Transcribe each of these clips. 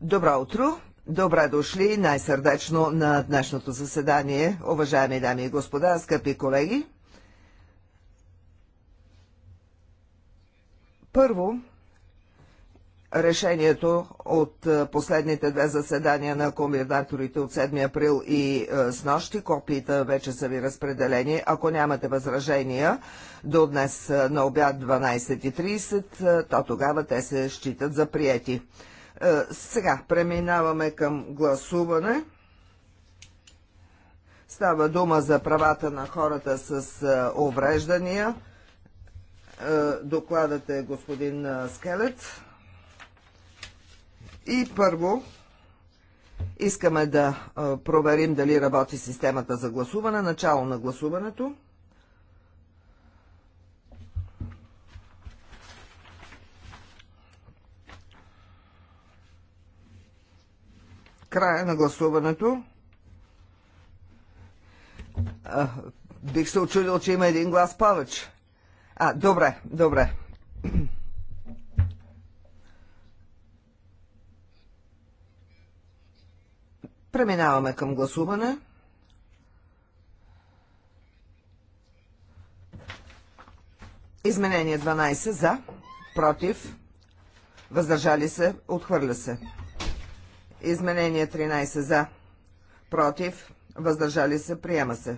Добро утро! Добре дошли най-сърдечно на днешното заседание, уважаеми дами и господа, скъпи колеги. Първо, решението от е, последните две заседания на комбинаторите от 7 април и е, с нощи. Копията вече са ви разпределени. Ако нямате възражения до днес е, на обяд 12.30, то тогава те се считат за приети. Сега преминаваме към гласуване. Става дума за правата на хората с увреждания. Докладът е господин Скелет. И първо, искаме да проверим дали работи системата за гласуване. Начало на гласуването. Края на гласуването. бих се очудил, че има един глас повече. А, добре, добре. Преминаваме към гласуване. Изменение 12 за, против, въздържали се, отхвърля се. Изменение 13 за, против, въздържали се, приема се.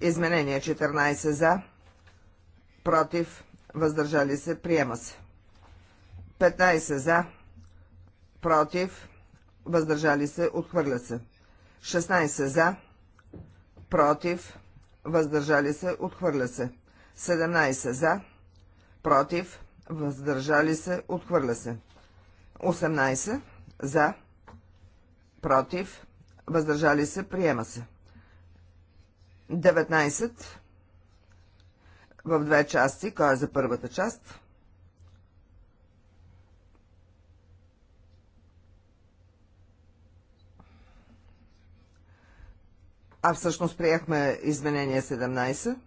Изменение 14 за, против, въздържали се, приема се. 15 за, против, въздържали се, отхвърля се. 16 за, против, въздържали се, отхвърля се. 17 за, против, въздържали се, отхвърля се. 18 за, против, въздържали се, приема се. 19 в две части, кой е за първата част? А всъщност приехме изменение 17.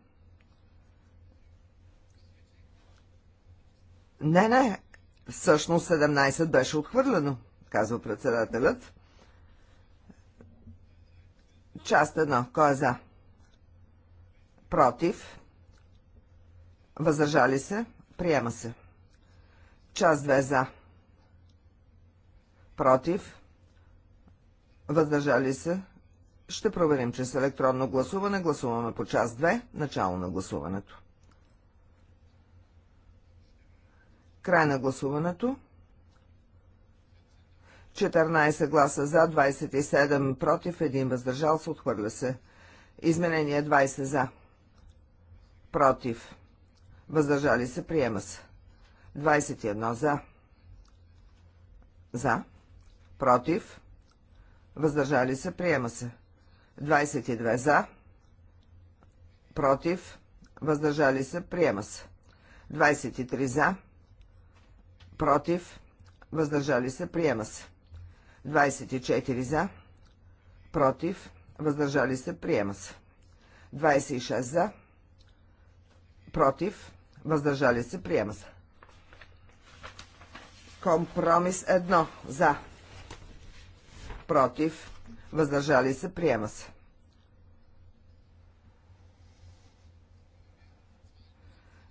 Не, не, всъщност 17 беше отхвърлено, казва председателят. Част 1. Кой е за? Против. Въздържали се. Приема се. Част 2 за. Против. Въздържали се. Ще проверим чрез електронно гласуване. Гласуваме по част 2. Начало на гласуването. Край на гласуването. 14 гласа за, 27 против, 1 въздържал се, отхвърля се. Изменение 20 за. Против. Въздържали се, приема се. 21 за. За. Против. Въздържали се, приема се. 22 за, против, въздържали се, приема се. 23 за, против, въздържали се, приема се. 24 за, против, въздържали се, приема се. 26 за, против, въздържали се, приема се. Компромис 1 за, против, въздържали се, приема се.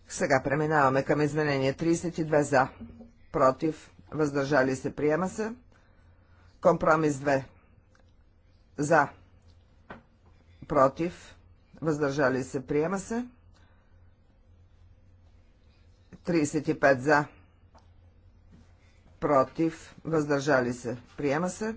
Сега преминаваме към изменение 32 за, против, въздържали се, приема се. Компромис 2 за, против, въздържали се, приема се. 35 за, против, въздържали се, приема се.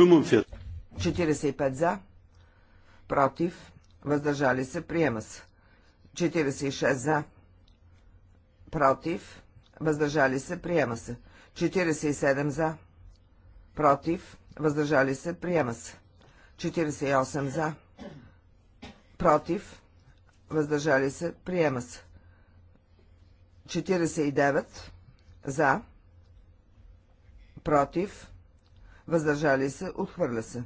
45 за, против, въздържали се, приема се. 46 за, против, въздържали се, приема се. 47 за, против, въздържали се, приема се. 48 за, против, въздържали се, приема се. 49 за, против, въздържали се, отхвърля се.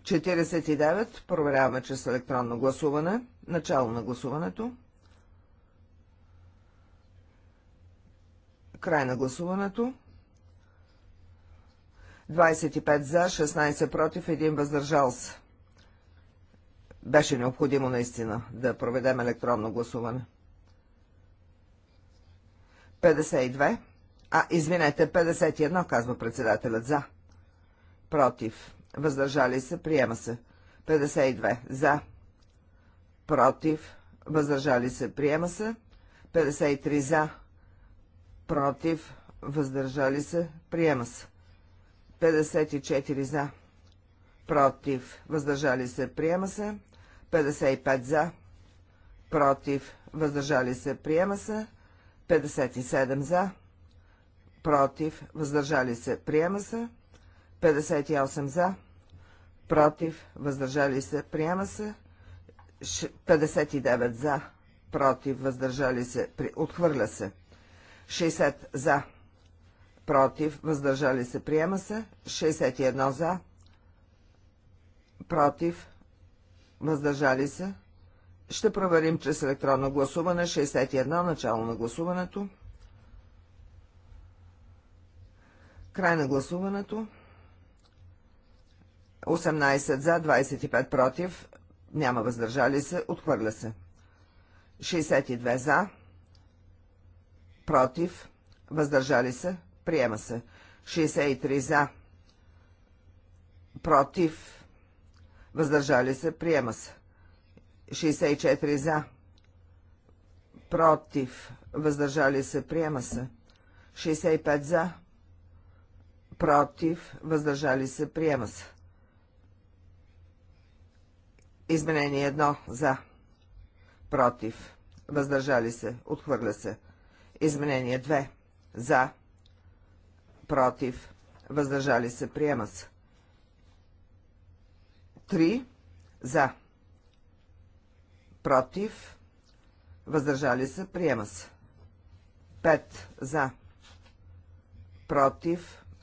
49. Проверяваме чрез електронно гласуване. Начало на гласуването. Край на гласуването. 25 за, 16 против, 1 въздържал се. Беше необходимо наистина да проведем електронно гласуване. 52. А, извинете, 51, казва председателят. За. Против. Въздържали се. Приема се. 52. За. Против. Въздържали се. Приема се. 53. За. Против. Въздържали се. Приема се. 54. За. Против. Въздържали се. Приема се. 55. За. Против. Въздържали се. Приема се. 57. За против, въздържали се, приема се. 58 за, против, въздържали се, приема се. 59 за, против, въздържали се, при... отхвърля се. 60 за, против, въздържали се, приема се. 61 за, против, въздържали се. Ще проверим чрез електронно гласуване. 61 начало на гласуването. Край на гласуването. 18 за, 25 против, няма въздържали се, отхвърля се. 62 за, против, въздържали се, приема се. 63 за, против, въздържали се, приема се. 64 за, против, въздържали се, приема се. 65 за, против, въздържали се, приема се. Изменение 1 за, против, въздържали се, отхвърля се. Изменение 2 за, против, въздържали се, приема се. Три за, против, въздържали се, приема се. Пет за, против,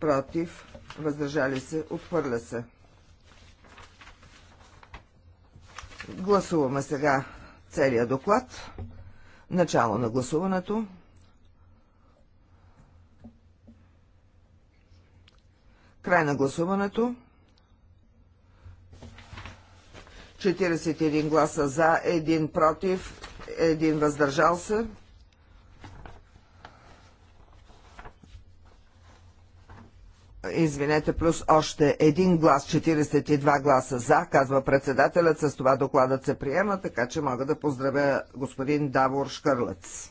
против, въздържали се, отхвърля се. Гласуваме сега целия доклад. Начало на гласуването. Край на гласуването. 41 гласа за, 1 против, 1 въздържал се. извинете, плюс още един глас, 42 гласа за, казва председателят. С това докладът се приема, така че мога да поздравя господин Давор Шкърлец.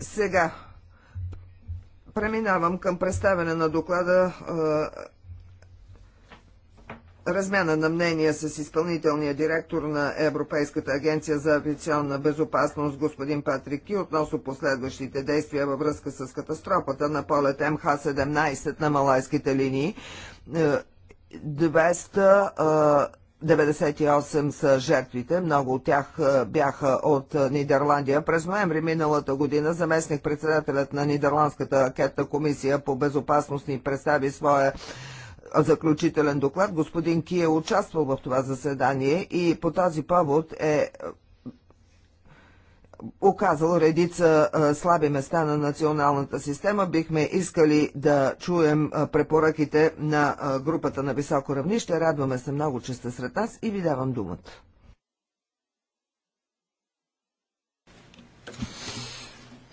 Сега преминавам към представяне на доклада е, размяна на мнения с изпълнителния директор на Европейската агенция за авиационна безопасност господин Патрик Ки относно последващите действия във връзка с катастрофата на полет МХ-17 на малайските линии. 200 е, 98 са жертвите, много от тях е, бяха от е, Нидерландия. През ноември миналата година заместник председателят на Нидерландската анкетна комисия по безопасност ни представи своя заключителен доклад. Господин Ки е участвал в това заседание и по този повод е оказал редица слаби места на националната система. Бихме искали да чуем препоръките на групата на високо равнище. Радваме се много, че сте сред нас и ви давам думата.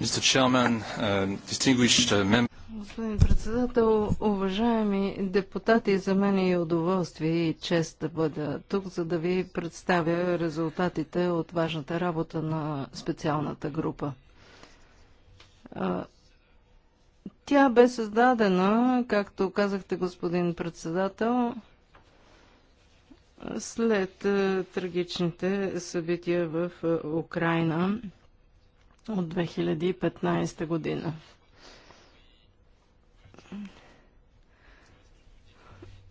Mr. Chairman, uh, distinguished uh, members. Господин председател, уважаеми депутати, за мен е удоволствие и чест да бъда тук, за да ви представя резултатите от важната работа на специалната група. Тя бе създадена, както казахте, господин председател, след трагичните събития в Украина от 2015 година.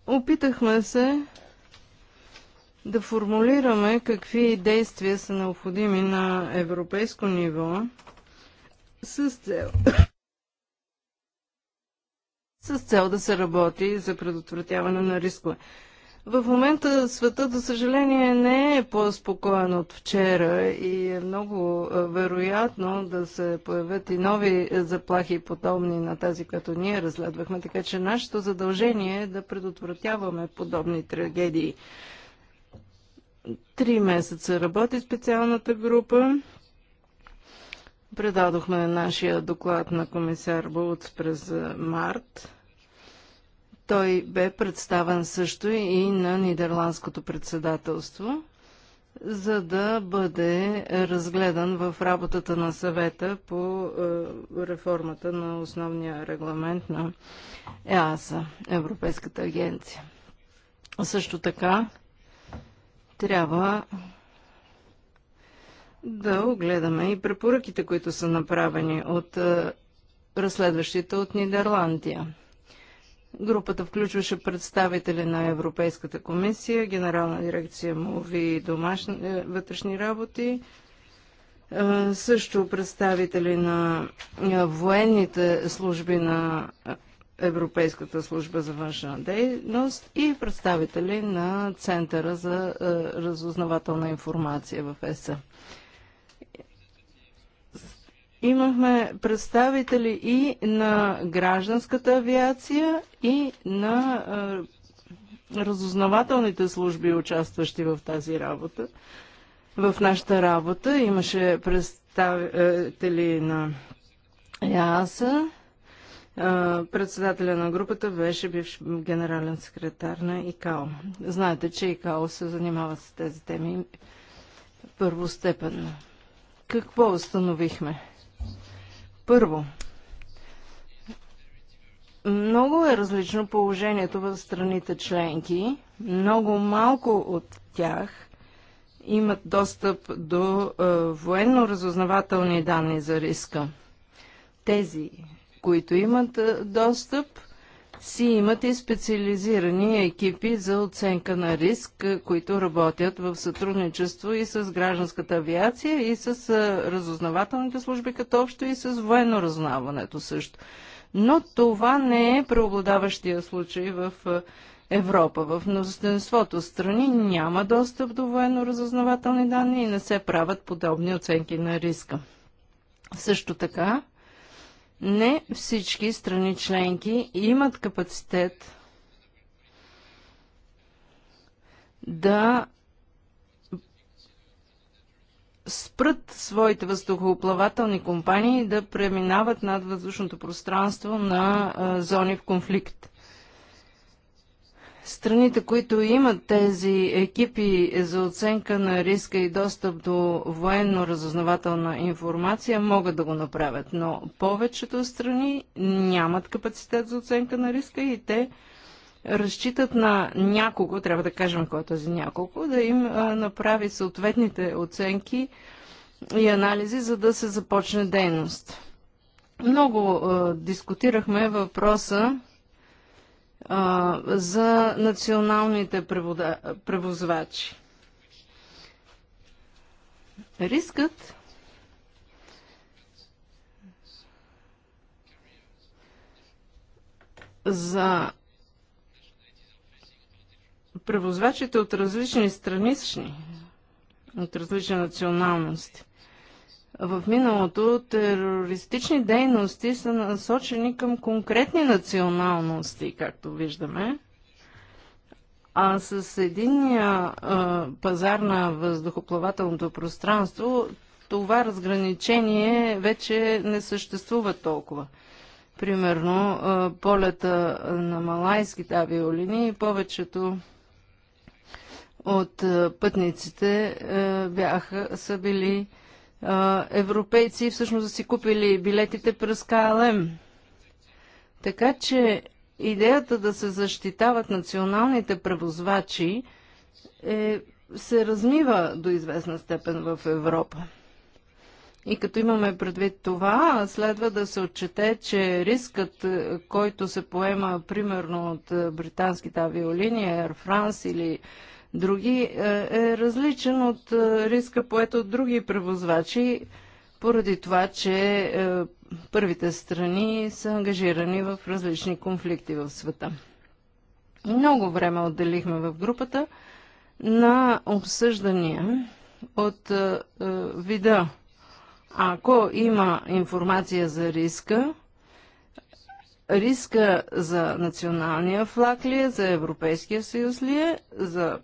Опитахме се да формулираме какви действия са необходими на европейско ниво с цел с цел да се работи за предотвратяване на рискове. В момента света, за съжаление, не е по-спокоен от вчера и е много е, вероятно да се появят и нови е, заплахи, подобни на тази, която ние разследвахме. Така че нашето задължение е да предотвратяваме подобни трагедии. Три месеца работи специалната група. Предадохме нашия доклад на комисар Булц през е, март. Той бе представен също и на Нидерландското председателство, за да бъде разгледан в работата на съвета по е, реформата на основния регламент на ЕАСА, Европейската агенция. Също така трябва да огледаме и препоръките, които са направени от е, разследващите от Нидерландия. Групата включваше представители на Европейската комисия, Генерална дирекция МОВИ и домашни, е, вътрешни работи, е, също представители на е, военните служби на Европейската служба за външна дейност и представители на Центъра за разузнавателна информация в ЕСА имахме представители и на гражданската авиация, и на а, разузнавателните служби, участващи в тази работа. В нашата работа имаше представители на ЯАСА, председателя на групата беше бивш генерален секретар на ИКАО. Знаете, че ИКАО се занимава с тези теми първостепенно. Какво установихме? Първо, много е различно положението в страните членки. Много малко от тях имат достъп до е, военно-разузнавателни данни за риска. Тези, които имат е, достъп, си имат и специализирани екипи за оценка на риск, които работят в сътрудничество и с гражданската авиация, и с разузнавателните служби като общо, и с военно разузнаването също. Но това не е преобладаващия случай в Европа. В множеството страни няма достъп до военно разузнавателни данни и не се правят подобни оценки на риска. Също така, не всички страни членки имат капацитет да спрат своите въздухоплавателни компании да преминават над въздушното пространство на а, зони в конфликт. Страните, които имат тези екипи за оценка на риска и достъп до военно-разузнавателна информация, могат да го направят, но повечето страни нямат капацитет за оценка на риска и те разчитат на някого, трябва да кажем кой е този няколко, да им направи съответните оценки и анализи, за да се започне дейност. Много дискутирахме въпроса а, за националните превода, превозвачи. Рискът за превозвачите от различни странични, от различни националности в миналото терористични дейности са насочени към конкретни националности, както виждаме. А с единния а, пазар на въздухоплавателното пространство това разграничение вече не съществува толкова. Примерно, а, полета на малайските авиолинии, повечето от а, пътниците а, бяха, са били а, европейци всъщност да си купили билетите през КЛМ. Така че идеята да се защитават националните превозвачи е, се размива до известна степен в Европа. И като имаме предвид това, следва да се отчете, че рискът, е, който се поема примерно от е, британските авиолинии, Air France или други, е, е различен от е, риска поет от други превозвачи, поради това, че е, първите страни са ангажирани в различни конфликти в света. Много време отделихме в групата на обсъждания от вида. Ако има информация за риска, риска за националния флаг ли е, за Европейския съюз ли е, за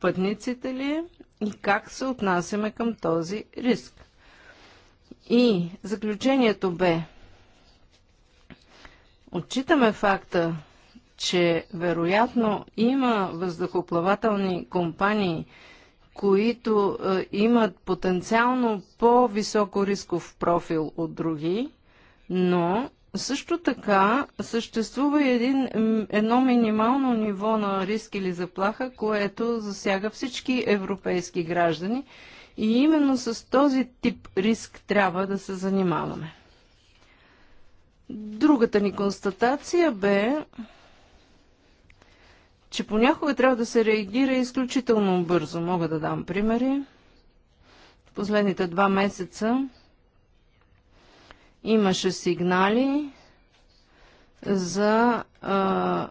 пътниците ли е и как се отнасяме към този риск. И заключението бе, отчитаме факта, че вероятно има въздухоплавателни компании, които е, имат потенциално по-високо рисков профил от други, но също така съществува един, едно минимално ниво на риск или заплаха, което засяга всички европейски граждани и именно с този тип риск трябва да се занимаваме. Другата ни констатация бе, че понякога трябва да се реагира изключително бързо. Мога да дам примери. В последните два месеца Имаше сигнали за а,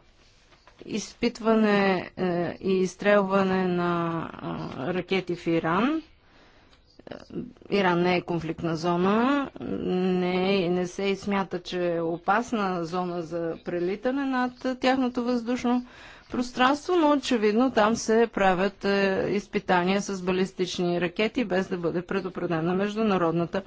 изпитване а, е, и изстрелване на а, ракети в Иран. Е, Иран не е конфликтна зона, не, е, не се смята, че е опасна зона за прелитане над тяхното въздушно пространство, но очевидно там се правят е, изпитания с балистични ракети, без да бъде предупредена международната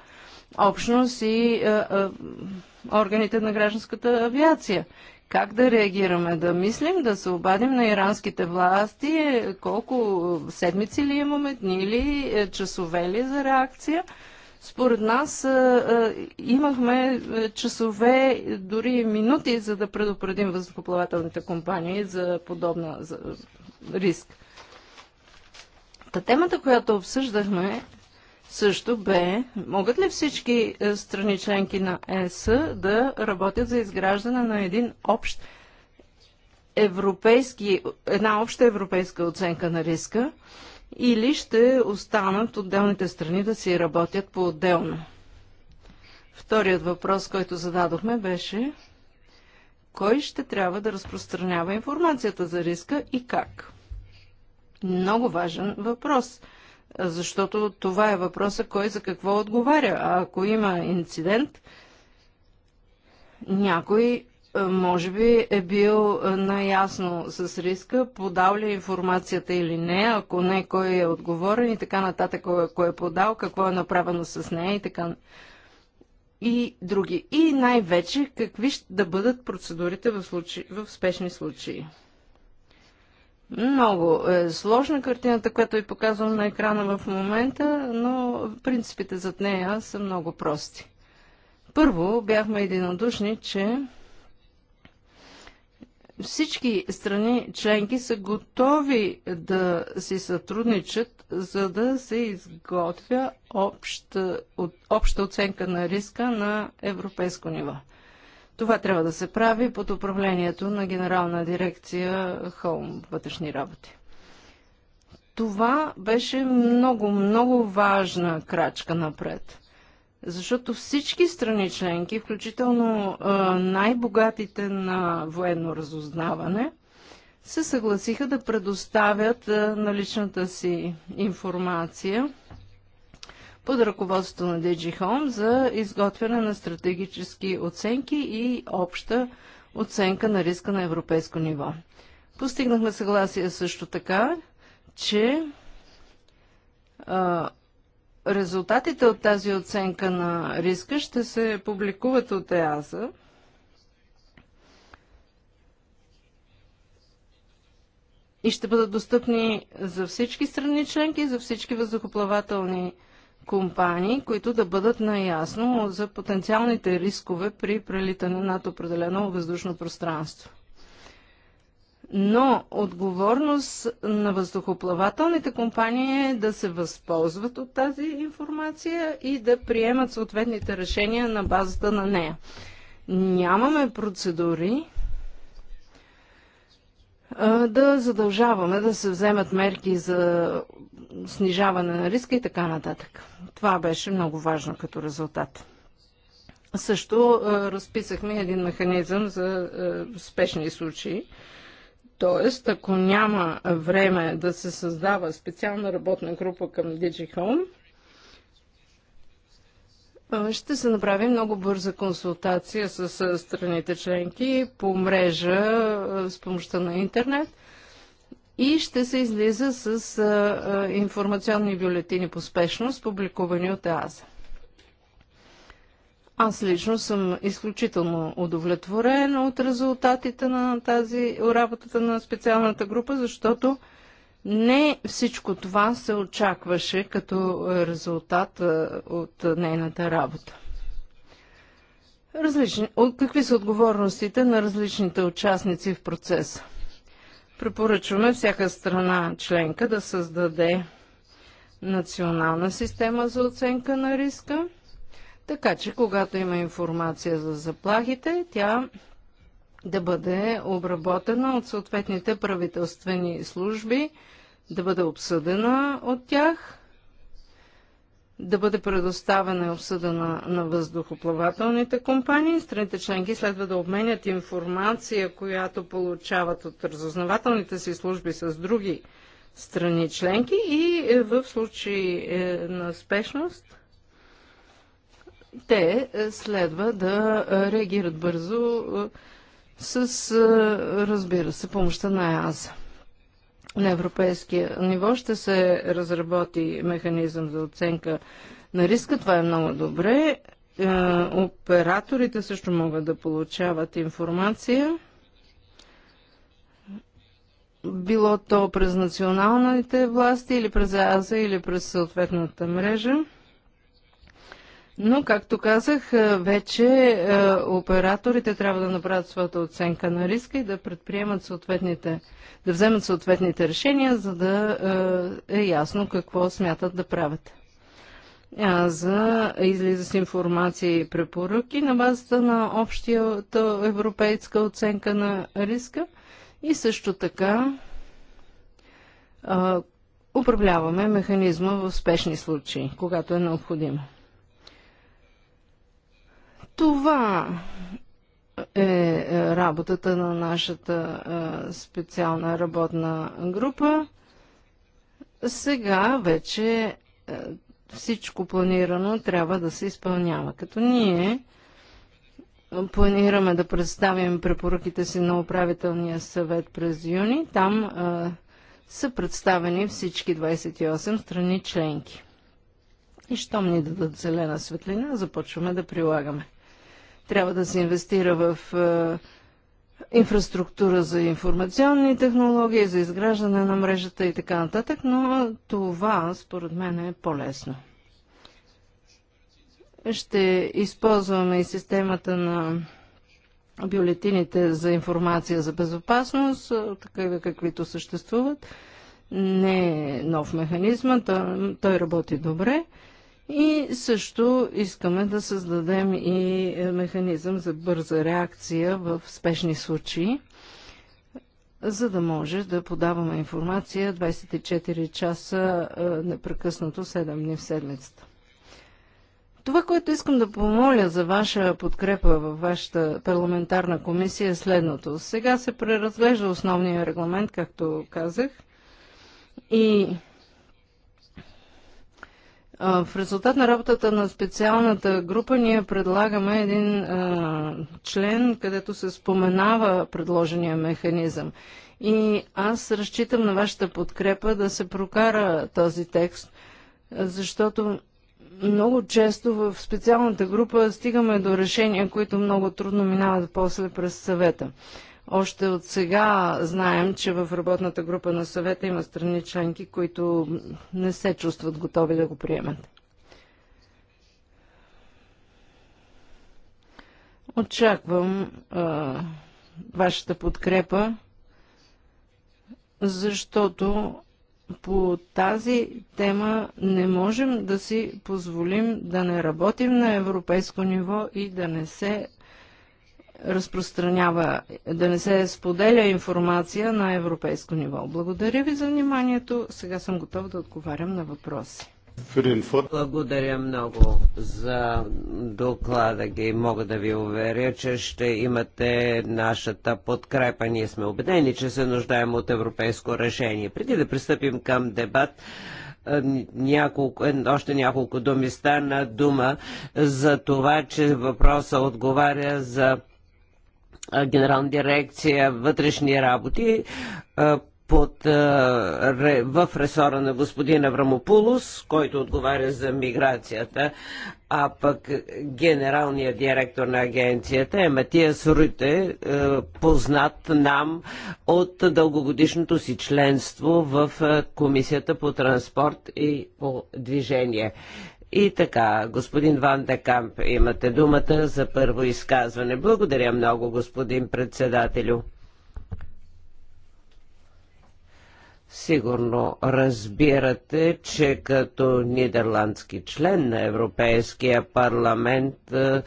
общност и а, е, а, е, органите на гражданската авиация. Как да реагираме? Да мислим, да се обадим на иранските власти? Е, колко седмици ли имаме, дни ли, часове ли за реакция? Според нас а, а, имахме часове, дори минути, за да предупредим въздухоплавателните компании за подобна за риск. Та темата, която обсъждахме, също бе, могат ли всички е, страни членки на ЕС да работят за изграждане на един общ европейски, една обща европейска оценка на риска или ще останат отделните страни да си работят по-отделно? Вторият въпрос, който зададохме, беше кой ще трябва да разпространява информацията за риска и как? Много важен въпрос – защото това е въпроса кой за какво отговаря. А ако има инцидент, някой е, може би е бил е, наясно с риска, подал ли е информацията или не, ако не, кой е отговорен и така нататък, кой е подал, какво е направено с нея и така и други. И най-вече какви ще да бъдат процедурите в, случай, в спешни случаи. Много е сложна картината, която ви показвам на екрана в момента, но принципите зад нея са много прости. Първо, бяхме единодушни, че всички страни членки са готови да си сътрудничат, за да се изготвя обща, обща оценка на риска на европейско ниво. Това трябва да се прави под управлението на Генерална дирекция Хълм вътрешни работи. Това беше много, много важна крачка напред. Защото всички страни членки, включително най-богатите на военно разузнаване, се съгласиха да предоставят наличната си информация – под ръководство на DigiHome за изготвяне на стратегически оценки и обща оценка на риска на европейско ниво. Постигнахме съгласие също така, че а, резултатите от тази оценка на риска ще се публикуват от ЕАЗа. и ще бъдат достъпни за всички страни членки и за всички въздухоплавателни компании, които да бъдат наясно за потенциалните рискове при прелитане над определено въздушно пространство. Но отговорност на въздухоплавателните компании е да се възползват от тази информация и да приемат съответните решения на базата на нея. Нямаме процедури, да задължаваме да се вземат мерки за снижаване на риска и така нататък. Това беше много важно като резултат. Също разписахме един механизъм за спешни случаи. Тоест, ако няма време да се създава специална работна група към DigiHome, ще се направи много бърза консултация с страните членки по мрежа с помощта на интернет и ще се излиза с информационни бюлетини по спешност, публикувани от ЕАЗа. Аз лично съм изключително удовлетворен от резултатите на тази работата на специалната група, защото не всичко това се очакваше като резултат от нейната работа. Различни, от какви са отговорностите на различните участници в процеса? Препоръчваме всяка страна членка да създаде национална система за оценка на риска, така че когато има информация за заплахите, тя да бъде обработена от съответните правителствени служби, да бъде обсъдена от тях, да бъде предоставена и обсъдена на въздухоплавателните компании. Страните членки следва да обменят информация, която получават от разузнавателните си служби с други страни членки и е, в случай е, на спешност те е, следва да реагират бързо с, разбира се, помощта на ЕАЗА. На европейския ниво ще се разработи механизъм за оценка на риска. Това е много добре. Е, операторите също могат да получават информация било то през националните власти или през АЗА или през съответната мрежа. Но, както казах, е, вече е, операторите трябва да направят своята оценка на риска и да предприемат съответните, да вземат съответните решения, за да е, е ясно какво смятат да правят. А за излиза с информация и препоръки на базата на общията европейска оценка на риска и също така управляваме механизма в спешни случаи, когато е необходимо. Това е, е работата на нашата е, специална работна група. Сега вече е, всичко планирано трябва да се изпълнява. Като ние планираме да представим препоръките си на управителния съвет през юни, там са представени всички 28 страни членки. И щом ни дадат зелена светлина, започваме да прилагаме. Трябва да се инвестира в е, инфраструктура за информационни технологии, за изграждане на мрежата и така нататък, но е, това според мен е по-лесно. Ще използваме и системата на бюлетините за информация за безопасност, е, такива каквито съществуват. Не е нов механизъм, той, той работи добре. И също искаме да създадем и е, механизъм за бърза реакция в спешни случаи, за да може да подаваме информация 24 часа е, непрекъснато 7 дни в седмицата. Това, което искам да помоля за ваша подкрепа във вашата парламентарна комисия е следното. Сега се преразглежда основния регламент, както казах, и в резултат на работата на специалната група ние предлагаме един а, член, където се споменава предложения механизъм. И аз разчитам на вашата подкрепа да се прокара този текст, защото много често в специалната група стигаме до решения, които много трудно минават после през съвета. Още от сега знаем, че в работната група на съвета има страни членки, които не се чувстват готови да го приемат. Очаквам а, вашата подкрепа, защото по тази тема не можем да си позволим да не работим на европейско ниво и да не се разпространява, да не се споделя информация на европейско ниво. Благодаря ви за вниманието. Сега съм готов да отговарям на въпроси. Благодаря много за доклада ги. Мога да ви уверя, че ще имате нашата подкрепа. Ние сме убедени, че се нуждаем от европейско решение. Преди да пристъпим към дебат, няколко, още няколко думи стана дума за това, че въпроса отговаря за Генерална дирекция вътрешни работи под, в ресора на господин Аврамопулос, който отговаря за миграцията, а пък генералният директор на агенцията е Матия Сруйте, познат нам от дългогодишното си членство в Комисията по транспорт и по движение. И така, господин Ван де Камп, имате думата за първо изказване. Благодаря много, господин председателю. Сигурно разбирате, че като нидерландски член на Европейския парламент е,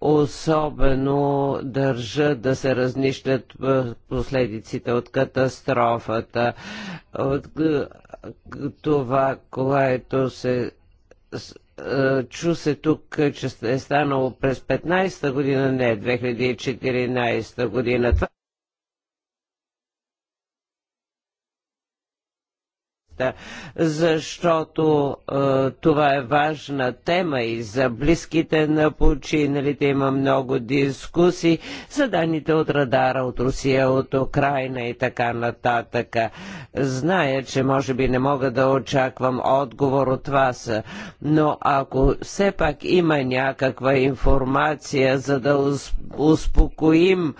особено държа да се разнищат е, последиците от катастрофата. От е, това, което се е, чу се тук, че е станало през 15-та година, не, 2014 година. Това защото е, това е важна тема и за близките на починалите има много дискусии за данните от радара от Русия, от Украина и така нататък. Зная, че може би не мога да очаквам отговор от вас, но ако все пак има някаква информация, за да успокоим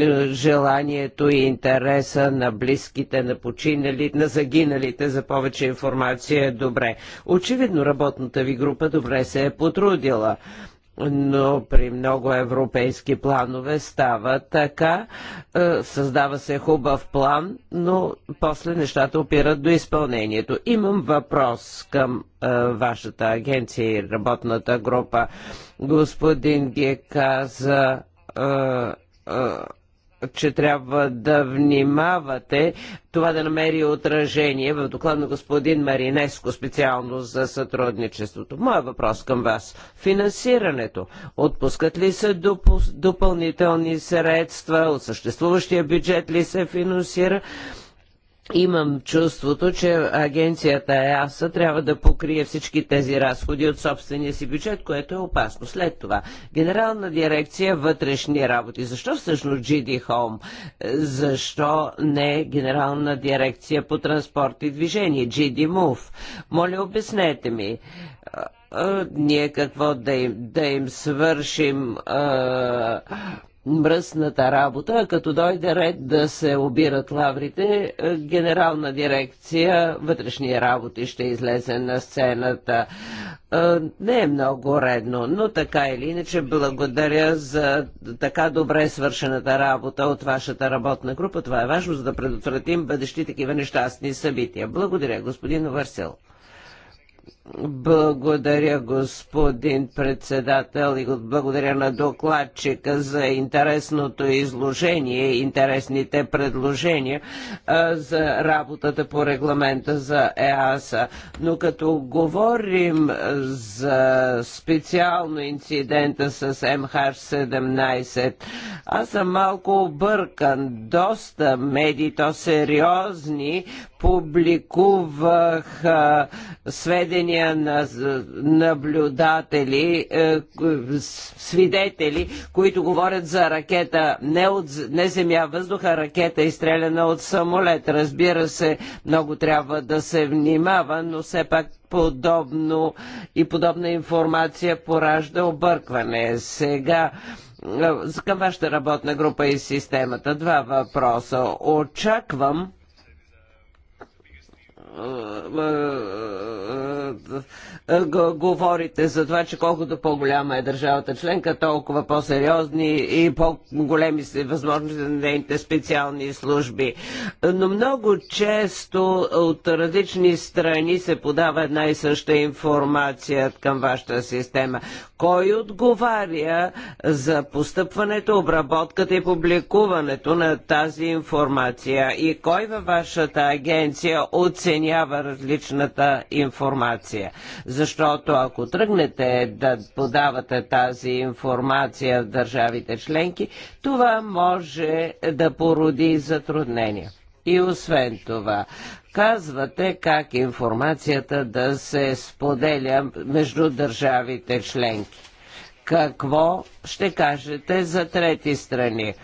е, желанието и интереса на близките на починали, на загиналите за повече информация е добре. Очевидно работната ви група добре се е потрудила но при много европейски планове става така. Е, създава се хубав план, но после нещата опират до изпълнението. Имам въпрос към е, вашата агенция и работната група. Господин Ге каза е, че трябва да внимавате това да намери отражение в доклад на господин Маринеско специално за сътрудничеството. Моя въпрос към вас. Финансирането. Отпускат ли се допълнителни средства? От съществуващия бюджет ли се финансира? Имам чувството, че агенцията ЕАСА трябва да покрие всички тези разходи от собствения си бюджет, което е опасно. След това, Генерална дирекция вътрешни работи. Защо всъщност GD Home? Защо не Генерална дирекция по транспорт и движение, GD Move? Моля, обяснете ми ние какво да им, да им свършим а, мръсната работа, а като дойде ред да се обират лаврите, е, генерална дирекция вътрешни работи ще излезе на сцената. Е, не е много редно, но така или иначе благодаря за така добре свършената работа от вашата работна група. Това е важно, за да предотвратим бъдещи такива нещастни събития. Благодаря, господин Варсел. Благодаря, господин председател, и благодаря на докладчика за интересното изложение, и интересните предложения а, за работата по регламента за ЕАСА. Но като говорим за специално инцидента с МХ-17, аз съм малко объркан. Доста медии, то сериозни, публикувах сведения на наблюдатели, е, свидетели, които говорят за ракета не, от, не земя, въздуха, ракета изстреляна от самолет. Разбира се, много трябва да се внимава, но все пак подобно и подобна информация поражда объркване. Сега е, към вашата работна група и системата два въпроса. Очаквам е, е, е, говорите за това, че колкото по-голяма е държавата членка, толкова по-сериозни и по-големи са възможности на нейните специални служби. Но много често от различни страни се подава една и съща информация към вашата система. Кой отговаря за постъпването, обработката и публикуването на тази информация? И кой във вашата агенция оценява различната информация? Защото ако тръгнете да подавате тази информация в държавите членки, това може да породи затруднения. И освен това, казвате как информацията да се споделя между държавите членки. Какво ще кажете за трети страни? Е,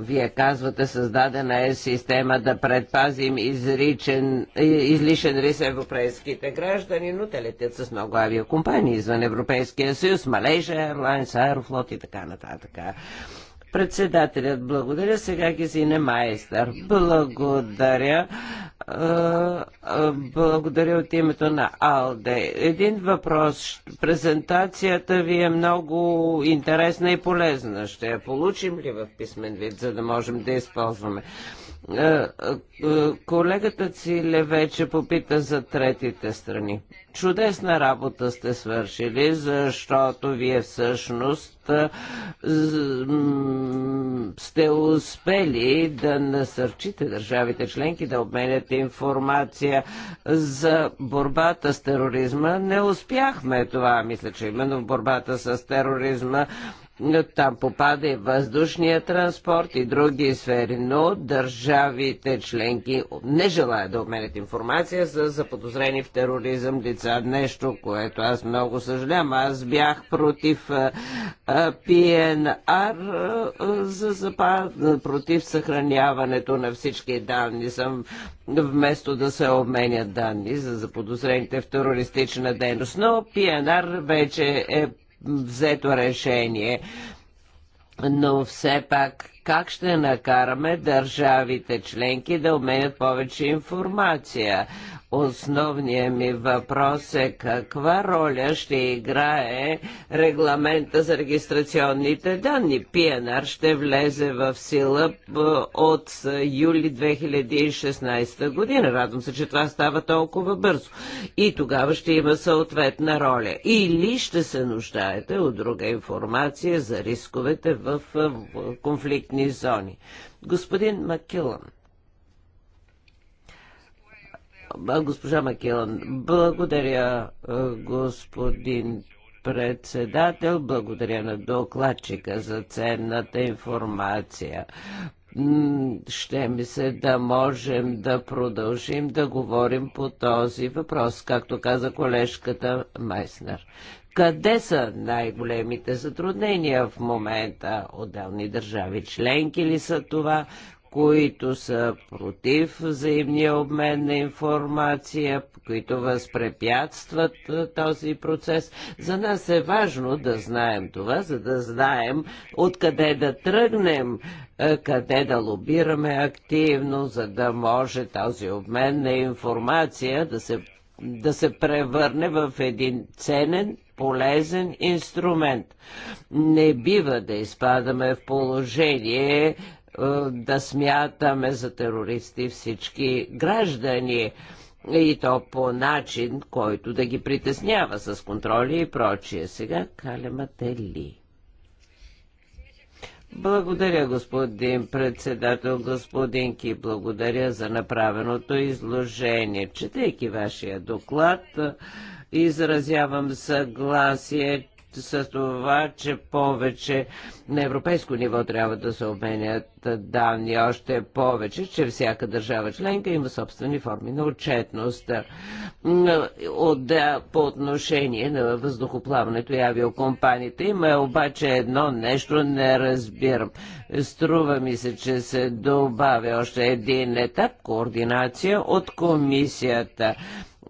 вие казвате, създадена е система да предпазим изричен, е, излишен рис европейските граждани, но те летят с много авиакомпании извън Европейския съюз, Малейжа, Airlines, Аерофлот и така нататък. Председателят благодаря. Сега ги зине Майстър. Благодаря. Е, е, благодаря от името на Алде. Един въпрос. Презентацията ви е много интересна и полезна. Ще я получим ли в писмен вид, за да можем да използваме? Е, е, колегата Циле вече попита за третите страни. Чудесна работа сте свършили, защото вие всъщност е, сте успели да насърчите държавите членки да обменят информация за борбата с тероризма. Не успяхме това, мисля, че именно в борбата с тероризма там попада и въздушния транспорт и други сфери, но държавите членки не желаят да обменят информация за заподозрени в тероризъм лица. Нещо, което аз много съжалявам. Аз бях против ПНР за запад, против съхраняването на всички данни. Съм вместо да се обменят данни за заподозрените в терористична дейност. Но ПНР вече е взето решение. Но все пак, как ще накараме държавите членки да обменят повече информация? Основният ми въпрос е каква роля ще играе регламента за регистрационните данни. ПНР ще влезе в сила от юли 2016 година. Радвам се, че това става толкова бързо. И тогава ще има съответна роля. Или ще се нуждаете от друга информация за рисковете в конфликтни зони. Господин Макилан. Госпожа Макелан, благодаря, е, господин председател, благодаря на докладчика за ценната информация ще ми се да можем да продължим да говорим по този въпрос, както каза колежката Майснер. Къде са най-големите затруднения в момента? Отделни държави членки ли са това? които са против взаимния обмен на информация, които възпрепятстват този процес. За нас е важно да знаем това, за да знаем откъде да тръгнем, къде да лобираме активно, за да може този обмен на информация да се, да се превърне в един ценен полезен инструмент. Не бива да изпадаме в положение е, да смятаме за терористи всички граждани и то по начин, който да ги притеснява с контроли и прочие. Сега калемате ли? Благодаря, господин председател, господин Ки, благодаря за направеното изложение. Четейки вашия доклад, изразявам съгласие, с това, че повече на европейско ниво трябва да се обменят данни, още повече, че всяка държава членка има собствени форми на отчетност. От, по отношение на въздухоплаването и авиокомпаниите има обаче едно нещо не разбирам. Струва ми се, че се добавя още един етап координация от комисията.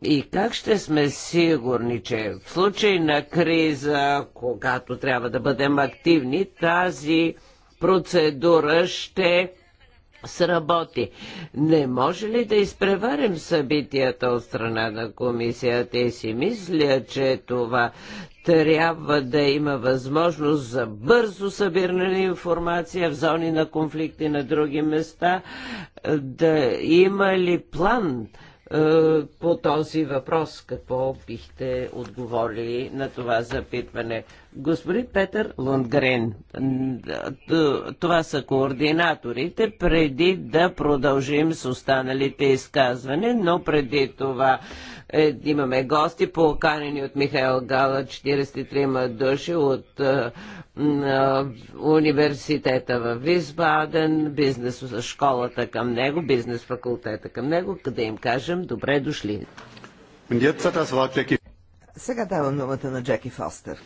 И как ще сме сигурни, че в случай на криза, когато трябва да бъдем активни, тази процедура ще сработи. Не може ли да изпреварим събитията от страна на комисията и си мисля, че това трябва да има възможност за бързо събиране на информация в зони на конфликти на други места, да има ли план е, по този въпрос. Какво бихте отговорили на това запитване? Господин Петър Лундгрен, това са координаторите, преди да продължим с останалите изказвания, но преди това е, имаме гости, поканени от Михаил Гала, 43 души от е, университета в Висбаден, бизнес школата към него, бизнес факултета към него, къде им кажем добре дошли. Сега давам думата на Джеки Фостер.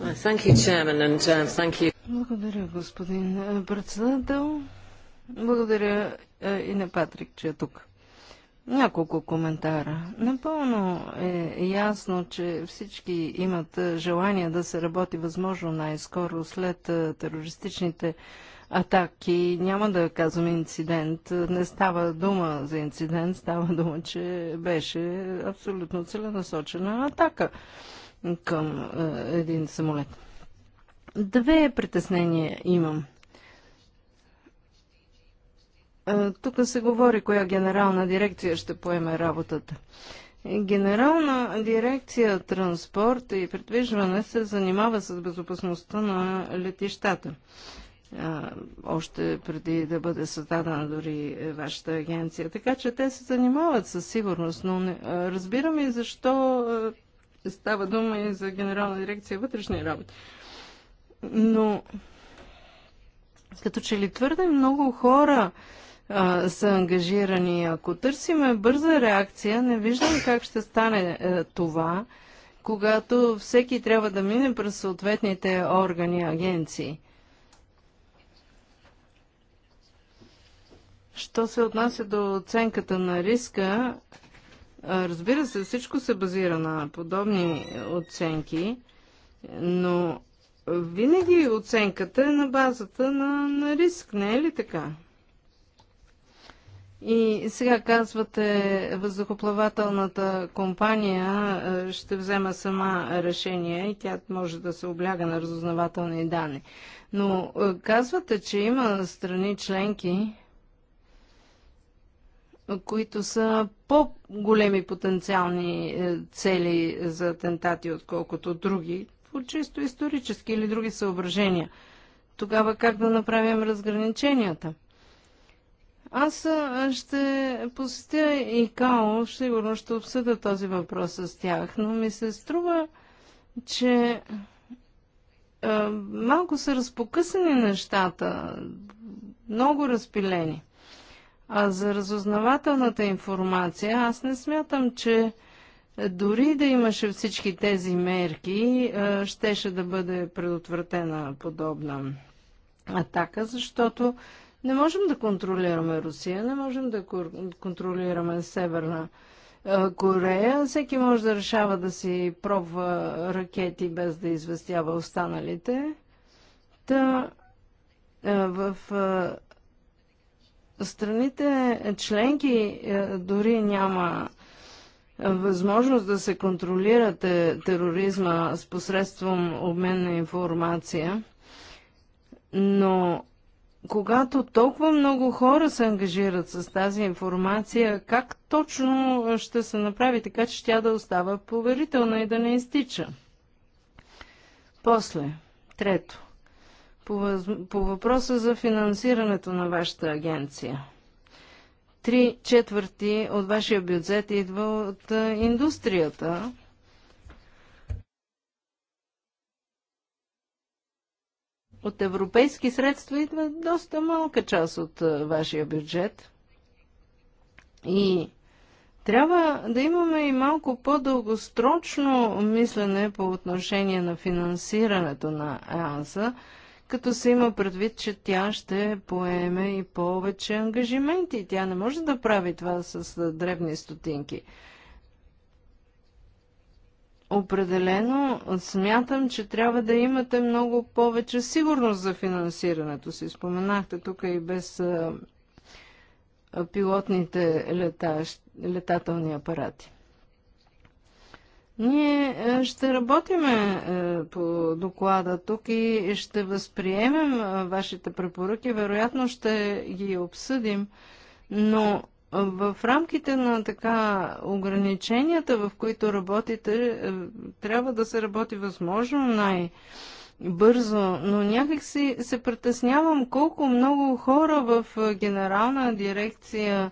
Uh, Благодаря, господин е, председател. Благодаря е, и на Патрик, че е тук. Няколко коментара. Напълно е ясно, че всички имат желание да се работи възможно най-скоро след терористичните атаки. Няма да казвам инцидент. Не става дума за инцидент, става дума, че беше абсолютно целенасочена атака към един самолет. Две притеснения имам. Тук се говори коя генерална дирекция ще поеме работата. Генерална дирекция транспорт и предвижване се занимава с безопасността на летищата. Още преди да бъде създадена дори е, вашата агенция. Така че те се занимават със сигурност, но не, разбираме и защо става дума и за Генерална дирекция вътрешни работи. Но като че ли твърде много хора а, са ангажирани. Ако търсиме бърза реакция, не виждам как ще стане е, това, когато всеки трябва да мине през съответните органи, агенции. Що се отнася до оценката на риска, разбира се, всичко се базира на подобни оценки, но винаги оценката е на базата на, на риск, не е ли така? И сега казвате, въздухоплавателната компания е, ще взема сама решение и тя може да се обляга на разузнавателни данни. Но е, казвате, че има страни членки, които са по-големи потенциални е, цели за атентати, отколкото други, по чисто исторически или други съображения. Тогава как да направим разграниченията? Аз ще посетя и Као, сигурно ще обсъда този въпрос с тях, но ми се струва, че а, малко са разпокъсани нещата, много разпилени. А за разузнавателната информация, аз не смятам, че дори да имаше всички тези мерки, а, щеше да бъде предотвратена подобна атака, защото не можем да контролираме Русия, не можем да контролираме Северна Корея. Всеки може да решава да си пробва ракети без да известява останалите. Та в страните членки дори няма възможност да се контролира тероризма с посредством обмен на информация, но когато толкова много хора се ангажират с тази информация, как точно ще се направи така, че тя да остава поверителна и да не изтича? После, трето, по, въз... по въпроса за финансирането на вашата агенция. Три четвърти от вашия бюджет идва от индустрията, от европейски средства идва доста малка част от вашия бюджет. И трябва да имаме и малко по-дългосрочно мислене по отношение на финансирането на ЕАСА, като се има предвид, че тя ще поеме и повече ангажименти. Тя не може да прави това с дребни стотинки. Определено смятам, че трябва да имате много повече сигурност за финансирането си. Споменахте тук и без а, пилотните лета, летателни апарати. Ние ще работиме по доклада тук и ще възприемем вашите препоръки. Вероятно ще ги обсъдим, но в рамките на така ограниченията, в които работите, е, трябва да се работи възможно най- бързо, но някак си се притеснявам колко много хора в е, генерална дирекция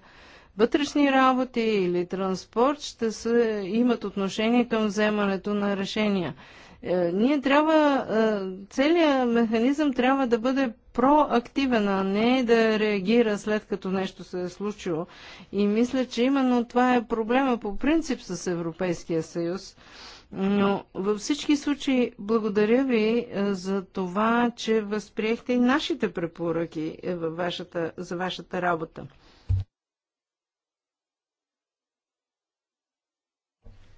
вътрешни работи или транспорт ще се имат отношение към вземането на решения. Е, ние трябва, е, целият механизъм трябва да бъде проактивен, а не да реагира след като нещо се е случило. И мисля, че именно това е проблема по принцип с Европейския съюз. Но във всички случаи благодаря ви е, за това, че възприехте и нашите препоръки във вашата, за вашата работа.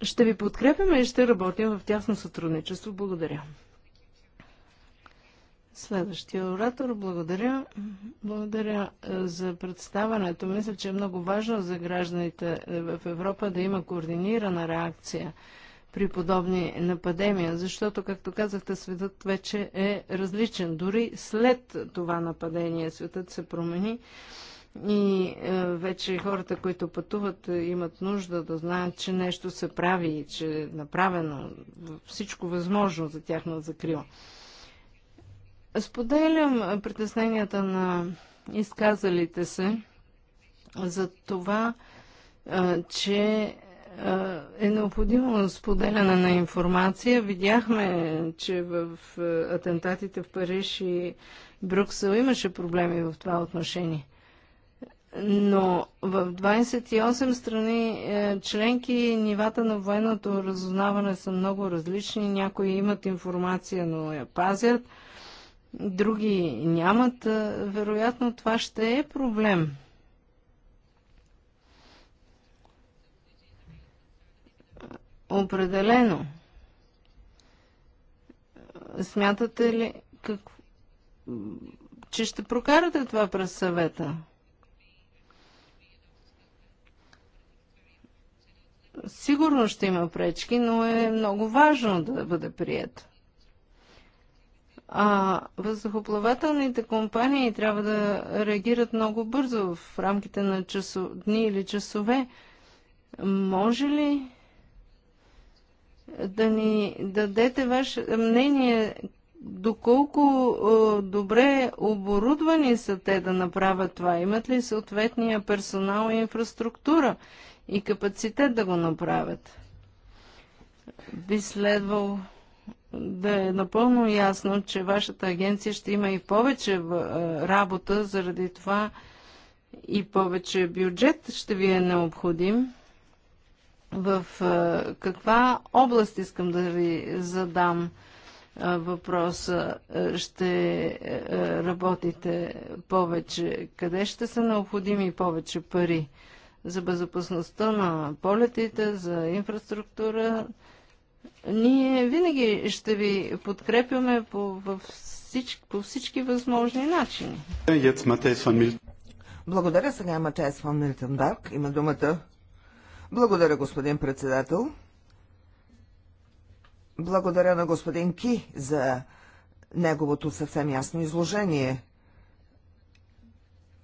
Ще ви подкрепяме и ще работим в тясно сътрудничество. Благодаря. Следващия оратор, благодаря. Благодаря е, за представането. Мисля, че е много важно за гражданите е, в Европа да има координирана реакция при подобни нападения, защото, както казахте, светът вече е различен. Дори след това нападение светът се промени и е, вече хората, които пътуват, е, имат нужда да знаят, че нещо се прави и че е направено всичко възможно за тяхна закрила. Споделям е, притесненията на изказалите се за това, че е необходимо споделяне на информация. Видяхме, че в атентатите в Париж и Брюксел имаше проблеми в това отношение но в 28 страни е, членки нивата на военното разузнаване са много различни. Някои имат информация, но я пазят, други нямат. Е, вероятно това ще е проблем. Определено. Смятате ли, как, че ще прокарате това през съвета? Сигурно ще има пречки, но е много важно да бъде прият. А въздухоплавателните компании трябва да реагират много бързо в рамките на часо, дни или часове. Може ли да ни дадете ваше мнение доколко добре оборудвани са те да направят това? Имат ли съответния персонал и инфраструктура? и капацитет да го направят. Би следвало да е напълно ясно, че вашата агенция ще има и повече работа, заради това и повече бюджет ще ви е необходим. В каква област искам да ви задам въпроса? Ще работите повече? Къде ще са необходими повече пари? за безопасността на полетите, за инфраструктура. Ние винаги ще ви подкрепяме по, във всички, по всички възможни начини. Благодаря сега Матеас фон Милтенберг. Има думата. Благодаря, господин председател. Благодаря на господин Ки за неговото съвсем ясно изложение.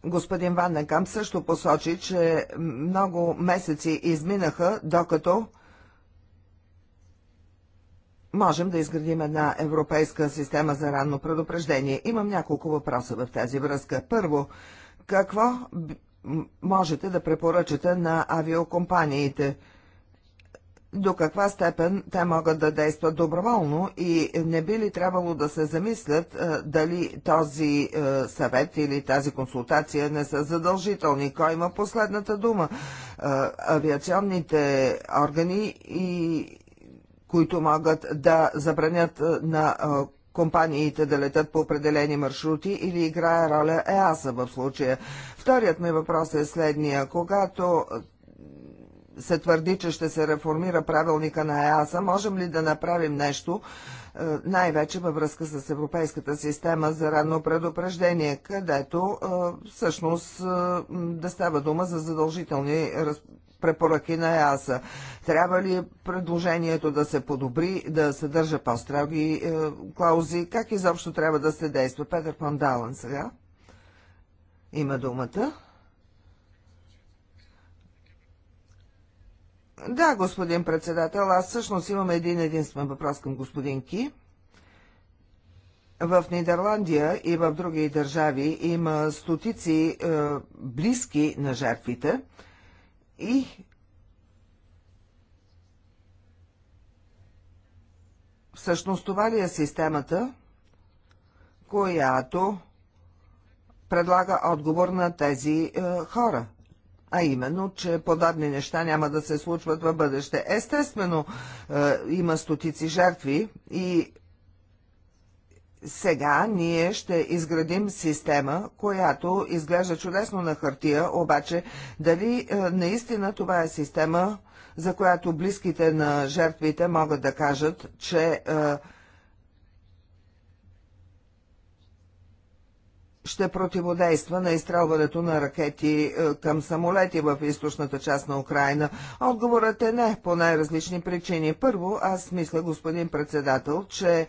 Господин Ваннекам също посочи, че много месеци изминаха, докато можем да изградим една европейска система за ранно предупреждение. Имам няколко въпроса в тази връзка. Първо, какво можете да препоръчате на авиокомпаниите – до каква степен те могат да действат доброволно и не би ли трябвало да се замислят е, дали този е, съвет или тази консултация не са задължителни? Кой има последната дума? Е, авиационните органи и които могат да забранят на компаниите да летат по определени маршрути или играе роля ЕАСА в случая. Вторият ми въпрос е следния. Когато се твърди, че ще се реформира правилника на ЕАСА, можем ли да направим нещо, е, най-вече във връзка с Европейската система за ранно предупреждение, където е, всъщност е, да става дума за задължителни препоръки на ЕАСА. Трябва ли предложението да се подобри, да съдържа по-строги клаузи? Как изобщо трябва да се действа? Петър Пандалан сега има думата. Да, господин председател, аз всъщност имам един единствен въпрос към господин Ки. В Нидерландия и в други държави има стотици е, близки на жертвите и всъщност това ли е системата, която предлага отговор на тези е, хора? а именно, че подобни неща няма да се случват в бъдеще. Естествено, е, има стотици жертви и сега ние ще изградим система, която изглежда чудесно на хартия, обаче дали е, наистина това е система, за която близките на жертвите могат да кажат, че е, ще противодейства на изстрелването на ракети е, към самолети в източната част на Украина? Отговорът е не, по най-различни причини. Първо, аз мисля, господин председател, че е,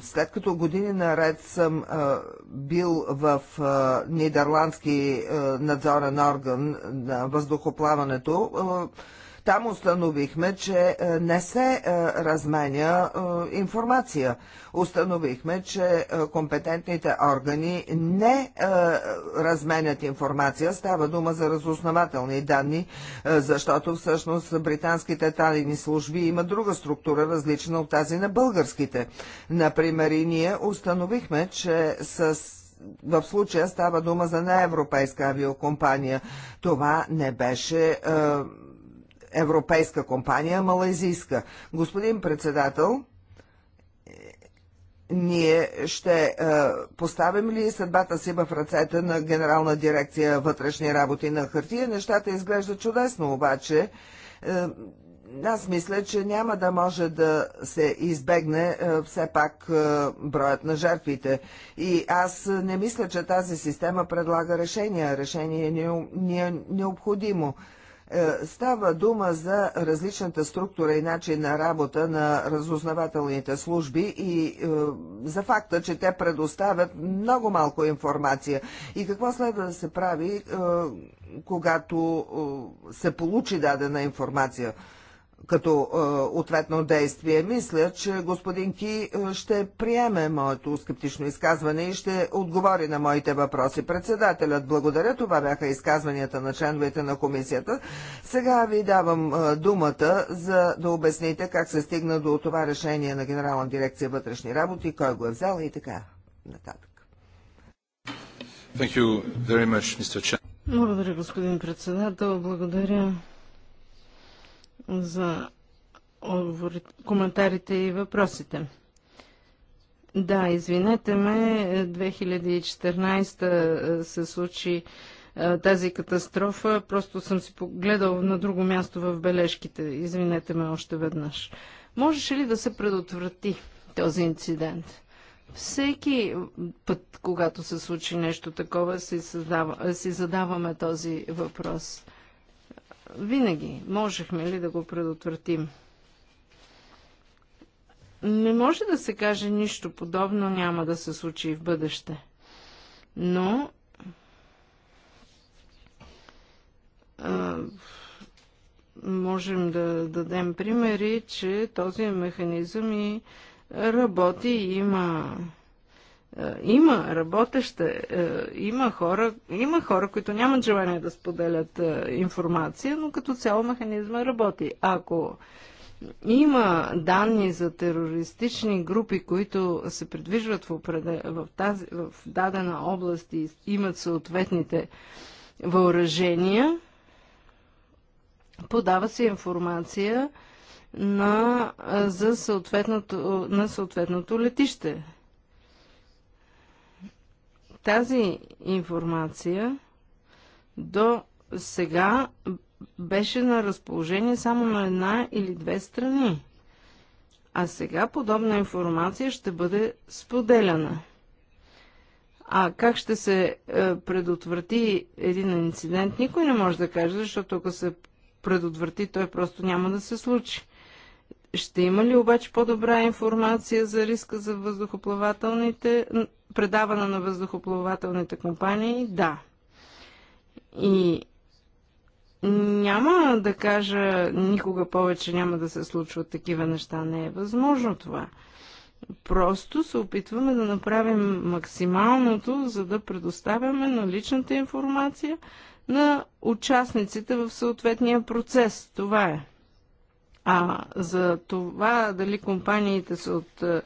след като години наред съм а, е, бил в а, нидерландски а, надзорен орган на въздухоплаването, а, там установихме, че е, не се е, разменя е, информация. Установихме, че компетентните органи не разменят информация. Става дума за разоснователни данни, защото всъщност британските тайни служби има друга структура, различна от тази на българските. Например, и ние установихме, че с в случая става дума за неевропейска авиокомпания. Това не беше е, европейска компания, малайзийска. Господин председател, ние ще е, поставим ли съдбата си в ръцете на Генерална дирекция вътрешни работи на хартия? Нещата изглеждат чудесно, обаче е, аз мисля, че няма да може да се избегне е, все пак е, броят на жертвите. И аз не мисля, че тази система предлага решения. Решение ни е, ни е необходимо. Е, става дума за различната структура и начин на работа на разузнавателните служби и е, за факта, че те предоставят много малко информация. И какво следва да се прави, е, когато се получи дадена информация? като е, ответно действие. Мисля, че господин Ки е, ще приеме моето скептично изказване и ще отговори на моите въпроси. Председателят, благодаря. Това бяха изказванията на членовете на комисията. Сега ви давам е, думата, за да обясните как се стигна до това решение на Генерална дирекция вътрешни работи, кой го е взел и така нататък. Much, благодаря, господин председател. Благодаря за коментарите и въпросите. Да, извинете ме, 2014 е, се случи е, тази катастрофа. Просто съм си погледал на друго място в бележките. Извинете ме още веднъж. Можеше ли да се предотврати този инцидент? Всеки път, когато се случи нещо такова, си, създава, си задаваме този въпрос винаги. Можехме ли да го предотвратим? Не може да се каже нищо подобно няма да се случи и в бъдеще. Но а, можем да дадем примери, че този механизъм и работи и има е, има работеща, е, има хора, има хора, които нямат желание да споделят е, информация, но като цяло механизма работи. Ако има данни за терористични групи, които се придвижват в, определ... в, тази... в дадена област и имат съответните въоръжения, подава се информация на, за съответното, на съответното летище. Тази информация до сега беше на разположение само на една или две страни. А сега подобна информация ще бъде споделяна. А как ще се е, предотврати един инцидент, никой не може да каже, защото ако се предотврати, той просто няма да се случи. Ще има ли обаче по-добра информация за риска за въздухоплавателните, предаване на въздухоплавателните компании? Да. И няма да кажа, никога повече няма да се случват такива неща. Не е възможно това. Просто се опитваме да направим максималното, за да предоставяме наличната информация на участниците в съответния процес. Това е. А за това дали компаниите са от е,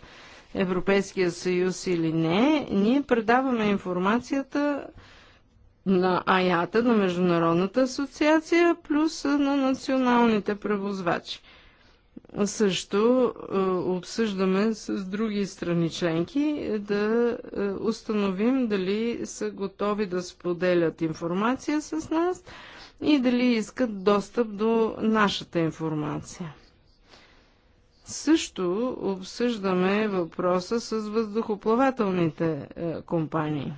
Европейския съюз или не, ние предаваме информацията на АЯТА, на Международната асоциация, плюс на националните превозвачи. Също е, обсъждаме с други страни членки да е, установим дали са готови да споделят информация с нас и дали искат достъп до нашата информация. Също обсъждаме въпроса с въздухоплавателните е, компании.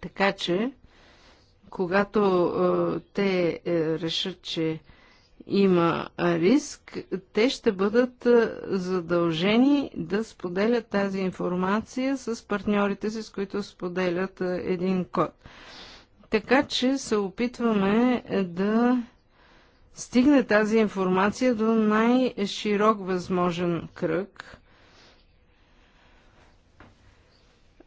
Така че, когато е, те е, решат, че има риск, те ще бъдат е, задължени да споделят тази информация с партньорите си, с които споделят е, един код. Така че се опитваме е, да стигне тази информация до най-широк възможен кръг,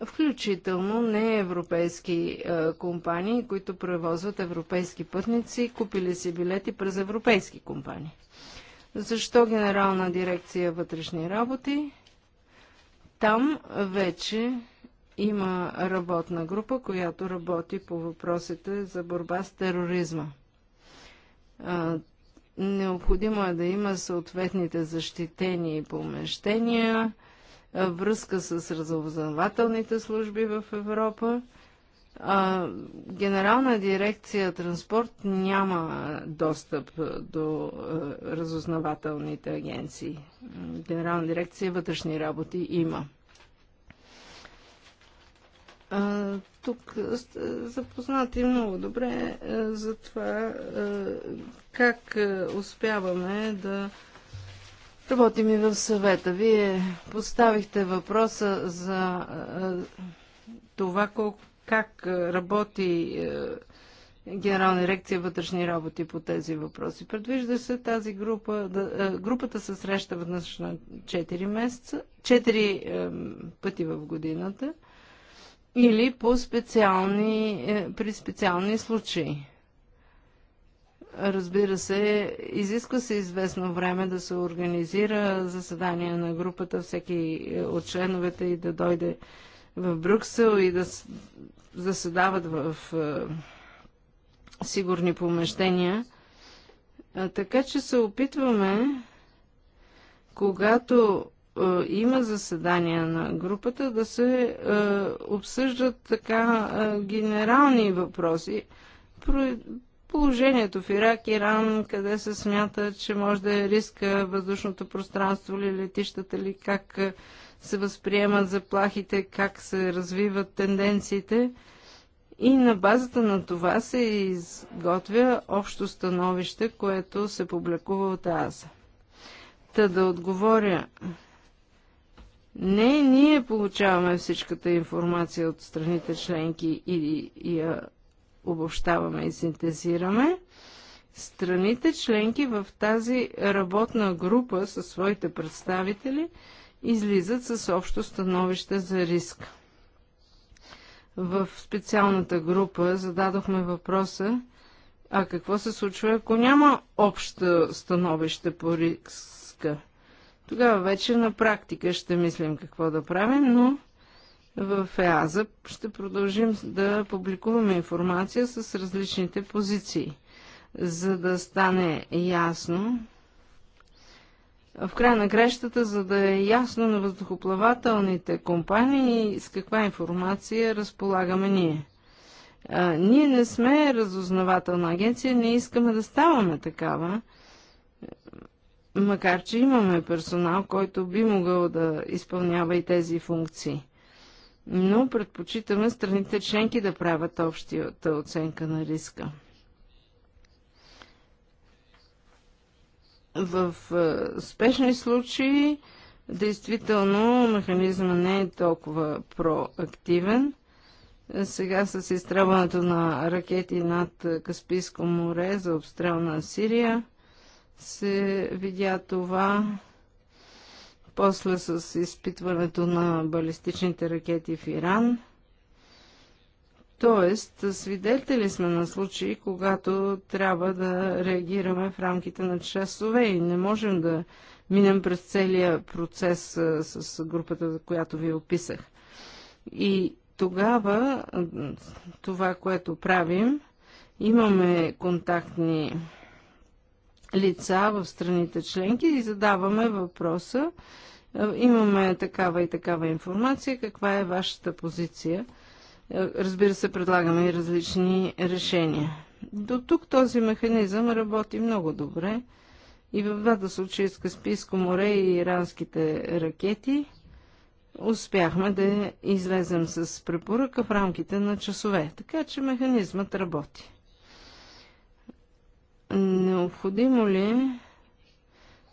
включително не европейски е, компании, които превозват европейски пътници, купили си билети през европейски компании. Защо Генерална дирекция вътрешни работи? Там вече има работна група, която работи по въпросите за борба с тероризма. Необходимо е да има съответните защитени помещения, връзка с разузнавателните служби в Европа. генерална дирекция транспорт няма достъп до разузнавателните агенции. Генерална дирекция вътрешни работи има тук сте запознати много добре за това как успяваме да работим и в съвета. Вие поставихте въпроса за това колко, как работи Генерална дирекция вътрешни работи по тези въпроси. Предвижда се тази група, да, групата се среща веднъж на 4 месеца, 4 а, пъти в годината – или по специални, е, при специални случаи. Разбира се, изисква се известно време да се организира заседание на групата, всеки е, от членовете и да дойде в Брюксел и да заседават в е, сигурни помещения. Така че се опитваме, когато е, има заседания на групата, да се е, обсъждат така е, генерални въпроси. Положението в Ирак, Иран, къде се смята, че може да е риска въздушното пространство или летищата, или как се възприемат заплахите, как се развиват тенденциите. И на базата на това се изготвя общо становище, което се публикува от АСА. Та да отговоря не, ние получаваме всичката информация от страните членки и, и я обобщаваме и синтезираме. Страните членки в тази работна група със своите представители излизат с общо становище за риска. В специалната група зададохме въпроса, а какво се случва, ако няма общо становище по риска? Тогава вече на практика ще мислим какво да правим, но в ЕАЗА ще продължим да публикуваме информация с различните позиции, за да стане ясно. В края на кращата, за да е ясно на въздухоплавателните компании с каква информация разполагаме ние. А, ние не сме разузнавателна агенция, не искаме да ставаме такава макар че имаме персонал, който би могъл да изпълнява и тези функции. Но предпочитаме страните членки да правят общата оценка на риска. В е, спешни случаи, действително, механизма не е толкова проактивен. Сега с изстрелването на ракети над Каспийско море за обстрел на Сирия, се видя това после с изпитването на балистичните ракети в Иран. Тоест, свидетели сме на случаи, когато трябва да реагираме в рамките на часове и не можем да минем през целия процес с групата, която ви описах. И тогава това, което правим, имаме контактни лица в страните членки и задаваме въпроса. Е, имаме такава и такава информация. Каква е вашата позиция? Е, разбира се, предлагаме и различни решения. До тук този механизъм работи много добре. И в двата случая с Каспийско море и иранските ракети успяхме да излезем с препоръка в рамките на часове. Така че механизмът работи необходимо ли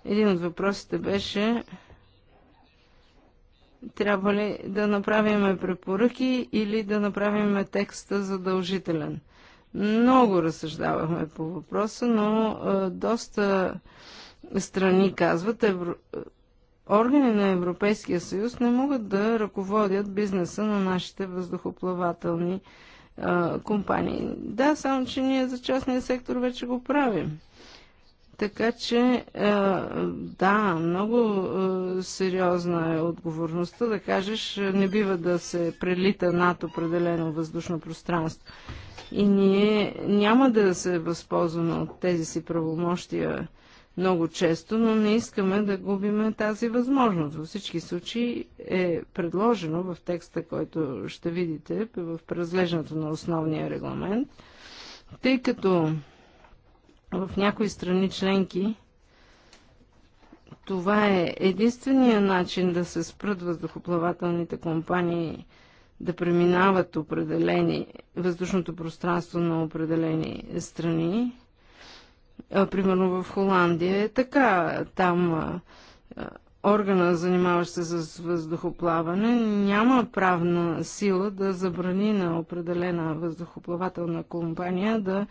един от въпросите беше трябва ли да направим препоръки или да направим текста задължителен. Много разсъждавахме по въпроса, но доста страни казват, евро... органи на Европейския съюз не могат да ръководят бизнеса на нашите въздухоплавателни а, компании. Да, само че ние за частния сектор вече го правим. Така че, да, много сериозна е отговорността да кажеш, не бива да се прелита над определено въздушно пространство. И ние няма да се възползваме от тези си правомощия много често, но не искаме да губиме тази възможност. Във всички случаи е предложено в текста, който ще видите в преразглеждането на основния регламент, тъй като в някои страни членки това е единствения начин да се спрат въздухоплавателните компании да преминават определени въздушното пространство на определени страни, примерно в Холандия е така. Там органа, занимаващ се с въздухоплаване, няма правна сила да забрани на определена въздухоплавателна компания да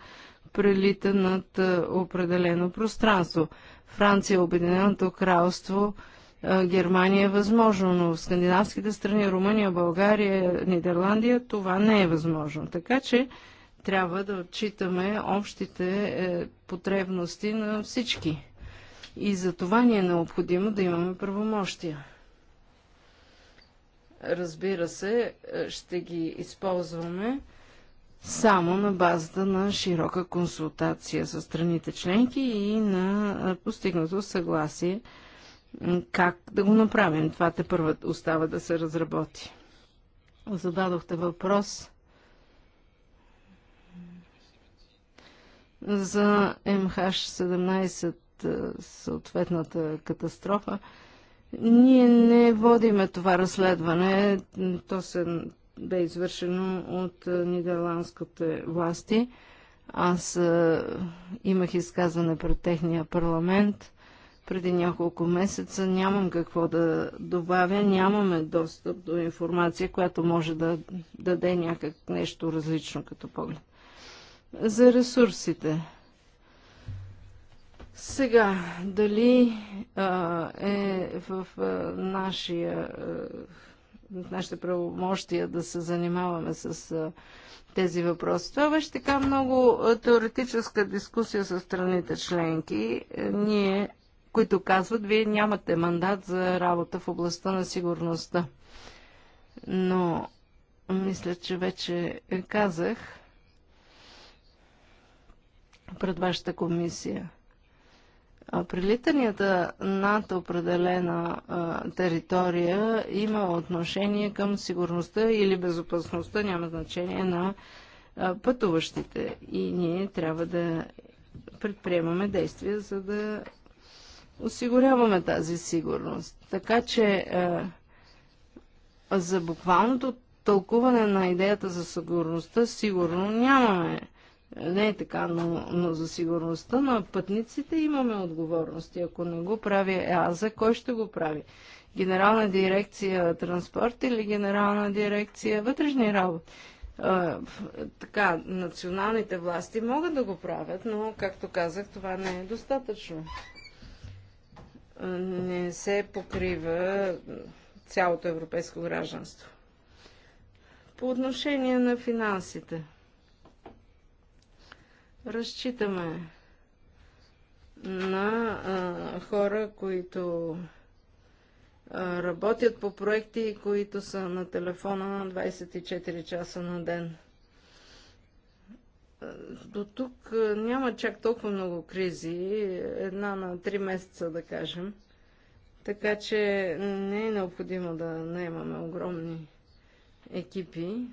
прелита над определено пространство. Франция, Обединеното кралство, Германия е възможно, но в скандинавските страни, Румъния, България, Нидерландия, това не е възможно. Така че трябва да отчитаме общите е, потребности на всички. И за това ни е необходимо да имаме правомощия. Разбира се, е, ще ги използваме само на базата на широка консултация с страните членки и на е, постигнато съгласие как да го направим. Това те първа остава да се разработи. Зададохте въпрос за МХ-17 е, съответната катастрофа. Ние не водиме това разследване. То се бе извършено от е, нидерландските власти. Аз е, имах изказване пред техния парламент преди няколко месеца. Нямам какво да добавя. Нямаме достъп до информация, която може да даде някак нещо различно като поглед за ресурсите. Сега, дали а, е в а, нашия, а, в нашите правомощия да се занимаваме с а, тези въпроси? Това беше така много теоретическа дискусия с страните членки, е, ние, които казват, вие нямате мандат за работа в областта на сигурността. Но, мисля, че вече казах, пред вашата комисия. прилитанията над определена а, територия има отношение към сигурността или безопасността, няма значение на а, пътуващите. И ние трябва да предприемаме действия, за да осигуряваме тази сигурност. Така че а, за буквалното тълкуване на идеята за сигурността сигурно нямаме не е така, но, но за сигурността на пътниците имаме отговорности. Ако не го прави за кой ще го прави? Генерална дирекция транспорт или генерална дирекция вътрешни работи? А, така, националните власти могат да го правят, но, както казах, това не е достатъчно. Не се покрива цялото европейско гражданство. По отношение на финансите – Разчитаме на а, хора, които а, работят по проекти, които са на телефона на 24 часа на ден. До тук няма чак толкова много кризи, една на 3 месеца, да кажем. Така че не е необходимо да наемаме огромни екипи.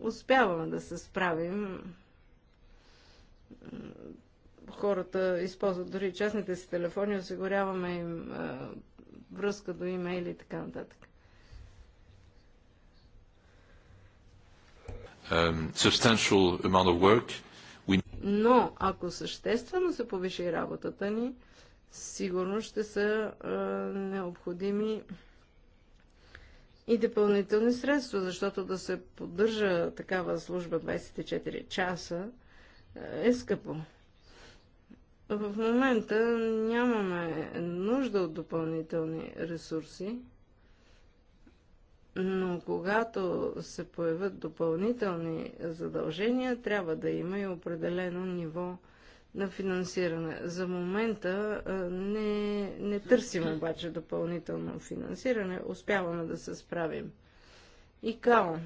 успяваме да се справим. Хората използват дори частните си телефони, осигуряваме им връзка до имейли и така нататък. Um, We... Но ако съществено се повиши работата ни, сигурно ще са е, необходими и допълнителни средства, защото да се поддържа такава служба 24 часа е, е скъпо. В момента нямаме нужда от допълнителни ресурси, но когато се появят допълнителни задължения, трябва да има и определено ниво на финансиране. За момента не, не търсим обаче допълнително финансиране, успяваме да се справим. ИКАО.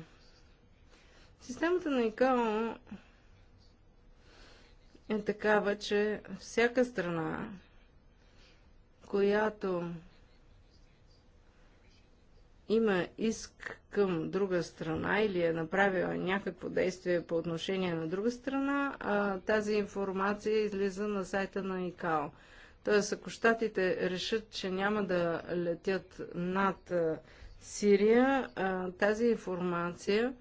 Системата на ИКАО е такава, че всяка страна, която има иск към друга страна или е направила някакво действие по отношение на друга страна, а, тази информация излиза на сайта на ИКАО. Тоест, ако щатите решат, че няма да летят над Сирия, тази информация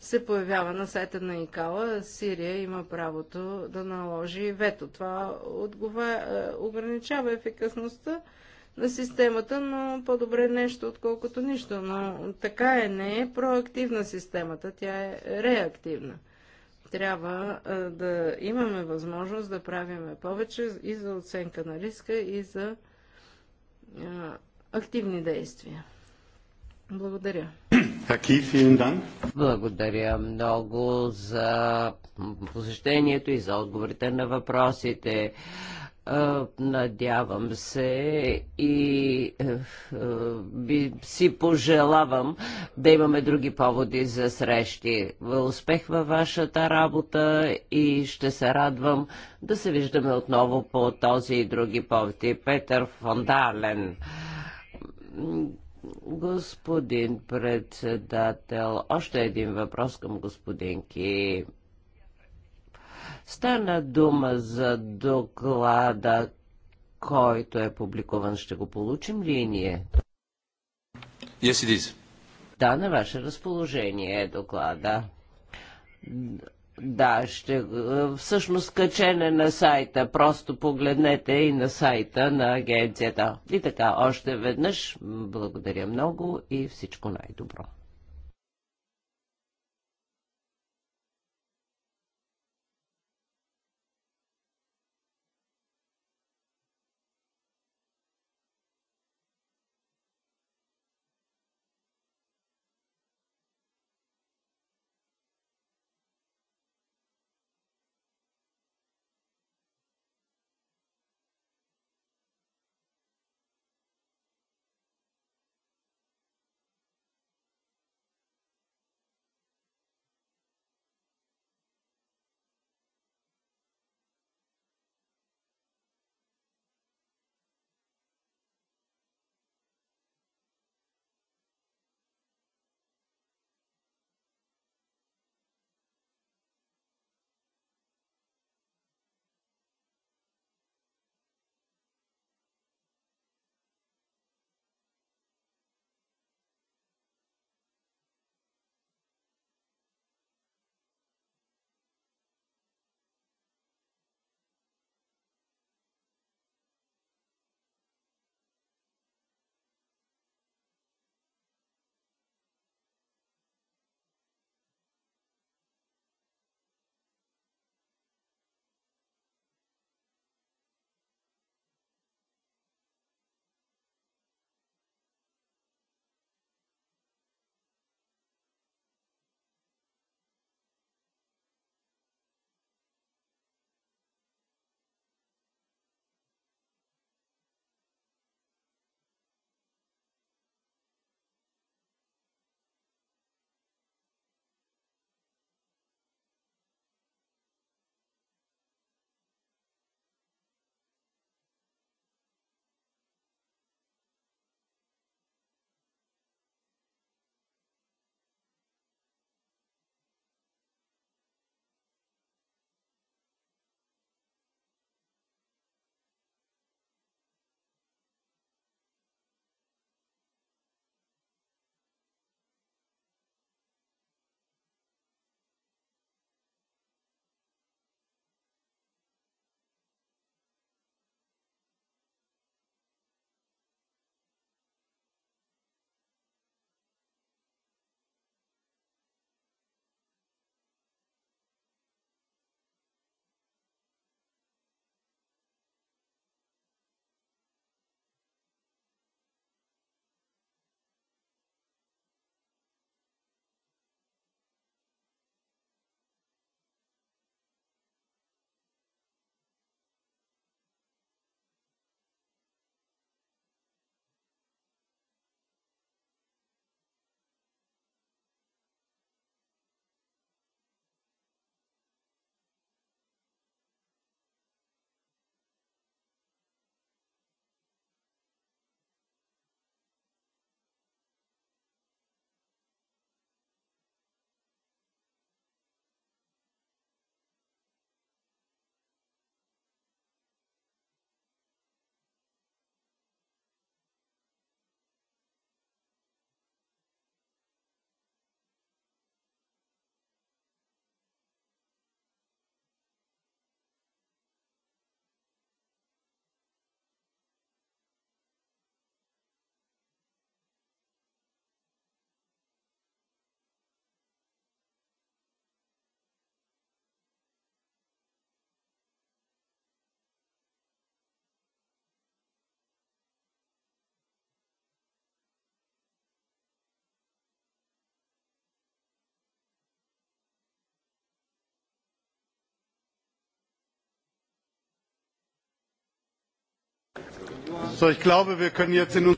се появява на сайта на ИКАО. Сирия има правото да наложи вето. Това отгова... ограничава ефикасността на системата, но по-добре нещо, отколкото нищо. Но така е, не е проактивна системата, тя е реактивна. Трябва а, да имаме възможност да правиме повече и за оценка на риска, и за а, активни действия. Благодаря. Благодаря много за посещението и за отговорите на въпросите. Надявам се и е, е, би, си пожелавам да имаме други поводи за срещи. Успех във вашата работа и ще се радвам да се виждаме отново по този и други поводи. Петър Фондален. Господин председател, още един въпрос към господин Ки. Стана дума за доклада, който е публикуван. Ще го получим ли и ние? Yes, it is. Да, на ваше разположение е доклада. Да, ще... Всъщност качене на сайта. Просто погледнете и на сайта на агенцията. И така, още веднъж благодаря много и всичко най-добро.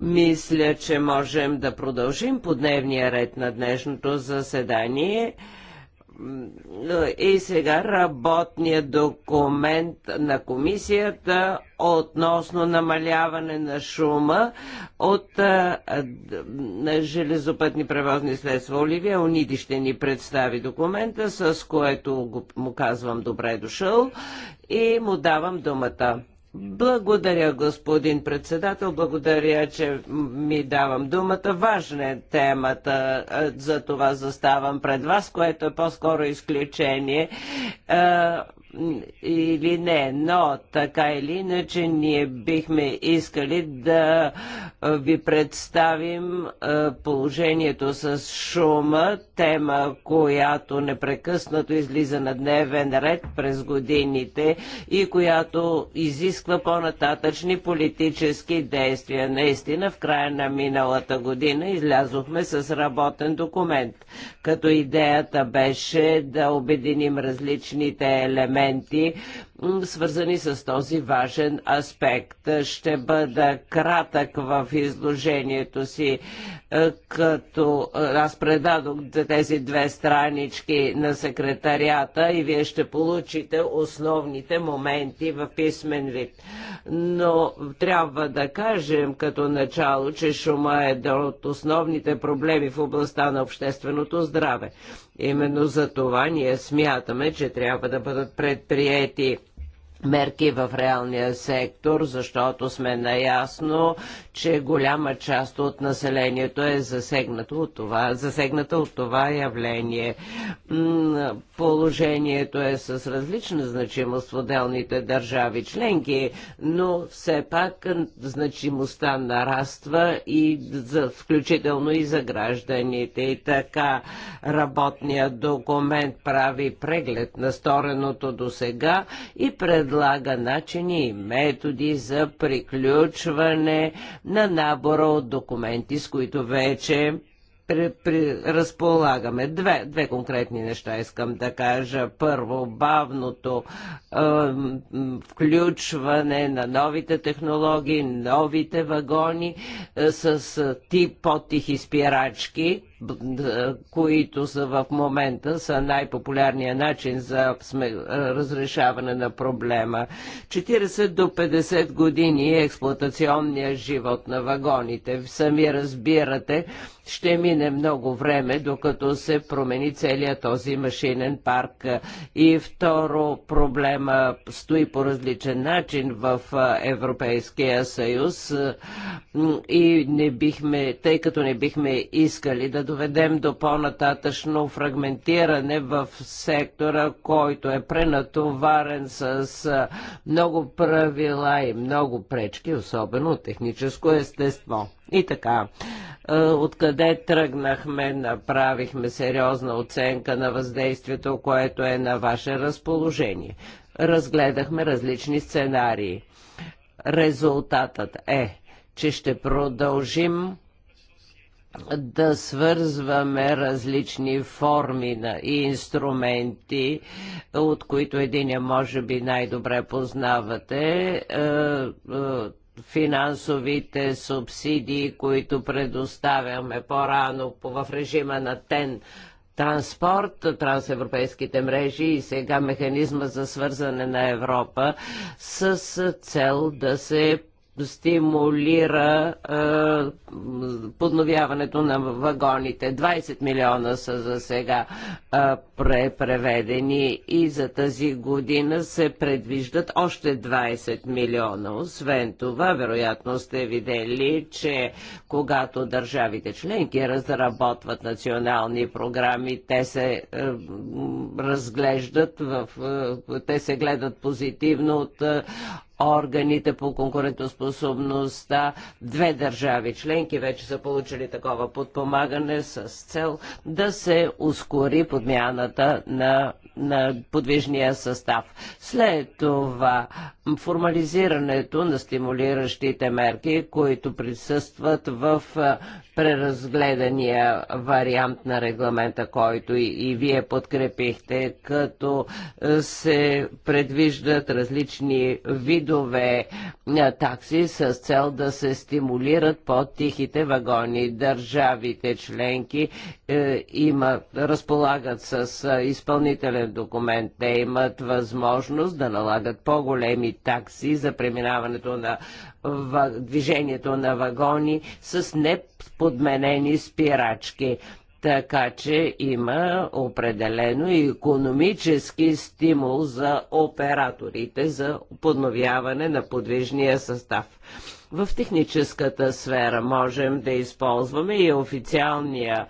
Мисля, че можем да продължим по дневния ред на днешното заседание. И сега работният документ на комисията относно намаляване на шума от а, на железопътни превозни средства. Оливия Униди ще ни представи документа, с което му казвам добре дошъл и му давам думата. Благодаря, господин председател. Благодаря, че ми давам думата. Важна е темата, за това заставам пред вас, което е по-скоро изключение или не, но така или иначе ние бихме искали да ви представим положението с шума, тема, която непрекъснато излиза на дневен ред през годините и която изисква по-нататъчни политически действия. Наистина, в края на миналата година излязохме с работен документ, като идеята беше да обединим различните елементи елементи свързани с този важен аспект. Ще бъда кратък в изложението си, е, като е, аз предадох тези две странички на секретарията и вие ще получите основните моменти в писмен вид. Но трябва да кажем като начало, че шума е един от основните проблеми в областта на общественото здраве. Именно за това ние смятаме, че трябва да бъдат предприяти мерки в реалния сектор, защото сме наясно, че голяма част от населението е засегнато от това, засегната от това явление. Положението е с различна значимост в отделните държави членки, но все пак значимостта нараства и за, включително и за гражданите. И така работният документ прави преглед на стореното до сега и пред предлага начини и методи за приключване на набора от документи, с които вече при, при, разполагаме. Две, две конкретни неща искам да кажа. Първо, бавното е, включване на новите технологии, новите вагони е, с тип по-тихи спирачки, които са в момента са най-популярният начин за разрешаване на проблема. 40 до 50 години е експлуатационния живот на вагоните. Сами разбирате, ще мине много време, докато се промени целият този машинен парк. И второ, проблема стои по различен начин в Европейския съюз и не бихме, тъй като не бихме искали да доведем до по-нататъчно фрагментиране в сектора, който е пренатоварен с много правила и много пречки, особено техническо естество. И така, откъде тръгнахме, направихме сериозна оценка на въздействието, което е на ваше разположение. Разгледахме различни сценарии. Резултатът е, че ще продължим да свързваме различни форми на, и инструменти, от които един може би най-добре познавате. Е, е, финансовите субсидии, които предоставяме по-рано в режима на ТЕН транспорт, трансевропейските мрежи и сега механизма за свързане на Европа с цел да се стимулира а, подновяването на вагоните. 20 милиона са за сега е, препреведени и за тази година се предвиждат още 20 милиона. Освен това, вероятно сте видели, че когато държавите членки разработват национални програми, те се а, разглеждат в, а, те се гледат позитивно от а, органите по конкурентоспособността. Две държави членки вече са получили такова подпомагане с цел да се ускори подмяната на, на подвижния състав. След това формализирането на стимулиращите мерки, които присъстват в преразгледания вариант на регламента, който и, и вие подкрепихте, като се предвиждат различни видове такси с цел да се стимулират по-тихите вагони. Държавите членки е, има, разполагат с изпълнителен документ. Те имат възможност да налагат по-големи такси за преминаването на движението на вагони с неподменени спирачки. Така че има определено и економически стимул за операторите за подновяване на подвижния състав. В техническата сфера можем да използваме и официалния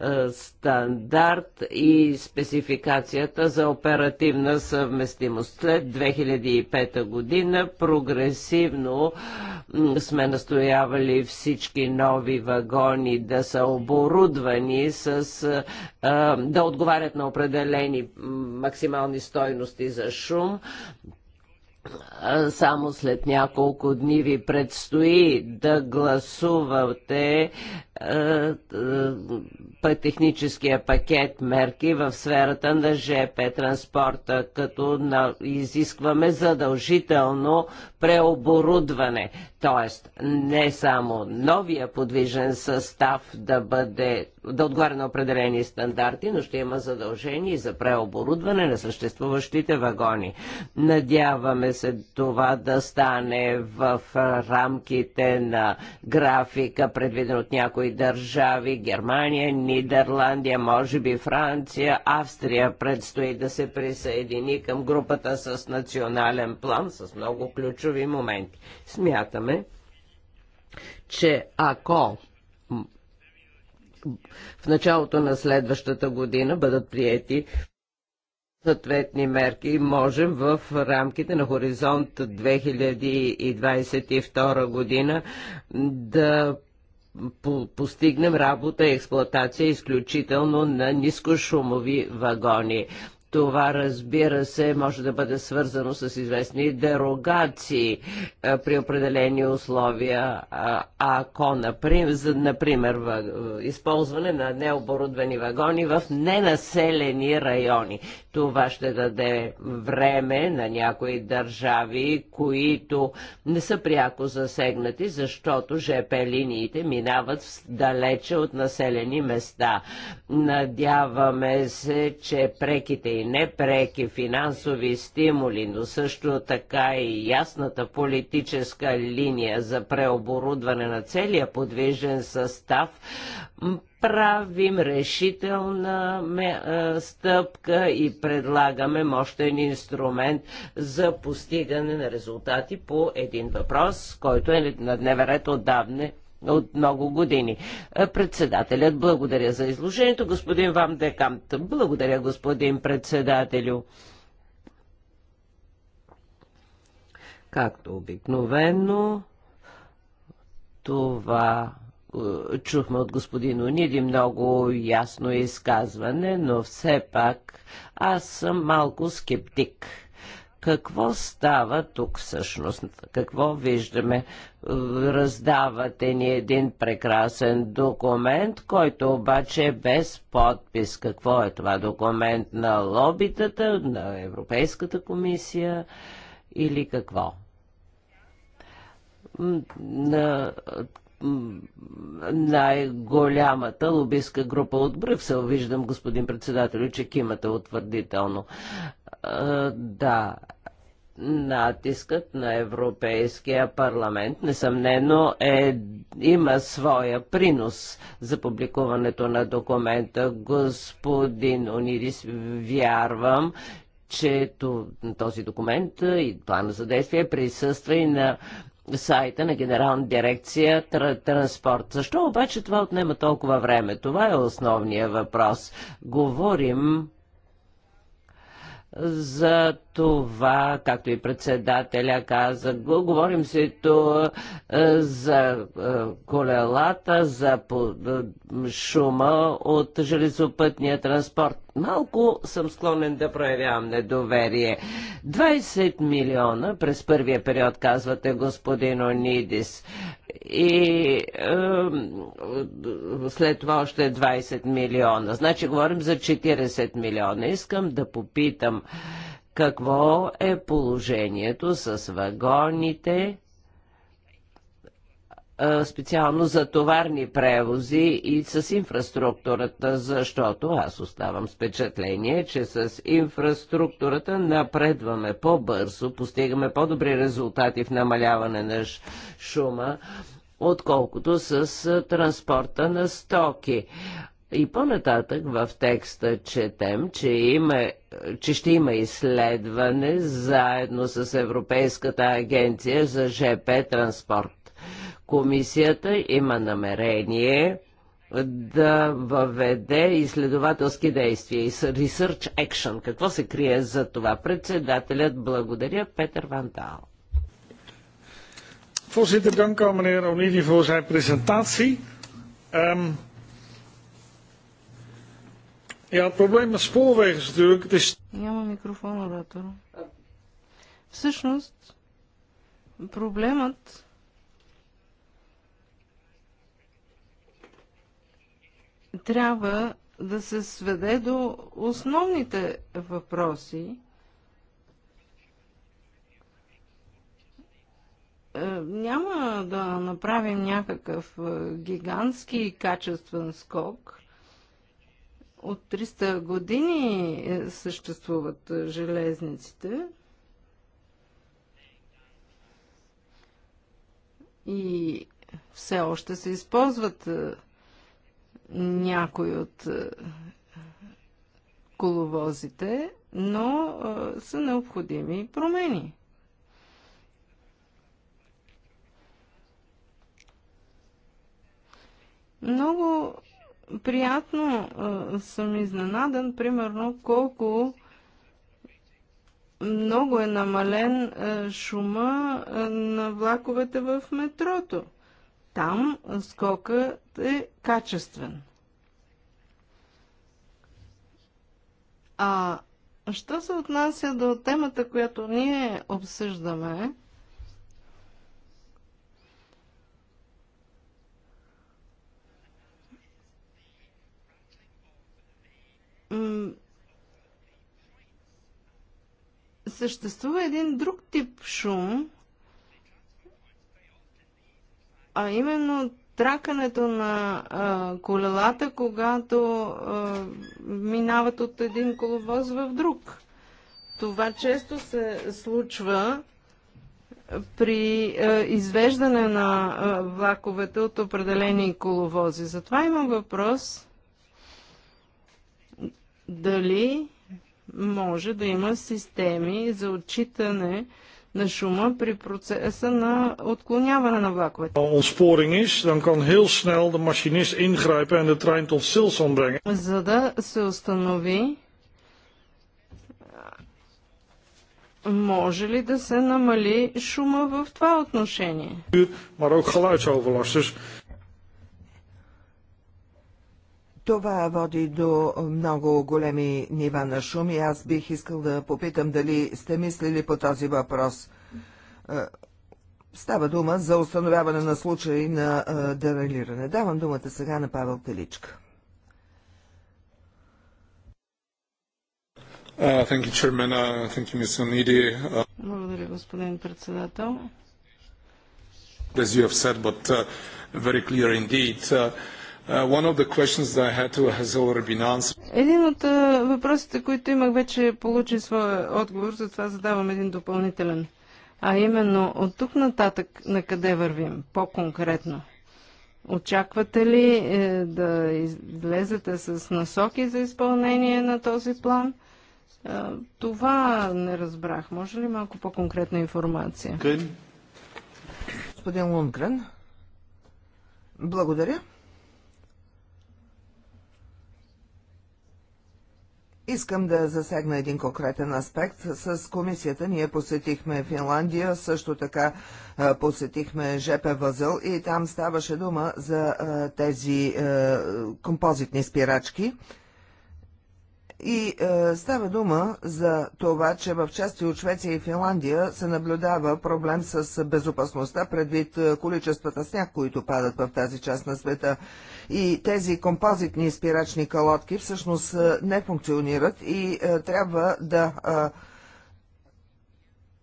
е, стандарт и спецификацията за оперативна съвместимост. След 2005 година прогресивно сме настоявали всички нови вагони да са оборудвани с е, е, да отговарят на определени максимални стойности за шум, само след няколко дни ви предстои да гласувате е, е, техническия пакет мерки в сферата на ЖП транспорта, като на, изискваме задължително преоборудване, т.е. не само новия подвижен състав да бъде да отговаря на определени стандарти, но ще има задължение за преоборудване на съществуващите вагони. Надяваме се това да стане в рамките на графика, предвиден от някои някои държави, Германия, Нидерландия, може би Франция, Австрия предстои да се присъедини към групата с национален план, с много ключови моменти. Смятаме, че ако в началото на следващата година бъдат приети съответни мерки и можем в рамките на хоризонт 2022 година да по постигнем работа и експлоатация изключително на нискошумови вагони. Това, разбира се, може да бъде свързано с известни дерогации а, е, при определени условия, а, ако, например, за, например в, е, използване на необорудвани вагони в ненаселени райони. Това ще даде време на някои държави, които не са пряко засегнати, защото ЖП линиите минават далече от населени места. Надяваме се, че преките и непреки финансови стимули, но също така и ясната политическа линия за преоборудване на целия подвижен състав правим решителна стъпка и предлагаме мощен инструмент за постигане на резултати по един въпрос, който е на дневен ред отдавне от много години. Председателят благодаря за изложението. Господин Вам Декамт, благодаря господин председателю. Както обикновено, това е, чухме от господин Ониди много ясно изказване, но все пак аз съм малко скептик. Какво става тук всъщност? Какво виждаме? Раздавате ни един прекрасен документ, който обаче е без подпис. Какво е това документ на лобитата, на Европейската комисия или какво? на най-голямата лобистка група от Брюксел. Виждам, господин председател, че кимата е утвърдително. Да, натискът на Европейския парламент несъмнено е, има своя принос за публикуването на документа. Господин Онирис, вярвам, че този документ и план за действие присъства и на сайта на Генерална дирекция транспорт. Защо обаче това отнема толкова време? Това е основният въпрос. Говорим за това, както и председателя каза, говорим си то е, за е, колелата, за е, шума от железопътния транспорт. Малко съм склонен да проявявам недоверие. 20 милиона през първия период, казвате господин Онидис и е, след това още 20 милиона. Значи говорим за 40 милиона. Искам да попитам какво е положението с вагоните, специално за товарни превози и с инфраструктурата, защото аз оставам с впечатление, че с инфраструктурата напредваме по-бързо, постигаме по-добри резултати в намаляване на шума, отколкото с транспорта на стоки. И по-нататък в текста четем, че, има, че ще има изследване заедно с Европейската агенция за ЖП транспорт Комисията има намерение да въведе изследователски действия и research action. Какво се крие за това? Председателят благодаря Петър Вантал. Voorzitter, dank aan meneer Onidi voor zijn presentatie. Um, ja, het probleem met spoorwegen is natuurlijk... Het is... Няма микрофон, оратор. Всъщност, проблемът трябва да се сведе до основните въпроси. Е, няма да направим някакъв е, гигантски качествен скок. От 300 години е, съществуват железниците. И все още се използват някои от е, коловозите, но е, са необходими промени. Много приятно е, съм изненадан, примерно, колко много е намален шума на влаковете в метрото. Там скокът е качествен. А що се отнася до темата, която ние обсъждаме, съществува един друг тип шум, а именно тракането на а, колелата, когато а, минават от един коловоз в друг. Това често се случва при а, извеждане на а, влаковете от определени коловози. Затова имам въпрос дали може да има системи за отчитане а, на шума при процеса на отклоняване на влаковете. Ontsporing is, dan kan heel snel de machinist ingrijpen en de trein tot stilstand brengen. За да се установи може ли да се намали шума в това отношение? Maar ook geluidsoverlast. Dus това води до много големи нива на шум и аз бих искал да попитам дали сте мислили по този въпрос. Е, става дума за установяване на случаи на е, дералиране. Давам думата сега на Павел Теличка. Uh, you, uh, you, uh, Благодаря, господин председател. As you have said, but uh, very clear indeed, един от uh, въпросите, които имах, вече получи своя отговор, затова задавам един допълнителен. А именно, от тук нататък на къде вървим по-конкретно? Очаквате ли е, да излезете с насоки за изпълнение на този план? Е, това не разбрах. Може ли малко по-конкретна информация? Господин Лунгрен, благодаря. Искам да засегна един конкретен аспект. С комисията ние посетихме Финландия, също така посетихме ЖП Възъл и там ставаше дума за тези композитни спирачки. И е, става дума за това, че в части от Швеция и Финландия се наблюдава проблем с безопасността предвид е, количествата сняг, които падат в тази част на света. И тези композитни спирачни калотки всъщност е, не функционират и е, трябва да. Е,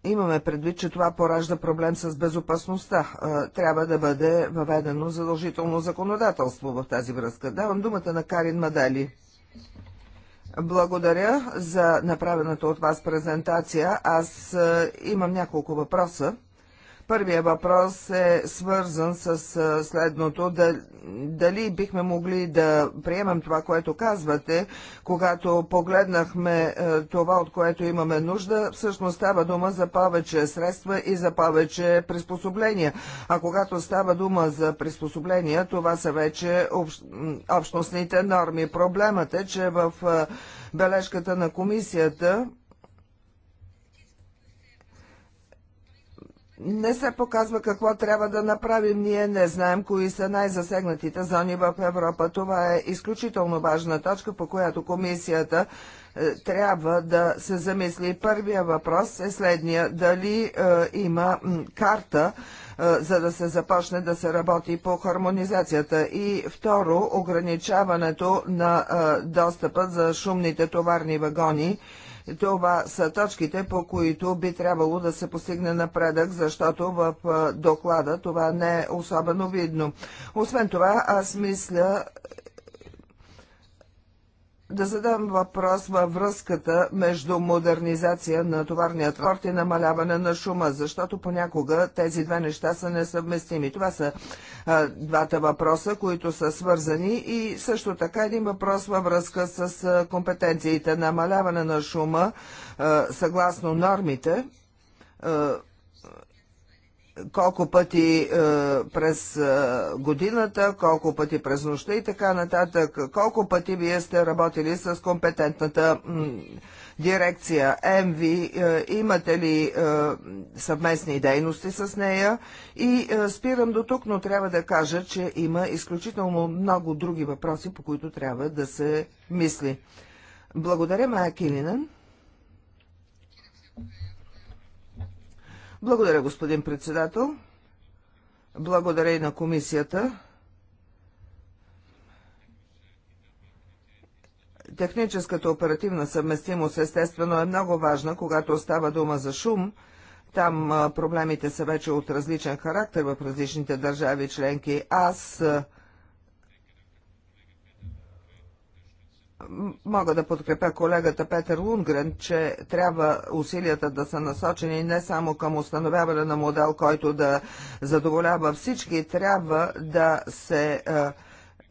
Имаме предвид, че това поражда проблем с безопасността. Е, трябва да бъде въведено задължително законодателство в тази връзка. Давам думата на Карин Мадали. Благодаря за направената от вас презентация. Аз е, имам няколко въпроса. Първия въпрос е свързан с следното. Дали бихме могли да приемем това, което казвате, когато погледнахме това, от което имаме нужда, всъщност става дума за повече средства и за повече приспособления. А когато става дума за приспособления, това са вече общностните норми. Проблемът е, че в бележката на комисията не се показва какво трябва да направим. Ние не знаем кои са най-засегнатите зони в Европа. Това е изключително важна точка, по която комисията е, трябва да се замисли. Първия въпрос е следния. Дали е, има карта, е, за да се започне да се работи по хармонизацията? И второ, ограничаването на е, достъпа за шумните товарни вагони – това са точките, по които би трябвало да се постигне напредък, защото в доклада това не е особено видно. Освен това, аз мисля, да задам въпрос във връзката между модернизация на товарния транспорт и намаляване на шума, защото понякога тези две неща са несъвместими. Това са а, двата въпроса, които са свързани и също така един въпрос във връзка с а, компетенциите. Намаляване на шума а, съгласно нормите а, колко пъти е, през е, годината, колко пъти през нощта и така нататък, колко пъти вие сте работили с компетентната дирекция МВ, е, имате ли е, съвместни дейности с нея и е, спирам до тук, но трябва да кажа, че има изключително много други въпроси, по които трябва да се мисли. Благодаря, Майя Килинен. Благодаря, господин председател. Благодаря и на комисията. Техническата оперативна съвместимост естествено е много важна, когато става дума за шум. Там проблемите са вече от различен характер в различните държави членки. Аз а, мога да подкрепя колегата Петър Лунгрен, че трябва усилията да са насочени не само към установяване на модел, който да задоволява всички, трябва да се а, е,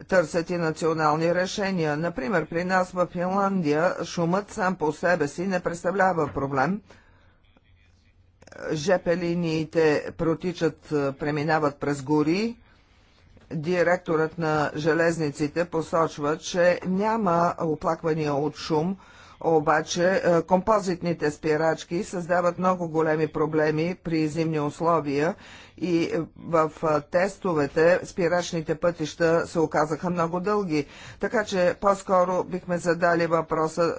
търсят и национални решения. Например, при нас в Финландия шумът сам по себе си не представлява проблем. Жепелиниите протичат, е, преминават през гори, директорът на железниците посочва, че няма оплаквания от шум, обаче е, композитните спирачки създават много големи проблеми при зимни условия и е, в е, тестовете спирачните пътища се оказаха много дълги. Така че по-скоро бихме задали въпроса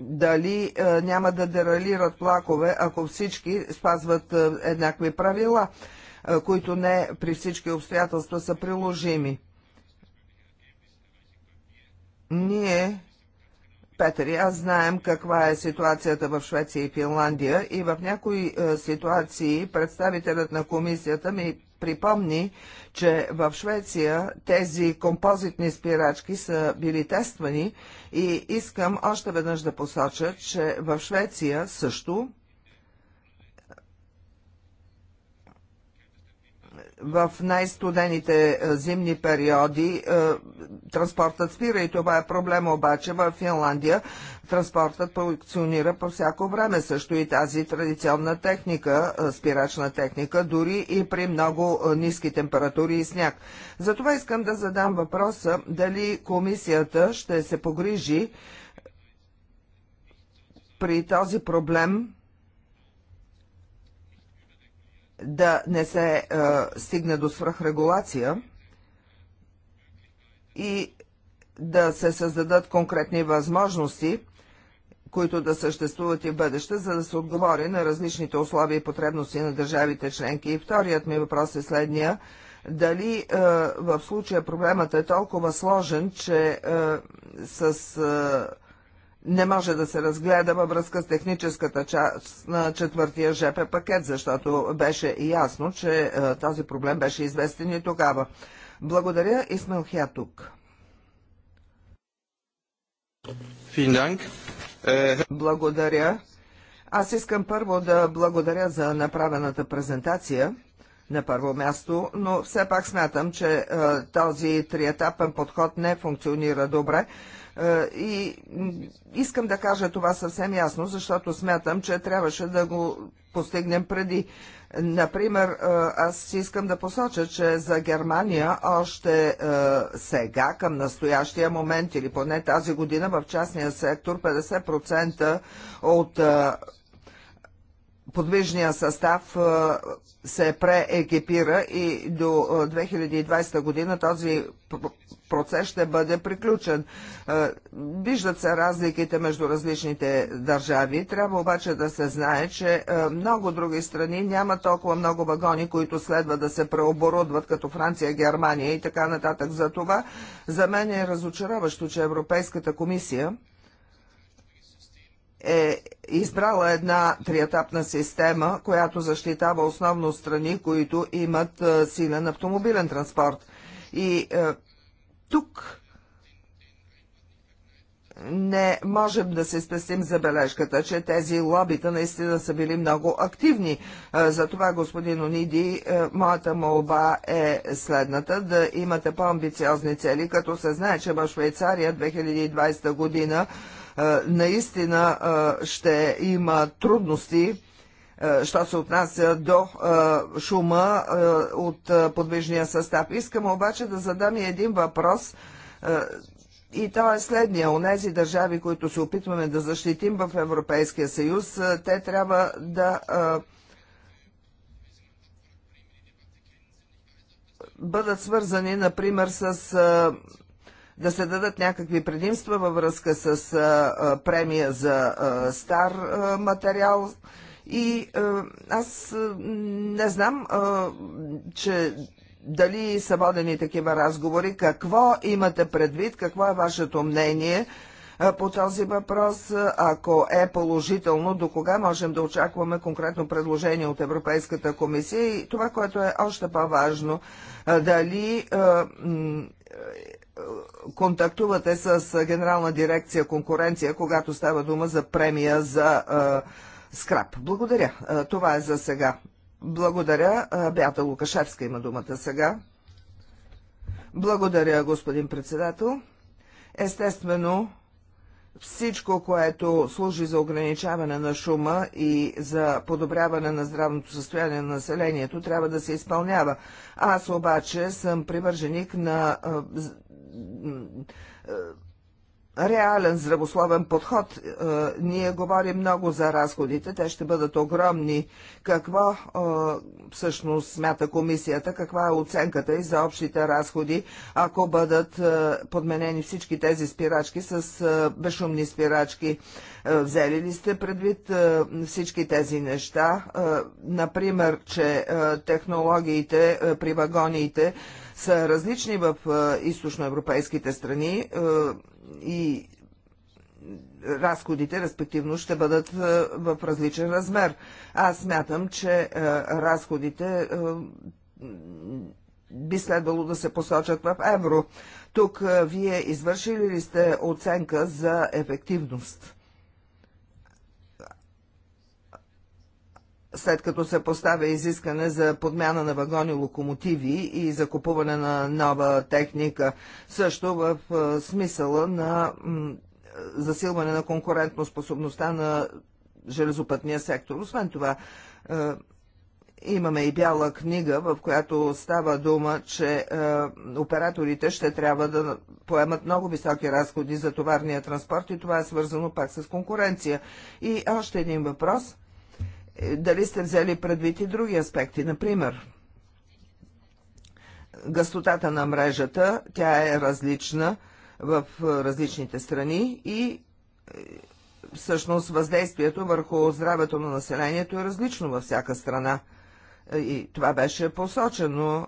дали няма да дералират плакове, ако всички спазват еднакви правила които не при всички обстоятелства са приложими. Ние Петър и аз знаем каква е ситуацията в Швеция и Финландия и в някои ситуации представителят на комисията ми припомни, че в Швеция тези композитни спирачки са били тествани и искам още веднъж да посоча, че в Швеция също в най-студените е, зимни периоди е, транспортът спира и това е проблема, обаче в Финландия. Транспортът функционира по всяко време, също и тази традиционна техника, е, спирачна техника, дори и при много ниски температури и сняг. Затова искам да задам въпроса дали комисията ще се погрижи при този проблем да не се е, стигне до свръхрегулация и да се създадат конкретни възможности, които да съществуват и в бъдеще, за да се отговори на различните условия и потребности на държавите членки. И вторият ми въпрос е следния. Дали а, е, в случая проблемът е толкова сложен, че а, е, с А, не може да се разгледа във връзка с техническата част на четвъртия ЖП пакет, защото беше ясно, че е, този проблем беше известен и тогава. Благодаря, сме Хя тук. Е, благодаря. Аз искам първо да благодаря за направената презентация на първо място, но все пак смятам, че е, този триетапен подход не функционира добре, е, и искам да кажа това съвсем ясно, защото смятам, че трябваше да го постигнем преди. Например, е, аз искам да посоча, че за Германия още е, сега, към настоящия момент или поне тази година в частния сектор, 50% от подвижния състав се преекипира и до 2020 година този процес ще бъде приключен. Виждат се разликите между различните държави. Трябва обаче да се знае, че много други страни няма толкова много вагони, които следва да се преоборудват, като Франция, Германия и така нататък. За това за мен е разочароващо, че Европейската комисия е избрала една триетапна система, която защитава основно страни, които имат е, силен автомобилен транспорт. И е, тук не можем да се спестим забележката, че тези лобита наистина са били много активни. Е, затова, господин Ониди, е, моята молба е следната да имате по-амбициозни цели, като се знае, че в Швейцария 2020 година наистина ще има трудности, що се отнася до шума от подвижния състав. Искам обаче да задам и един въпрос. И то е следния. Онези държави, които се опитваме да защитим в Европейския съюз, те трябва да бъдат свързани, например, с да се дадат някакви предимства във връзка с премия за стар материал. И аз не знам, че дали са водени такива разговори, какво имате предвид, какво е вашето мнение по този въпрос, ако е положително, до кога можем да очакваме конкретно предложение от Европейската комисия и това, което е още по-важно, дали контактувате с Генерална дирекция конкуренция, когато става дума за премия за скраб. скрап. Благодаря. това е за сега. Благодаря. Бята Лукашевска има думата сега. Благодаря, господин председател. Естествено, всичко, което служи за ограничаване на шума и за подобряване на здравното състояние на населението, трябва да се изпълнява. Аз обаче съм привърженик на реален здравословен подход. Е, ние говорим много за разходите, те ще бъдат огромни. Какво е, всъщност смята комисията, каква е оценката и за общите разходи, ако бъдат е, подменени всички тези спирачки с безшумни спирачки? Взели ли сте предвид всички тези неща? Например, че технологиите при вагоните са различни в източноевропейските страни и разходите, респективно, ще бъдат в различен размер. Аз смятам, че разходите би следвало да се посочат в евро. Тук вие извършили ли сте оценка за ефективност? след като се поставя изискане за подмяна на вагони локомотиви и за купуване на нова техника, също в смисъла на засилване на конкурентоспособността на железопътния сектор. Освен това, имаме и бяла книга, в която става дума, че операторите ще трябва да поемат много високи разходи за товарния транспорт и това е свързано пак с конкуренция. И още един въпрос – дали сте взели предвид и други аспекти. Например, гъстотата на мрежата, тя е различна в различните страни и е, всъщност въздействието върху здравето на населението е различно във всяка страна. Е, и това беше посочено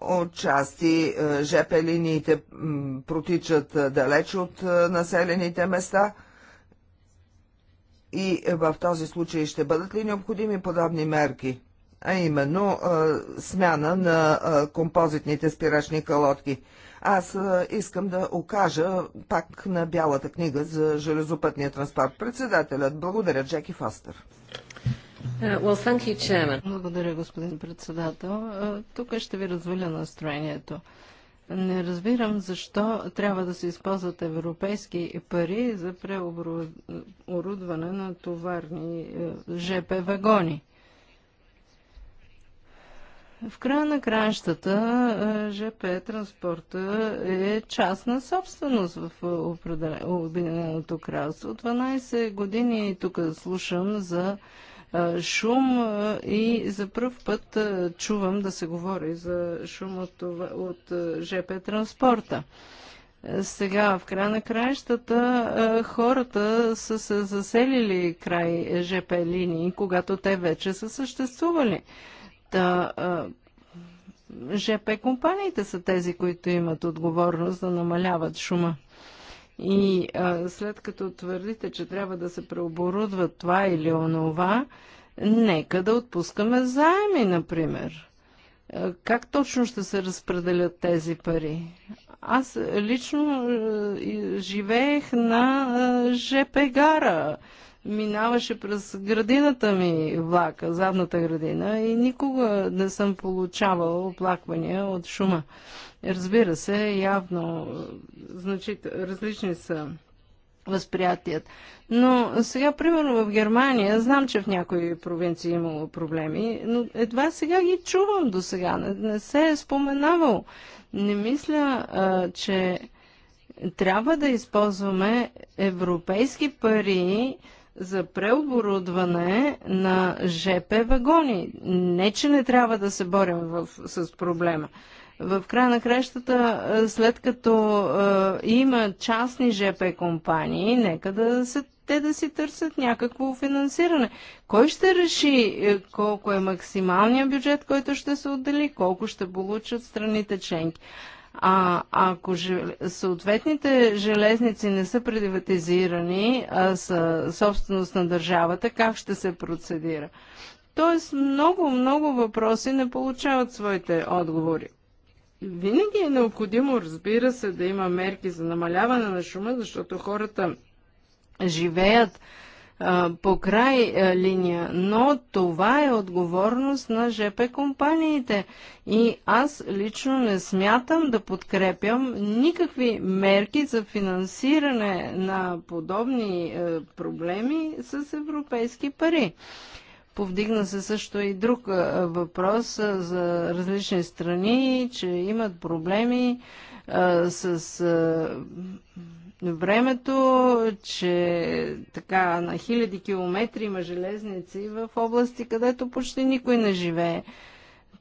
От части е, жепелиниите протичат далеч от населените места – и в този случай ще бъдат ли необходими подобни мерки? А именно смяна на композитните спирачни калотки. Аз искам да окажа пак на Бялата книга за железопътния транспорт. Председателят, благодаря, Джеки Фастер. Uh, well, you, Благодаря, господин председател. Uh, тук ще ви разваля настроението. Не разбирам защо трябва да се използват европейски пари за преоборудване на товарни е, ЖП вагони. В края на краищата е, ЖП транспорта е частна собственост в е, Обединеното кралство. 12 години тук слушам за шум и за първ път чувам да се говори за шум от, от ЖП транспорта. Сега, в края на краищата, хората са се заселили край ЖП линии, когато те вече са съществували. Та, ЖП компаниите са тези, които имат отговорност да намаляват шума. И а, след като твърдите, че трябва да се преоборудва това или онова, нека да отпускаме заеми, например. Как точно ще се разпределят тези пари? Аз лично живеех на ЖП гара. Минаваше през градината ми влака, задната градина и никога не съм получавал оплаквания от шума. Разбира се, явно е, значит, различни са възприятият. Но сега, примерно в Германия, знам, че в някои провинции е имало проблеми, но едва сега ги чувам до сега. Не, не се е споменавал. Не мисля, а, че трябва да използваме европейски пари за преоборудване на ЖП вагони. Не, че не трябва да се борим в, с проблема в края на кращата, след като е, има частни ЖП компании, нека да се, те да си търсят някакво финансиране. Кой ще реши е, колко е максималният бюджет, който ще се отдели, колко ще получат страните членки? А ако жел... съответните железници не са приватизирани, а са собственост на държавата, как ще се процедира? Тоест много, много въпроси не получават своите отговори. Винаги е необходимо, разбира се, да има мерки за намаляване на шума, защото хората живеят по край линия, но това е отговорност на ЖП компаниите. И аз лично не смятам да подкрепям никакви мерки за финансиране на подобни проблеми с европейски пари. Повдигна се също и друг въпрос за различни страни, че имат проблеми а, с а, времето, че така на хиляди километри има железници в области, където почти никой не живее.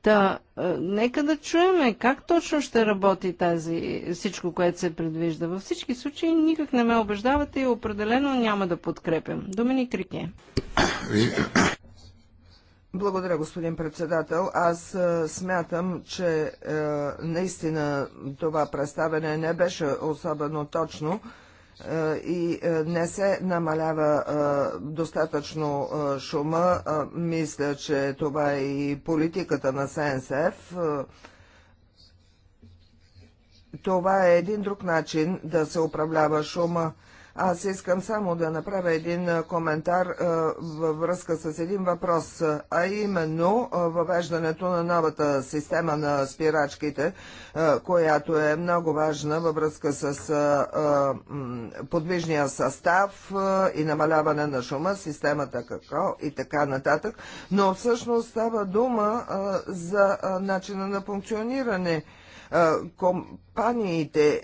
Та, нека да чуеме как точно ще работи тази всичко, което се предвижда. Във всички случаи никак не ме убеждавате и определено няма да подкрепям. Доминик Рике. Благодаря, господин председател. Аз е, смятам, че е, наистина това представене не беше особено точно е, и не се намалява достатъчно шума. Мисля, че това е и политиката на СНСФ. Това е един друг начин да се управлява шума. Аз искам само да направя един коментар във връзка с един въпрос, а именно въвеждането на новата система на спирачките, която е много важна във връзка с подвижния състав и намаляване на шума, системата какво и така нататък. Но всъщност става дума за начина на функциониране Компаниите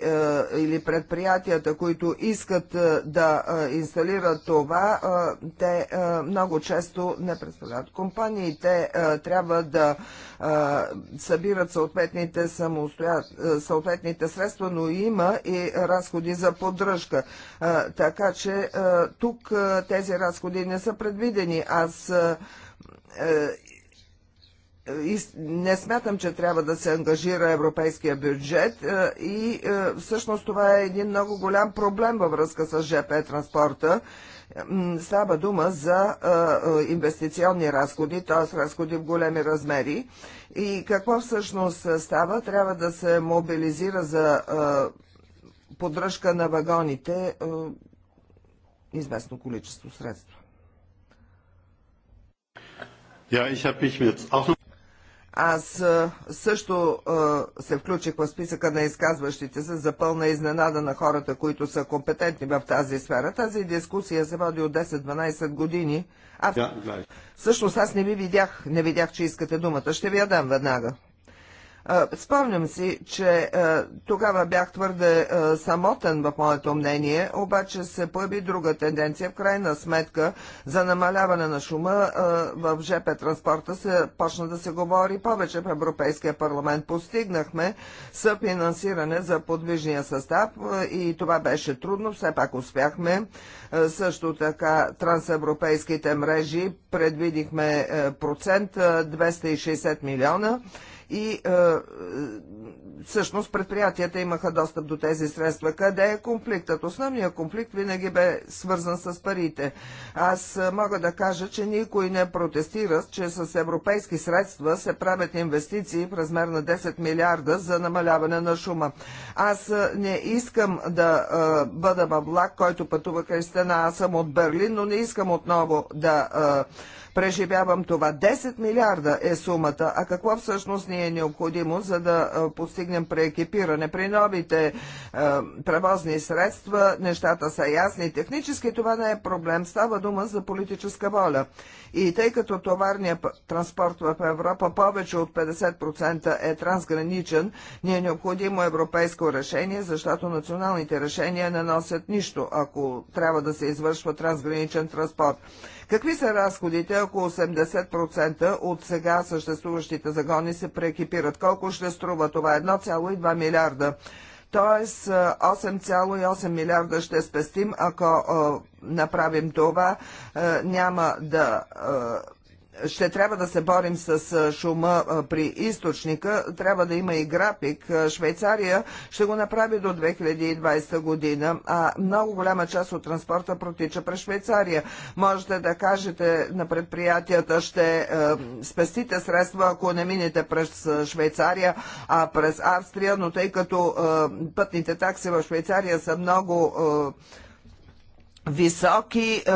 или предприятията, които искат да инсталират това, те много често не представляват. Компаниите трябва да събират съответните, самостоя... съответните средства, но има и разходи за поддръжка. Така че тук тези разходи не са предвидени. Аз е, не смятам, че трябва да се ангажира европейския бюджет е, и е, всъщност това е един много голям проблем във връзка с ЖП транспорта. Става дума за е, инвестиционни разходи, т.е. разходи в големи размери. И какво всъщност става? Трябва да се мобилизира за поддръжка на вагоните известно количество средства. Ja, ich habe mich jetzt auch noch аз също се включих в списъка на изказващите се за пълна изненада на хората, които са компетентни в тази сфера. Тази дискусия се води от 10-12 години. Аз Да, да. Всъщност аз не ви видях, не видях, че искате думата. Ще ви я дам веднага. Спомням си, че тогава бях твърде самотен в моето мнение, обаче се появи друга тенденция. В крайна сметка за намаляване на шума в ЖП транспорта се почна да се говори повече в Европейския парламент. Постигнахме съфинансиране за подвижния състав и това беше трудно, все пак успяхме. Също така трансевропейските мрежи предвидихме процент 260 милиона и е, всъщност предприятията имаха достъп до тези средства. Къде е конфликтът? Основният конфликт винаги бе свързан с парите. Аз е, мога да кажа, че никой не протестира, че с европейски средства се правят инвестиции в размер на 10 милиарда за намаляване на шума. Аз е, не искам да е, бъда във влак, който пътува край стена. Аз съм от Берлин, но не искам отново да е, преживявам това. 10 милиарда е сумата, а какво всъщност ни е необходимо, за да постигнем преекипиране? При новите е, превозни средства нещата са ясни. Технически това не е проблем. Става дума за политическа воля. И тъй като товарният транспорт в Европа повече от 50% е трансграничен, ни е необходимо европейско решение, защото националните решения не носят нищо, ако трябва да се извършва трансграничен транспорт. Какви са разходите, ако 80% от сега съществуващите загони се преекипират? Колко ще струва това? 1,2 милиарда. Тоест 8,8 милиарда ще спестим, ако направим това. Няма да ще трябва да се борим с шума при източника. Трябва да има и график. Швейцария ще го направи до 2020 година, а много голяма част от транспорта протича през Швейцария. Можете да кажете на предприятията, ще спестите средства, ако не минете през Швейцария, а през Австрия, но тъй като пътните такси в Швейцария са много високи. Е,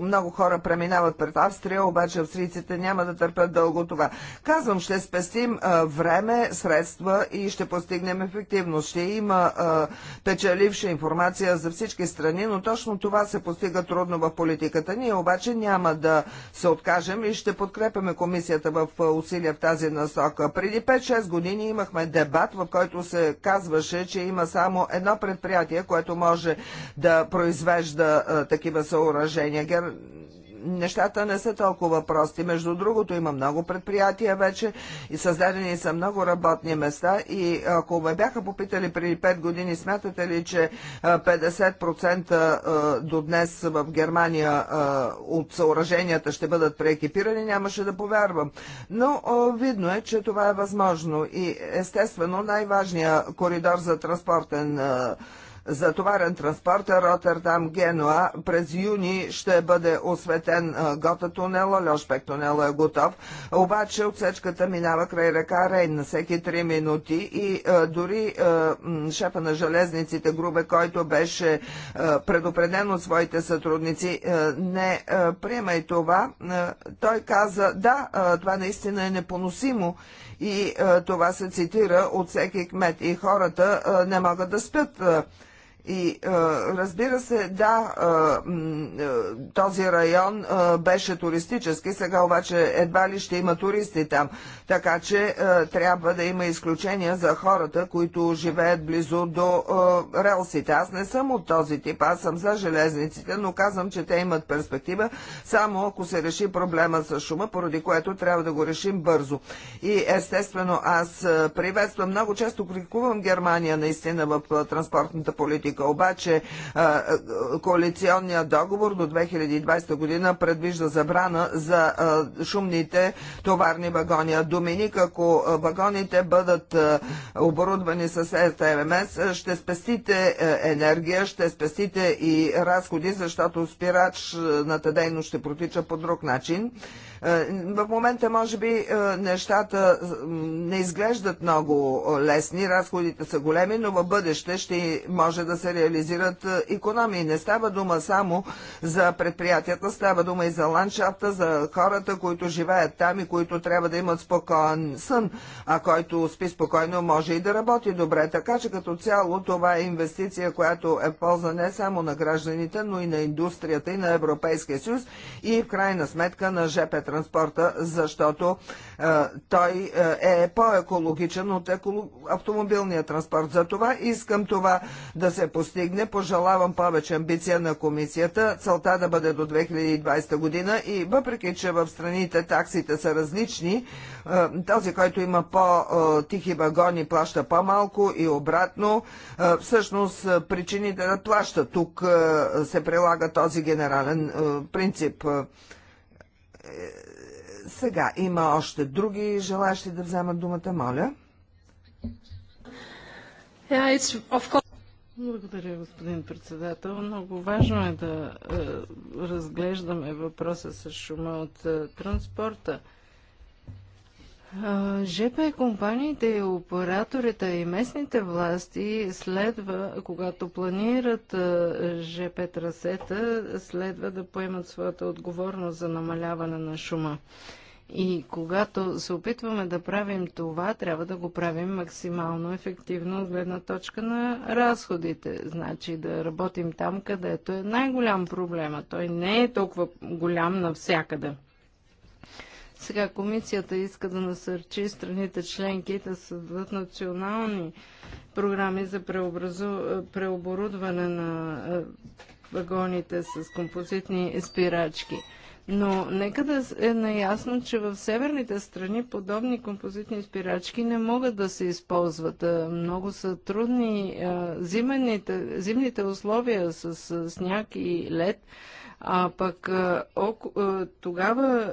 много хора преминават пред Австрия, обаче австрийците няма да търпят дълго това. Казвам, ще спестим е, време, средства и ще постигнем ефективност. Ще има е, печеливша информация за всички страни, но точно това се постига трудно в политиката. Ние обаче няма да се откажем и ще подкрепяме комисията в усилия в тази насока. Преди 5-6 години имахме дебат, в който се казваше, че има само едно предприятие, което може да произвежда нужда а, такива съоръжения. Гер... Нещата не са толкова прости. Между другото, има много предприятия вече и създадени са много работни места и ако ме бяха попитали преди 5 години, смятате ли, че 50% до днес в Германия от съоръженията ще бъдат преекипирани, нямаше да повярвам. Но видно е, че това е възможно и естествено най-важният коридор за транспортен за товарен транспорт Роттердам Генуа. През юни ще бъде осветен Гота тунела, Льошпек тунела е готов, обаче отсечката минава край река Рейн на всеки 3 минути и дори шефа на железниците Грубе, който беше предупреден от своите сътрудници, не приемай това. Той каза, да, това наистина е непоносимо и това се цитира от всеки кмет и хората не могат да спят. И е, разбира се, да, е, е, този район беше туристически, сега обаче едва ли ще има туристи там. Така че трябва да има изключения за хората, които живеят близо до релсите. Аз не съм от този тип, аз съм за железниците, но казвам, че те имат перспектива само ако се реши проблема с шума, поради което трябва да го решим бързо. И естествено аз приветствам, много често критикувам Германия наистина в транспортната политика политика. Обаче коалиционният договор до 2020 година предвижда забрана за шумните товарни вагони. А Доминик, ако вагоните бъдат оборудвани с СТМС, ще спестите енергия, ще спестите и разходи, защото спирачната дейност ще протича по друг начин. Е, в момента, може би, е, нещата не изглеждат много лесни, разходите са големи, но в бъдеще ще може да се реализират економии. Не става дума само за предприятията, става дума и за ландшафта, за хората, които живеят там и които трябва да имат спокоен сън, а който спи спокойно може и да работи добре. Така че като цяло това е инвестиция, която е в полза не само на гражданите, но и на индустрията и на Европейския съюз и в крайна сметка на ЖПТ транспорта, защото е, той е, е по-екологичен от еколог... автомобилния транспорт. За това искам това да се постигне. Пожелавам повече амбиция на комисията. Целта да бъде до 2020 година и въпреки, че в страните таксите са различни, е, този, който има по-тихи вагони, плаща по-малко и обратно. всъщност причините да плаща тук се прилага този генерален принцип. Сега има още други желащи да вземат думата, моля. благодаря, господин председател. Много важно е да е, разглеждаме въпроса с шума от е, транспорта. Е, ЖП компаниите и операторите и местните власти следва, когато планират е, ЖП трасета, следва да поемат своята отговорност за намаляване на шума. И когато се опитваме да правим това, трябва да го правим максимално ефективно от гледна точка на разходите. Значи да работим там, където е най-голям проблема. Той не е толкова голям навсякъде. Сега комисията иска да насърчи страните членки да създадат национални програми за преобразу... преоборудване на е, вагоните с композитни спирачки – но нека да е наясно, че в северните страни подобни композитни спирачки не могат да се използват. Е, много са трудни е, зимните, зимните условия с сняг и лед. А пък е, тогава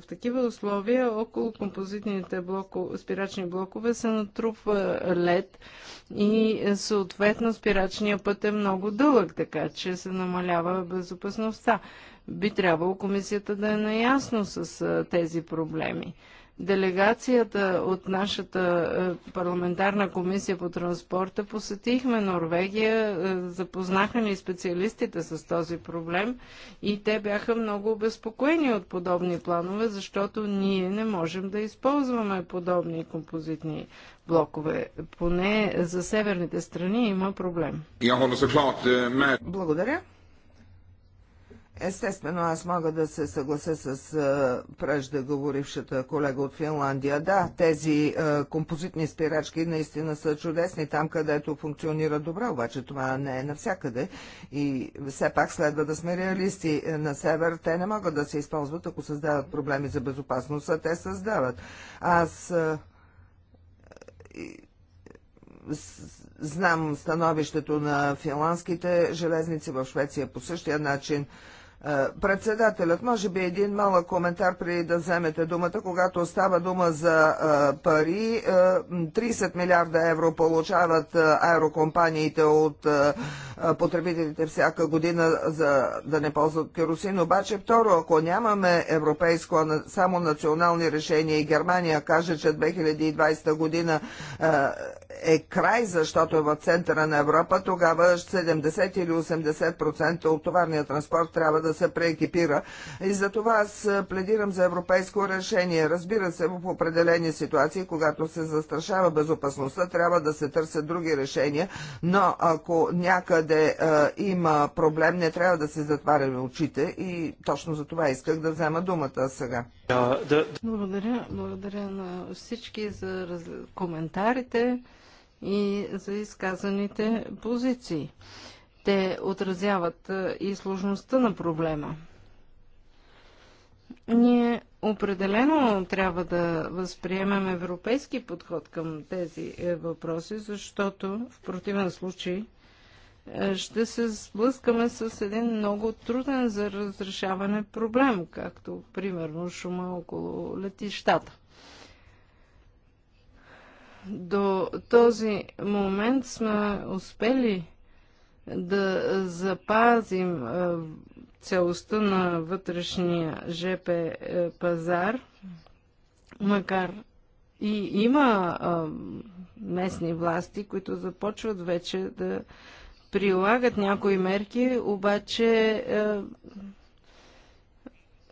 в такива условия около композитните блоко, спирачни блокове се натрупва лед и съответно спирачния път е много дълъг, така че се намалява безопасността. Би трябвало комисията да е наясно с тези проблеми. Делегацията от нашата парламентарна комисия по транспорта посетихме Норвегия, запознаха ни специалистите с този проблем и те бяха много обезпокоени от подобни планове, защото ние не можем да използваме подобни композитни блокове. Поне за северните страни има проблем. Благодаря. Естествено, аз мога да се съглася с а, преждеговорившата колега от Финландия. Да, тези а, композитни спирачки наистина са чудесни там, където функционира добре, обаче това не е навсякъде. И все пак следва да сме реалисти. На север те не могат да се използват, ако създават проблеми за безопасност, а те създават. Аз а, и, с, знам становището на финландските железници в Швеция по същия начин. Е, председателят, може би един малък коментар преди да вземете думата, когато става дума за е, пари. 30 е, милиарда евро получават аерокомпаниите от потребителите всяка година за да не ползват керосин. Обаче, второ, ако нямаме европейско, а само национални решения и Германия каже, че 2020 година е край, защото е в центъра на Европа, тогава 70 или 80% от товарния транспорт трябва да се преекипира. И за това аз пледирам за европейско решение. Разбира се, в определени ситуации, когато се застрашава безопасността, трябва да се търсят други решения, но ако някъде а, е, има проблем, не трябва да се затваряме очите и точно за това исках да взема думата сега. Благодаря, благодаря на всички за раз... коментарите и за изказаните позиции. Те отразяват и сложността на проблема. Ние определено трябва да възприемем европейски подход към тези е, въпроси, защото в противен случай е, ще се сблъскаме с един много труден за разрешаване проблем, както примерно шума около летищата. До този момент сме успели да запазим целостта на вътрешния ЖП пазар, макар и има местни власти, които започват вече да прилагат някои мерки, обаче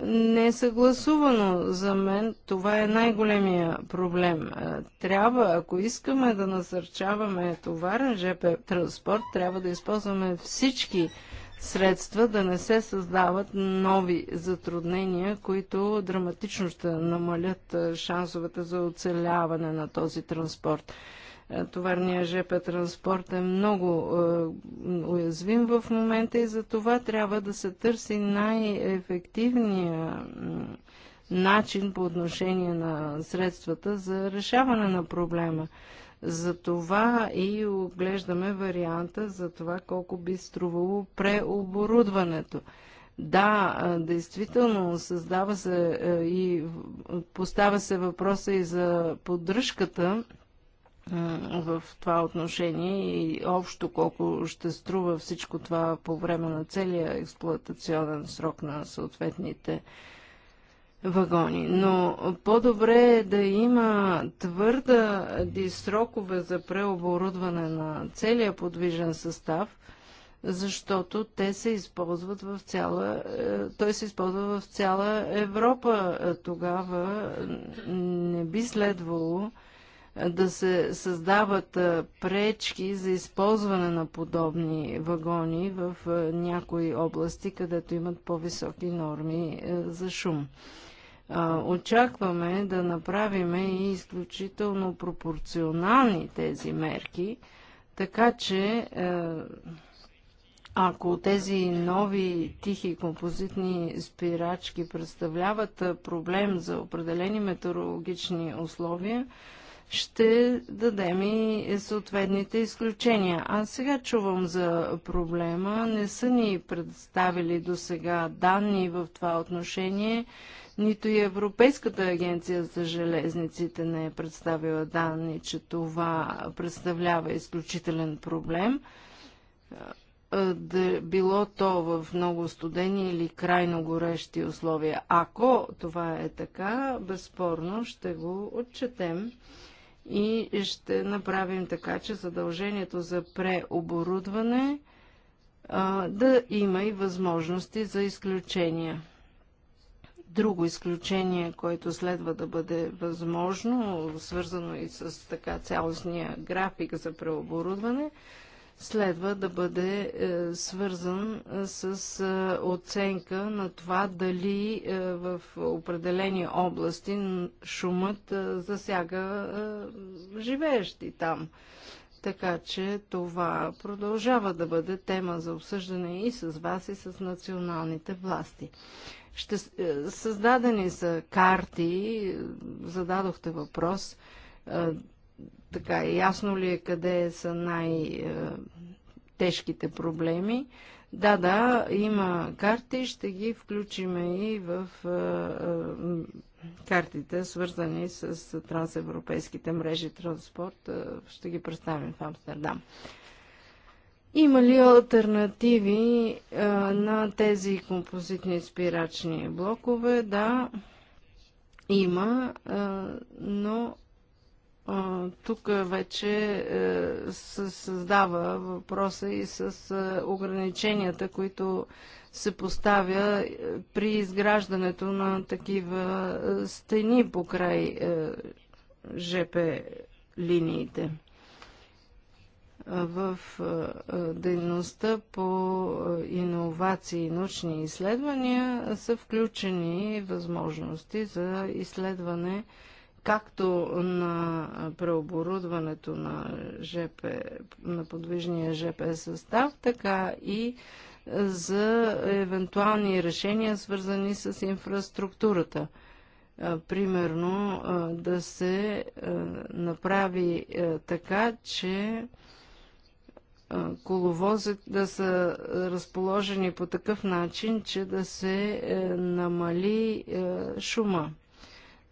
несъгласувано. За мен това е най-големия проблем. Е, трябва, ако искаме да насърчаваме товарен ЖП транспорт, трябва да използваме всички средства, да не се създават нови затруднения, които драматично ще намалят е, шансовете за оцеляване на този транспорт. Е, товарния ЖП транспорт е много е, уязвим в момента и за това трябва да се търси най-ефективния начин по отношение на средствата за решаване на проблема. За това и оглеждаме варианта за това колко би струвало преоборудването. Да, е, действително създава се и поставя се въпроса и за поддръжката в това отношение и общо колко ще струва всичко това по време на целия експлуатационен срок на съответните вагони. Но по-добре е да има твърда срокове за преоборудване на целия подвижен състав, защото те се използват в цяла, е, той се използва в цяла Европа. Е, Тогава не би следвало да се създават пречки за използване на подобни вагони в някои области, където имат по-високи норми за шум. Очакваме да направиме и изключително пропорционални тези мерки, така че ако тези нови тихи композитни спирачки представляват проблем за определени метеорологични условия, ще дадем и съответните изключения. А сега чувам за проблема. Не са ни представили до сега данни в това отношение. Нито и Европейската агенция за железниците не е представила данни, че това представлява изключителен проблем. Да било то в много студени или крайно горещи условия. Ако това е така, безспорно ще го отчетем и ще направим така, че задължението за преоборудване а, да има и възможности за изключения. Друго изключение, което следва да бъде възможно, свързано и с така цялостния график за преоборудване, следва да бъде е, свързан е, с е, оценка на това дали в определени области шумът засяга живеещи там. Така че това продължава да бъде тема за обсъждане и с вас, и с националните власти. Ще, създадени са карти, зададохте въпрос така, ясно ли е къде са най-тежките проблеми. Да, да, има карти, ще ги включим и в картите, свързани с трансевропейските мрежи транспорт. Ще ги представим в Амстердам. Има ли альтернативи а, на тези композитни спирачни блокове? Да, има, а, но тук вече е, се създава въпроса и с е, ограниченията, които се поставя е, при изграждането на такива стени покрай ЖП линиите. В дейността по иновации и научни изследвания са включени възможности за изследване на както на преоборудването на ЖП, на подвижния ЖП състав, така и за евентуални решения, свързани с инфраструктурата. Примерно да се направи така, че коловози да са разположени по такъв начин, че да се е, намали е, шума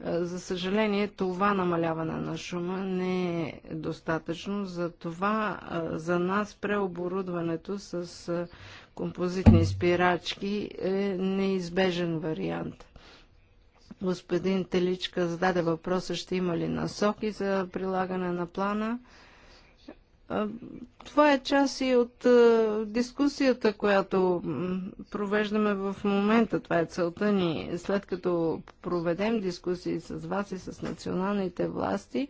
е, за съжаление, това намаляване на шума не е достатъчно. Затова е, за нас преоборудването с е, композитни спирачки е неизбежен вариант. Господин Теличка зададе въпроса, ще има ли насоки за прилагане на плана. Това е част и от дискусията, която провеждаме в момента. Това е целта ни. След като проведем дискусии с вас и с националните власти,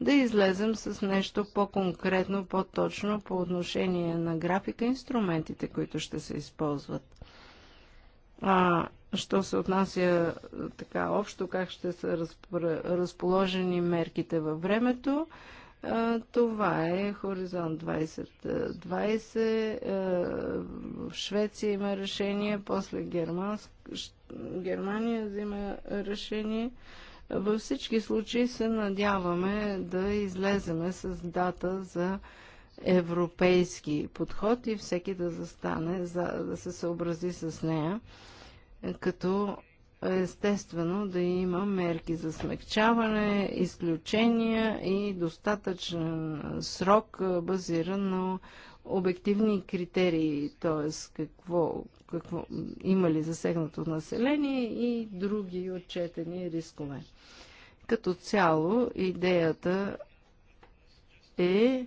да излезем с нещо по-конкретно, по-точно по отношение на графика, инструментите, които ще се използват. А, що се отнася така общо, как ще са разположени мерките във времето, това е Хоризонт 2020. Е, в Швеция има решение, после Германия взима решение. Във всички случаи се надяваме да излеземе с дата за европейски подход и всеки да застане, за да се съобрази с нея, като естествено да има мерки за смягчаване, изключения и достатъчен срок, базиран на обективни критерии, т.е. Какво, какво има ли засегнато население и други отчетени рискове. Като цяло идеята е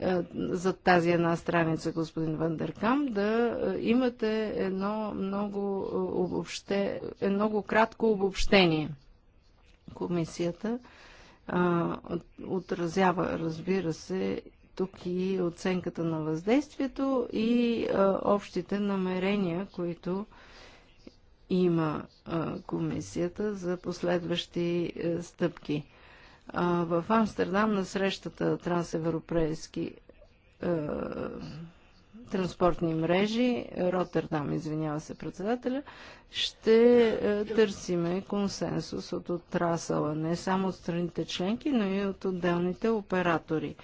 е, за тази една страница, господин Вандеркам, да е, имате едно много, е, обобще, едно много кратко обобщение. Комисията а, отразява, разбира се, тук и оценката на въздействието и а, общите намерения, които има а, комисията за последващи а, стъпки в Амстердам на срещата трансевропейски е, транспортни мрежи, Роттердам, извинява се председателя, ще е, търсиме консенсус от отрасъла, не само от страните членки, но и от отделните оператори.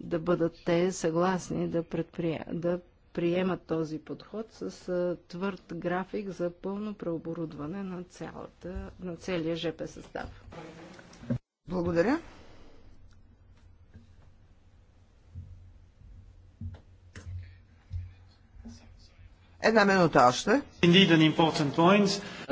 Да бъдат те съгласни да, предприем... да приемат този подход с е, твърд график за пълно преоборудване на, цялата, на целия ЖП състав. Благодаря. Една минута още.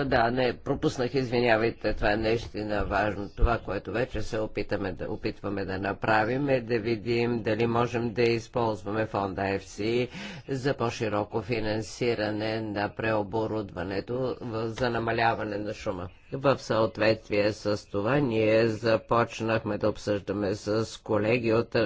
Да, не, пропуснах, извинявайте, това е наистина важно. Това, което вече се опитаме да, опитваме да направим е да видим дали можем да използваме фонда FC за по-широко финансиране на преоборудването за намаляване на шума. В съответствие с това ние започнахме да обсъждаме с колеги от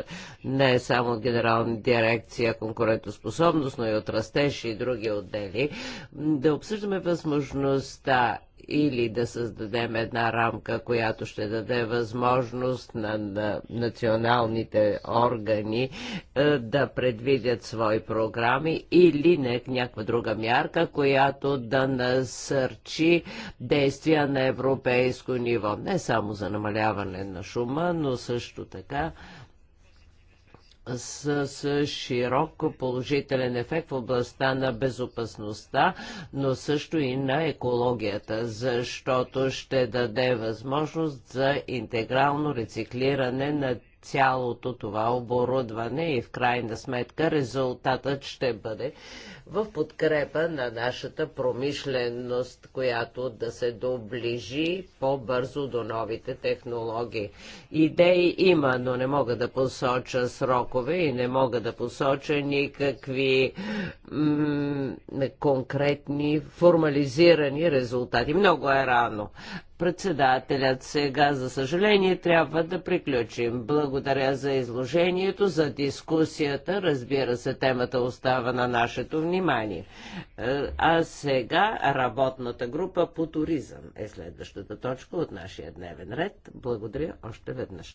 не само от Генерална дирекция конкурентоспособност, но и от растеж и други отдели, да обсъждаме възможността или да създадем една рамка, която ще даде възможност на, на националните органи е, да предвидят свои програми или не, някаква друга мярка, която да насърчи действия на европейско ниво. Не само за намаляване на шума, но също така с, с широк положителен ефект в областта на безопасността, но също и на екологията, защото ще даде възможност за интегрално рециклиране на цялото това оборудване и в крайна сметка резултатът ще бъде в подкрепа на нашата промишленост, която да се доближи по-бързо до новите технологии. Идеи има, но не мога да посоча срокове и не мога да посоча никакви конкретни формализирани резултати. Много е рано председателят. Сега, за съжаление, трябва да приключим. Благодаря за изложението, за дискусията. Разбира се, темата остава на нашето внимание внимание. Е, а сега работната група по туризъм е следващата точка от нашия дневен ред. Благодаря още веднъж.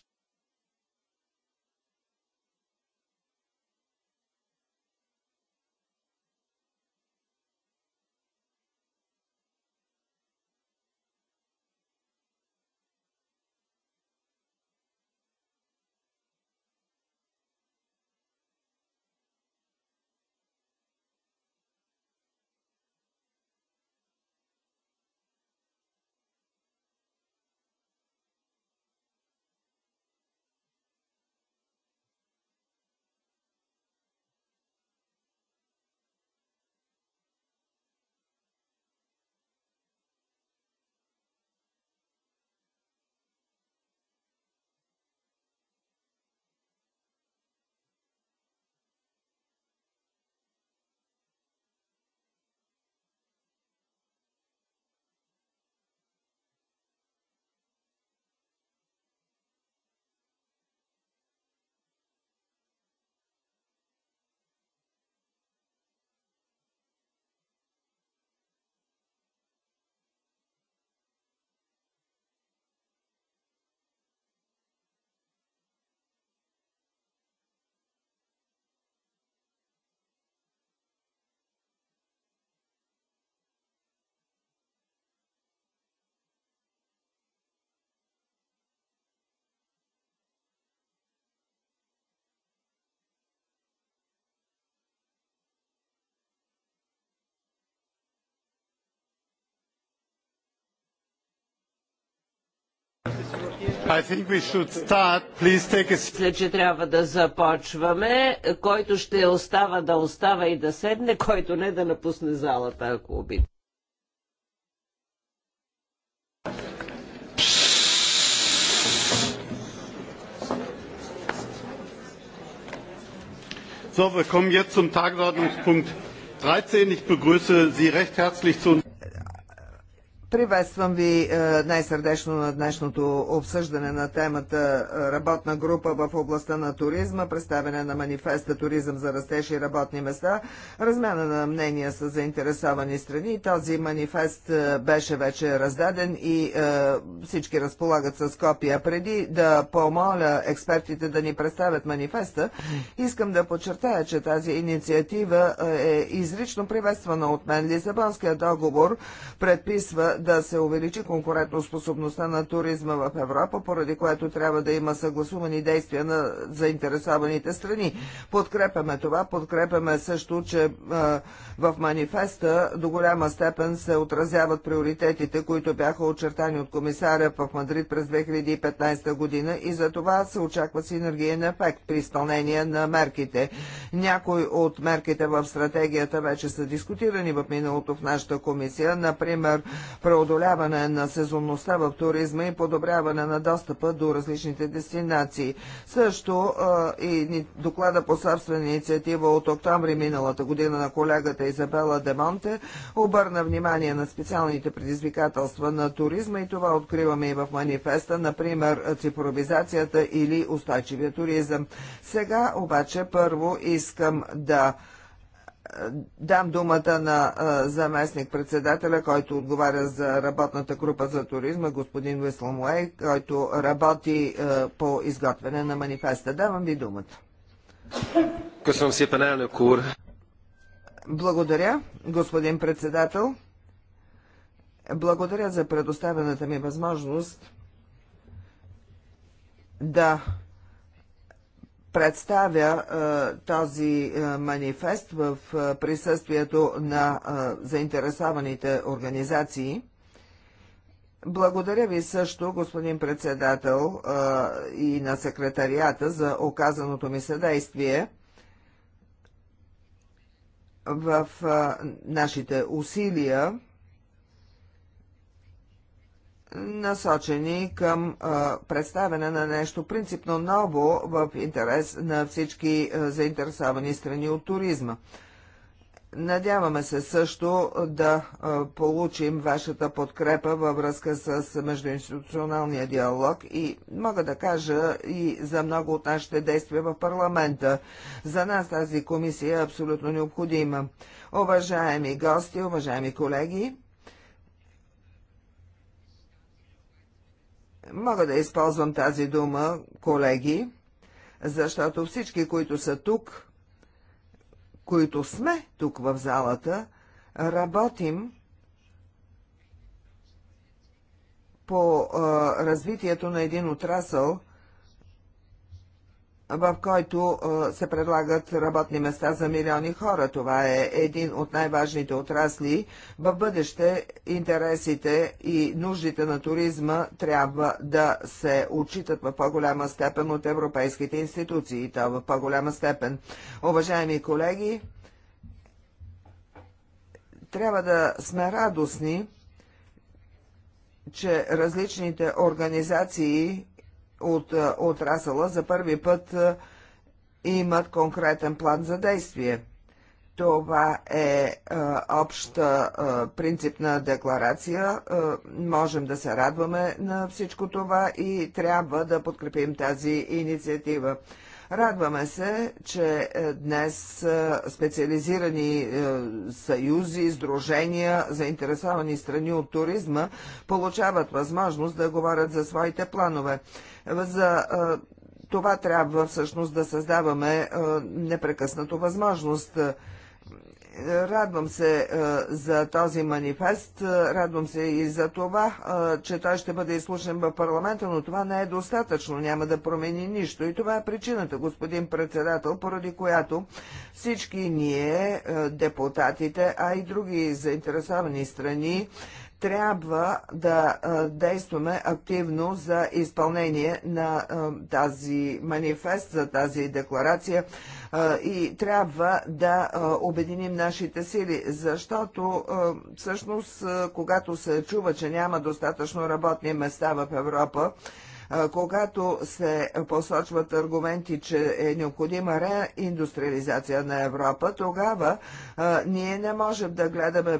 Мисля, че трябва да започваме. Който ще остава да остава и да седне, който не да напусне залата, ако обича. So, wir kommen jetzt zum Tagesordnungspunkt 13. Ich begrüße Sie recht herzlich zu uns. Приветствам ви е, най-сърдечно на днешното обсъждане на темата е, работна група в областта на туризма, представяне на манифеста Туризъм за растеж и работни места, размяна на мнения с заинтересовани страни. Този манифест е, беше вече раздаден и всички разполагат с копия. Преди да помоля експертите да ни представят манифеста, искам да подчертая, че тази инициатива е изрично приветствана от мен. Лисабонския договор предписва да се увеличи конкурентоспособността на туризма в Европа, поради което трябва да има съгласувани действия на заинтересованите страни. Подкрепяме това, подкрепяме също, че в манифеста до голяма степен се отразяват приоритетите, които бяха очертани от комисаря в Мадрид през 2015 година и за това се очаква синергиен ефект при изпълнение на мерките. Някои от мерките в стратегията вече са дискутирани в миналото в нашата комисия, например преодоляване на сезонността в туризма и подобряване на достъпа до различните дестинации. Също и доклада по собствена инициатива от октомври миналата година на колегата Изабела Демонте обърна внимание на специалните предизвикателства на туризма и това откриваме и в манифеста, например цифровизацията или устойчивия туризъм. Сега обаче първо искам да дам думата на заместник-председателя, който отговаря за работната група за туризма, господин Муей, който работи по изготвяне на манифеста. Давам ви думата. Благодаря, господин председател. Благодаря за предоставената ми възможност да представя е, този е, манифест в е, присъствието на заинтересованите организации. Благодаря ви също, господин председател и на секретарията за оказаното ми съдействие в нашите усилия насочени към а, представяне на нещо принципно ново в интерес на всички а, заинтересовани страни от туризма. Надяваме се също да а, получим вашата подкрепа във връзка с междуинституционалния диалог и мога да кажа и за много от нашите действия в парламента. За нас тази комисия е абсолютно необходима. Уважаеми гости, уважаеми колеги, Мога да използвам тази дума, колеги, защото всички, които са тук, които сме тук в залата, работим по а, развитието на един отрасъл – в който се предлагат работни места за милиони хора. Това е един от най-важните отрасли. В бъдеще интересите и нуждите на туризма трябва да се отчитат в по-голяма степен от европейските институции. И в по-голяма степен. Уважаеми колеги, трябва да сме радостни, че различните организации от отрасъла за първи път имат конкретен план за действие. Това е обща принципна декларация. Можем да се радваме на всичко това и трябва да подкрепим тази инициатива. Радваме се, че е, днес специализирани е, съюзи, издружения, заинтересовани страни от туризма получават възможност да говорят за своите планове. За това трябва всъщност да създаваме непрекъснато възможност. Радвам се за този манифест, радвам се и за това, че той ще бъде изслушен в парламента, но това не е достатъчно, няма да промени нищо. И това е причината, господин председател, поради която всички ние, депутатите, а и други заинтересовани страни, трябва да действаме активно за изпълнение на тази манифест, за тази декларация и трябва да обединим нашите сили, защото всъщност, когато се чува, че няма достатъчно работни места в Европа, когато се посочват аргументи, че е необходима реиндустриализация на Европа, тогава ние не можем да гледаме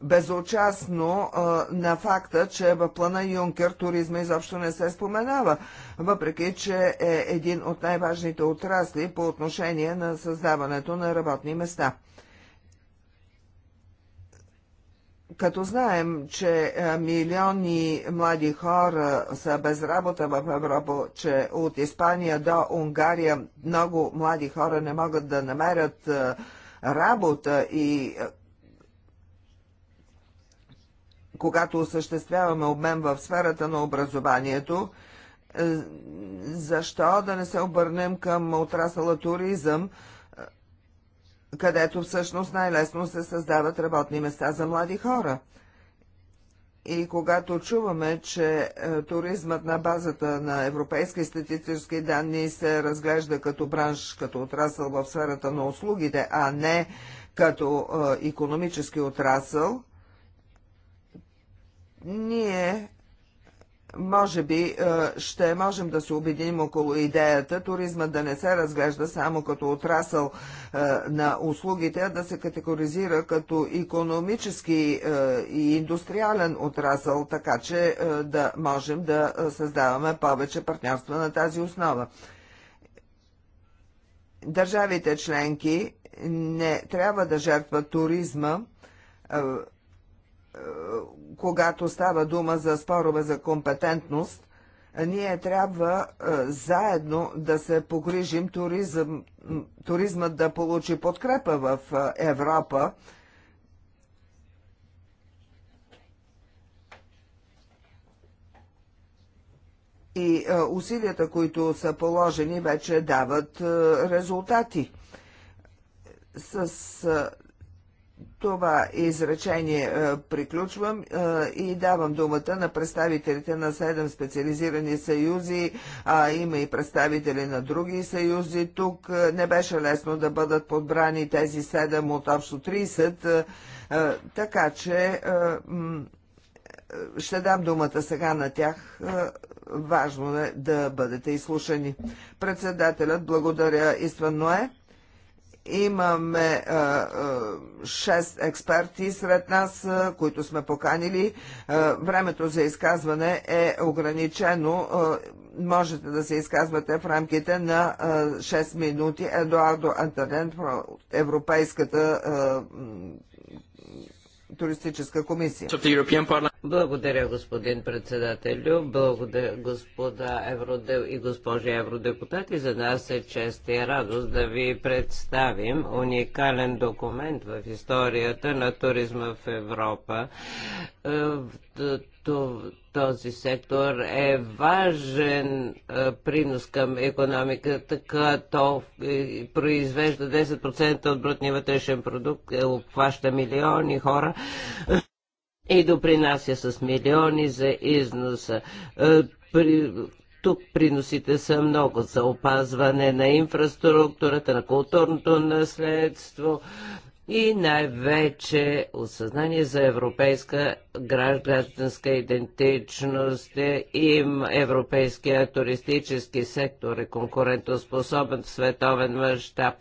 безучастно а, на факта, че в плана Юнкер туризма изобщо не се споменава, въпреки че е един от най-важните отрасли по отношение на създаването на работни места. Като знаем, че милиони млади хора са без работа в Европа, че от Испания до Унгария много млади хора не могат да намерят работа и когато осъществяваме обмен в сферата на образованието, е, защо да не се обърнем към отрасъла туризъм, е, където всъщност най-лесно се създават работни места за млади хора. И когато чуваме, че е, туризмът на базата на европейски статистически данни се разглежда като бранш, като отрасъл в сферата на услугите, а не като економически отрасъл, ние може би е, ще можем да се обединим около идеята туризма да не се разглежда само като отрасъл е, на услугите, а да се категоризира като економически е, и индустриален отрасъл, така че да можем да създаваме повече партньорства на тази основа. Държавите членки не трябва да жертват туризма когато става дума за спорове за компетентност, ние трябва е, заедно да се погрижим туризъм, туризмът да получи подкрепа в е, Европа. И е, усилията, които са положени, вече дават е, резултати. С е, това изречение е, приключвам е, и давам думата на представителите на 7 специализирани съюзи, а има и представители на други съюзи. Тук е, не беше лесно да бъдат подбрани тези 7 от общо 30, така че ще дам думата сега на тях. Важно е да бъдете изслушани. Председателят, благодаря Истван Ноев имаме а, а, 6 експерти сред нас, а, които сме поканили. А, времето за изказване е ограничено. А, можете да се изказвате в рамките на а, 6 минути. Едуардо Антален, Европейската а, туристическа комисия. Благодаря, господин председателю. Благодаря, господа евродел и госпожи евродепутати. За нас е чест и радост да ви представим уникален документ в историята на туризма в Европа е, този сектор е важен принос към економиката, като произвежда 10% от брутния вътрешен продукт, е, обхваща милиони хора и допринася с милиони за износа. При, тук приносите са много за опазване на инфраструктурата, на културното наследство, и най-вече осъзнание за европейска гражданска идентичност и европейския туристически сектор е конкурентоспособен в световен мащаб.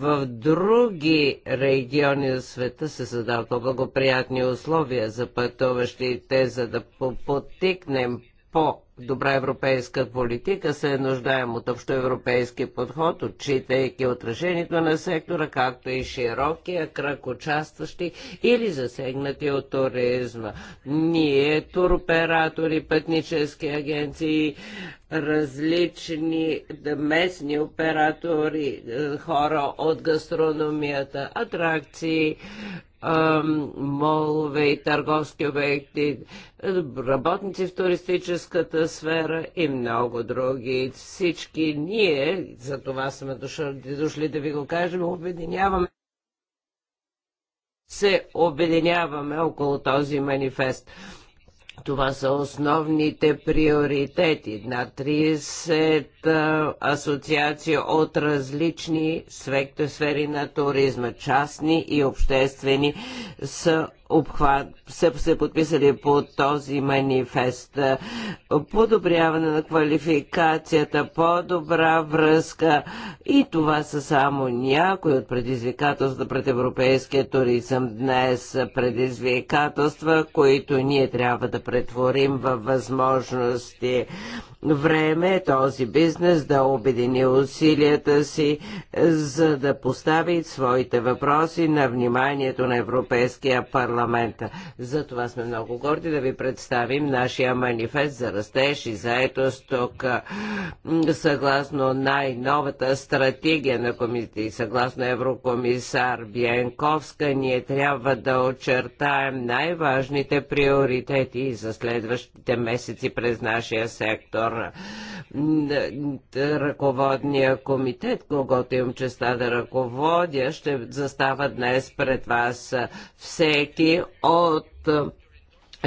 В други региони на света се създават по-благоприятни условия за пътуващите, за да потикнем по-добра европейска политика се нуждаем от общоевропейски подход, отчитайки отражението на сектора, както и широкия кръг участващи или засегнати от туризма. Ние, туроператори, пътнически агенции, различни местни оператори, е, хора от гастрономията, атракции, молове и търговски обекти, работници в туристическата сфера и много други. Всички ние, за това сме дошли, дошли да ви го кажем, обединяваме се обединяваме около този манифест. Това са основните приоритети на 30 асоциации от различни сфери на туризма, частни и обществени, са обхват, са се подписали по този манифест. Подобряване на квалификацията, по-добра връзка и това са само някои от предизвикателства пред европейския туризъм днес. Предизвикателства, които ние трябва да претворим във възможности. Време е този бизнес да обедини усилията си, за да постави своите въпроси на вниманието на Европейския парламент парламента. За това сме много горди да ви представим нашия манифест за растеж и заетост тук. Съгласно най-новата стратегия на комисията и съгласно еврокомисар Бянковска, ние трябва да очертаем най-важните приоритети за следващите месеци през нашия сектор. Ръководния комитет, когато им честа да ръководя, ще застава днес пред вас всеки от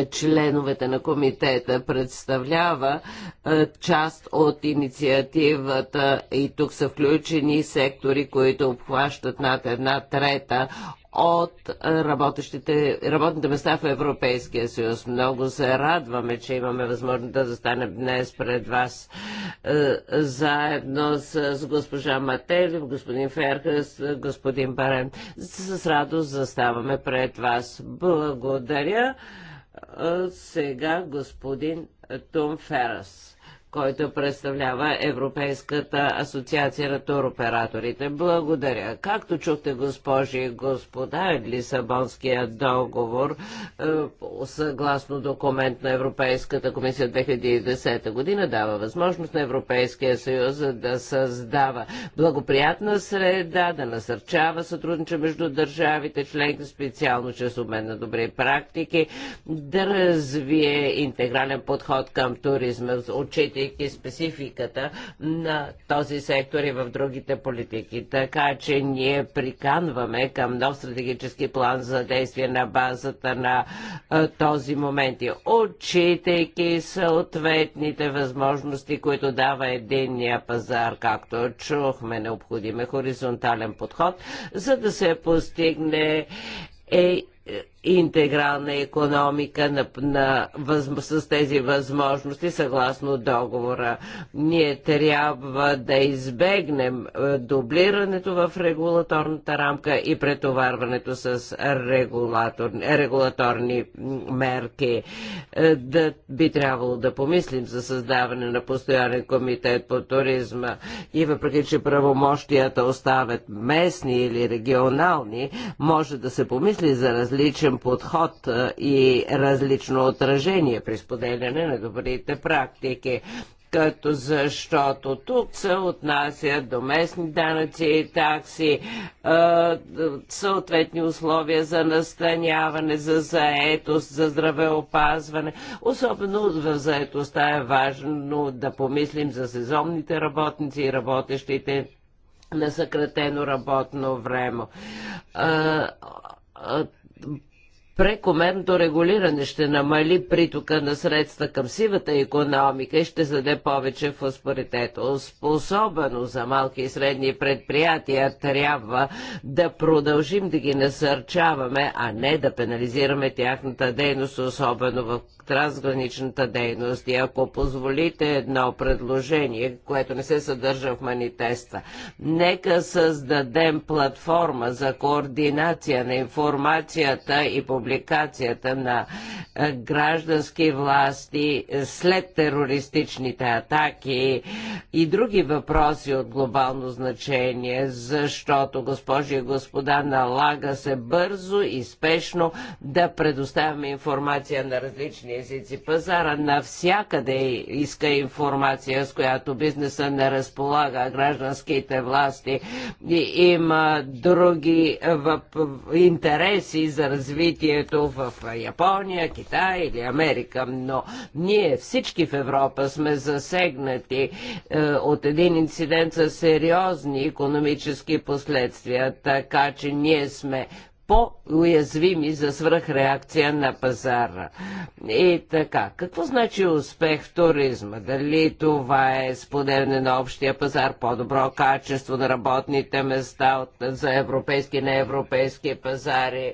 членовете на комитета представлява е, част от инициативата и тук са включени сектори, които обхващат над една трета от е, работещите, работните места в Европейския съюз. Много се радваме, че имаме възможност да застанем днес пред вас е, заедно с госпожа Мателев, господин Ферхъс, господин Барен. С радост заставаме пред вас. Благодаря сега господин Том Ферас който представлява Европейската асоциация на туроператорите. Благодаря. Както чухте, госпожи и господа, Лисабонския договор, е, съгласно документ на Европейската комисия 2010 година, дава възможност на Европейския съюз да създава благоприятна среда, да насърчава сътрудниче между държавите, членки, специално чрез обмен на добри практики, да развие интегрален подход към туризма, отчети политики, спецификата на този сектор и в другите политики. Така че ние приканваме към нов стратегически план за действие на базата на този момент, отчитайки съответните възможности, които дава единния пазар, както чухме, необходим е хоризонтален подход, за да се постигне е интегрална економика на, на, въз, с тези възможности съгласно договора. Ние трябва да избегнем е, дублирането в регулаторната рамка и претоварването с регулатор, регулаторни мерки. Е, да, би трябвало да помислим за създаване на постоянен комитет по туризма и въпреки, че правомощията оставят местни или регионални, може да се помисли за различен различен подход и различно отражение при споделяне на добрите практики като защото тук се отнася до местни данъци и такси, съответни условия за настаняване, за заетост, за здравеопазване. Особено в заетостта е важно да помислим за сезонните работници и работещите на съкратено работно време Прекомерното регулиране ще намали притока на средства към сивата економика и ще заде повече фосфоритет. Особено за малки и средни предприятия трябва да продължим да ги насърчаваме, а не да пенализираме тяхната дейност, особено в трансграничната дейност. И ако позволите едно предложение, което не се съдържа в манитеста, нека създадем платформа за координация на информацията и публикацията публикацията на е, граждански власти след терористичните атаки и други въпроси от глобално значение, защото, госпожи и господа, налага се бързо и спешно да предоставяме информация на различни езици. Пазара навсякъде иска информация, с която бизнеса не разполага, гражданските власти има други въп... интереси за развитие развитието в Япония, Китай или Америка, но ние всички в Европа сме засегнати е, от един инцидент с сериозни економически последствия, така че ние сме по-уязвими за свръхреакция на пазара. И така, какво значи успех в туризма? Дали това е споделяне на общия пазар, по-добро качество на работните места за европейски и неевропейски пазари?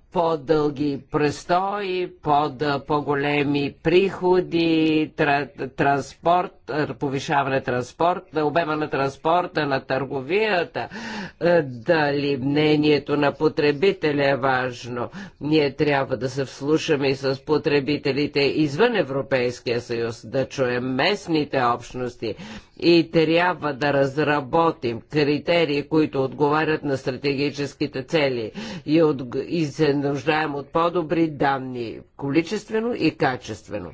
по-дълги престои, под по-големи приходи, транспорт, повишаване транспорт, обема на транспорта, на търговията, е, дали мнението на потребителя е важно. Ние трябва да се вслушаме и с потребителите извън Европейския съюз, да чуем местните общности и трябва да разработим критерии, които отговарят на стратегическите цели и, от, и се нуждаем от по-добри данни, количествено и качествено.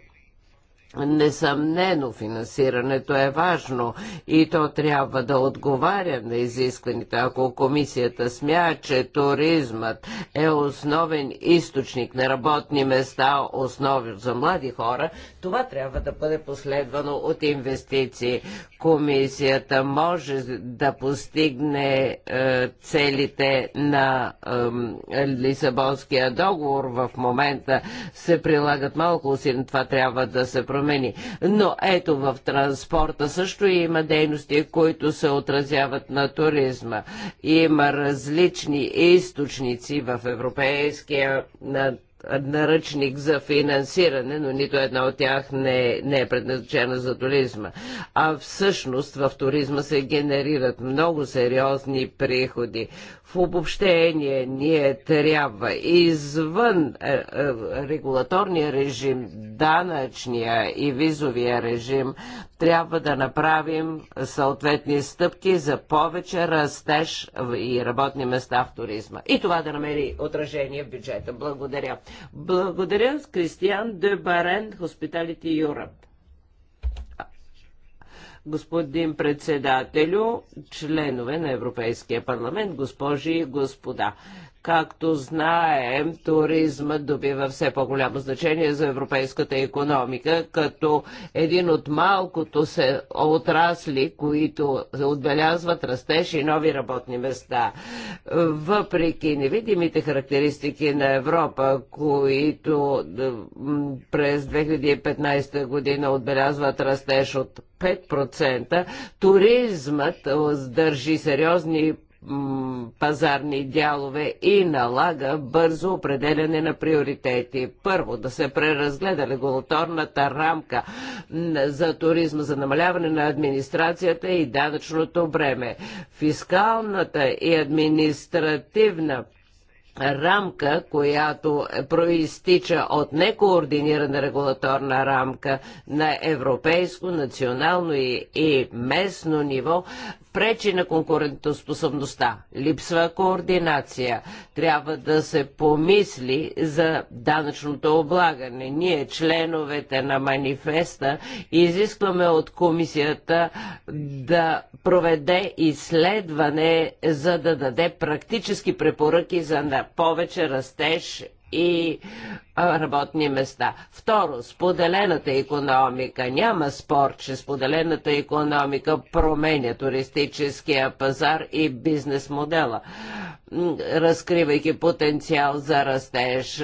Несъмнено финансирането е важно и то трябва да отговаря на изискваните. Ако комисията смя, че туризмът е основен източник на работни места, основи за млади хора, това трябва да бъде последвано от инвестиции. Комисията може да постигне е, целите на е, Лисабонския договор. В момента се прилагат малко усилия. Това трябва да се промени промени. Но ето в транспорта също има дейности, които се отразяват на туризма. Има различни източници в европейския на наръчник за финансиране, но нито една от тях не, не е предназначена за туризма. А всъщност в туризма се генерират много сериозни приходи. В обобщение ние трябва извън е, е, регулаторния режим, данъчния и визовия режим, трябва да направим съответни стъпки за повече растеж и работни места в туризма. И това да намери отражение в бюджета. Благодаря. Благодаря с Кристиан Дебарен, Hospitality Europe господин председателю, членове на Европейския парламент, госпожи и господа. Както знаем, туризмът добива все по-голямо значение за европейската економика, като един от малкото се отрасли, които отбелязват растеж и нови работни места. Въпреки невидимите характеристики на Европа, които през 2015 година отбелязват растеж от 5%, туризмът държи сериозни пазарни дялове и налага бързо определяне на приоритети. Първо, да се преразгледа регулаторната рамка за туризма, за намаляване на администрацията и данъчното бреме. Фискалната и административна рамка, която проистича от некоординирана регулаторна рамка на европейско, национално и, и местно ниво, пречи на конкурентоспособността. Липсва координация. Трябва да се помисли за данъчното облагане. Ние, членовете на манифеста, изискваме от комисията да проведе изследване, за да даде практически препоръки за повече растеж и работни места. Второ, споделената економика. Няма спор, че споделената економика променя туристическия пазар и бизнес модела, разкривайки потенциал за растеж.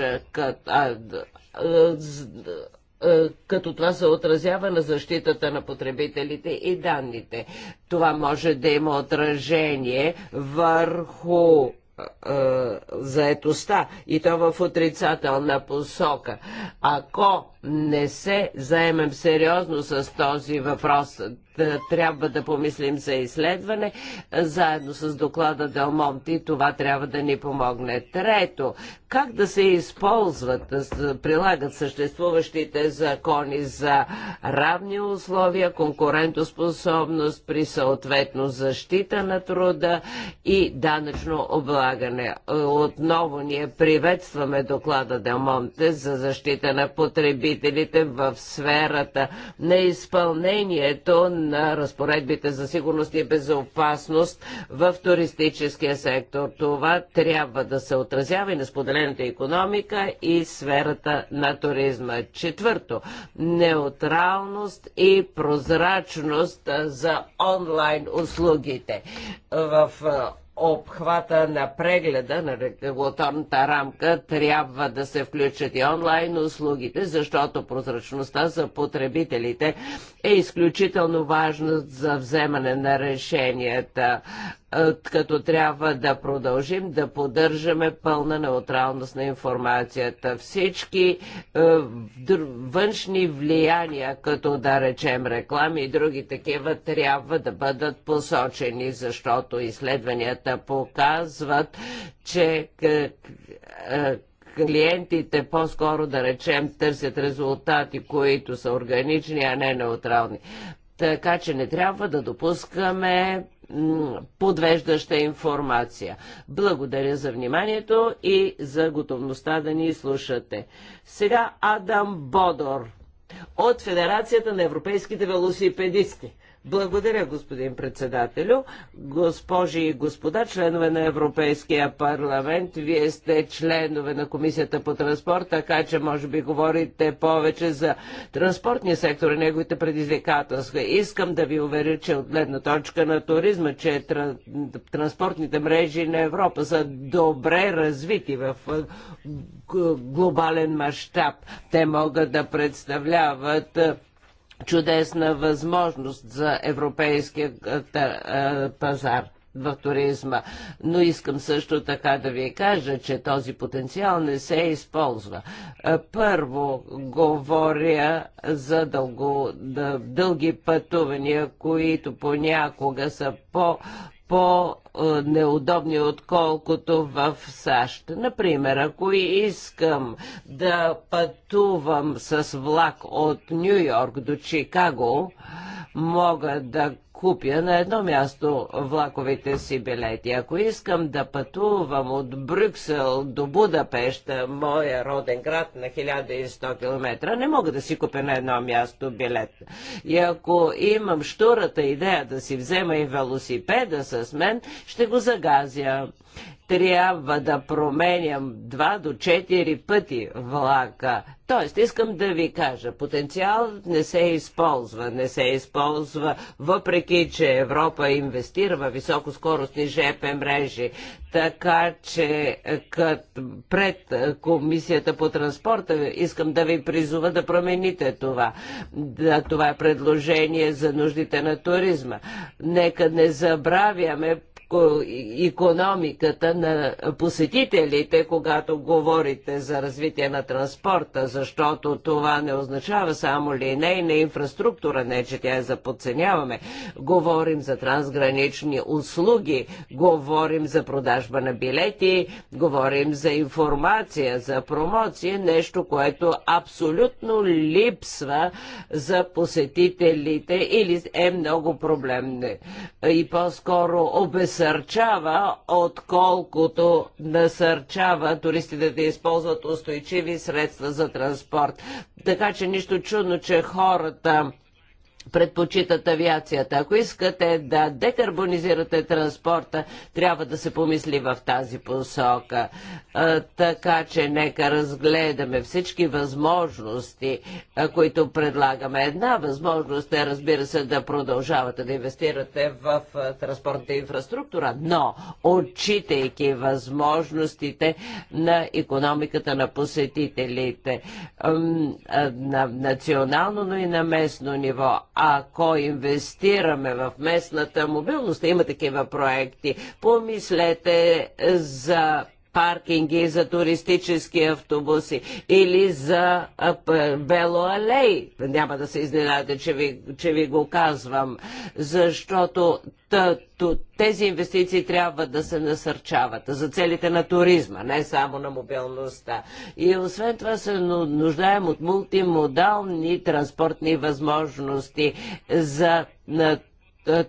Като това се отразява на защитата на потребителите и данните. Това може да има отражение върху заетостта и то в отрицателна посока. Ако не се заемем сериозно с този въпрос, е, трябва да помислим за изследване. Е, заедно с доклада Делмонти това трябва да ни помогне. Трето, как да се използват, да се прилагат съществуващите закони за равни условия, конкурентоспособност при съответно защита на труда и данъчно облагане. Е, отново ние приветстваме доклада Делмонте за защита на потребителите в сферата на изпълнението на на разпоредбите за сигурност и безопасност в туристическия сектор. Това трябва да се отразява и на споделената економика и сферата на туризма. Четвърто, неутралност и прозрачност за онлайн услугите. В обхвата на прегледа на регулаторната рамка трябва да се включат и онлайн услугите, защото прозрачността за потребителите е изключително важно за вземане на решенията, е, като трябва да продължим да поддържаме пълна неутралност на информацията. Всички е, външни влияния, като да речем реклами и други такива, трябва да бъдат посочени, защото изследванията показват, че е, клиентите по-скоро, да речем, търсят резултати, които са органични, а не неутрални. Така че не трябва да допускаме подвеждаща информация. Благодаря за вниманието и за готовността да ни слушате. Сега Адам Бодор от Федерацията на европейските велосипедисти. Благодаря, господин председателю. Госпожи и господа, членове на Европейския парламент, вие сте членове на Комисията по транспорт, така че може би говорите повече за транспортния сектор и неговите предизвикателства. Искам да ви уверя, че от гледна точка на туризма, че транспортните мрежи на Европа са добре развити в глобален мащаб. Те могат да представляват чудесна възможност за европейския пазар в туризма. Но искам също така да ви кажа, че този потенциал не се използва. Първо говоря за дълго, дълги пътувания, които понякога са по по неудобни отколкото в САЩ. Например, ако искам да пътувам с влак от Нью Йорк до Чикаго, мога да купя на едно място влаковите си билети. Ако искам да пътувам от Брюксел до Будапешта, моя роден град на 1100 км, не мога да си купя на едно място билет. И ако имам штурата идея да си взема и велосипеда с мен, ще го загазя трябва да променям два до четири пъти влака. Тоест, искам да ви кажа, потенциалът не се използва, не се използва, въпреки че Европа инвестира в високоскоростни ЖП мрежи. Така че пред Комисията по транспорта искам да ви призова да промените това. Да, това е предложение за нуждите на туризма. Нека не забравяме економиката на посетителите, когато говорите за развитие на транспорта, защото това не означава само линейна инфраструктура, не че тя я подценяваме. Говорим за трансгранични услуги, говорим за продажба на билети, говорим за информация, за промоция, нещо, което абсолютно липсва за посетителите или е много проблемно и по-скоро обесъдно насърчава, отколкото насърчава туристите да използват устойчиви средства за транспорт. Така че нищо чудно, че хората предпочитат авиацията. Ако искате да декарбонизирате транспорта, трябва да се помисли в тази посока. А, така че нека разгледаме всички възможности, а, които предлагаме. Една възможност е, разбира се, да продължавате да инвестирате в а, транспортната инфраструктура, но отчитайки възможностите на економиката на посетителите на национално, но и на местно ниво ако инвестираме в местната мобилност, има такива проекти, помислете за паркинги за туристически автобуси или за Белоалей. Няма да се изненадате, че ви, че ви го казвам, защото тези инвестиции трябва да се насърчават за целите на туризма, не само на мобилността. И освен това се нуждаем от мултимодални транспортни възможности за на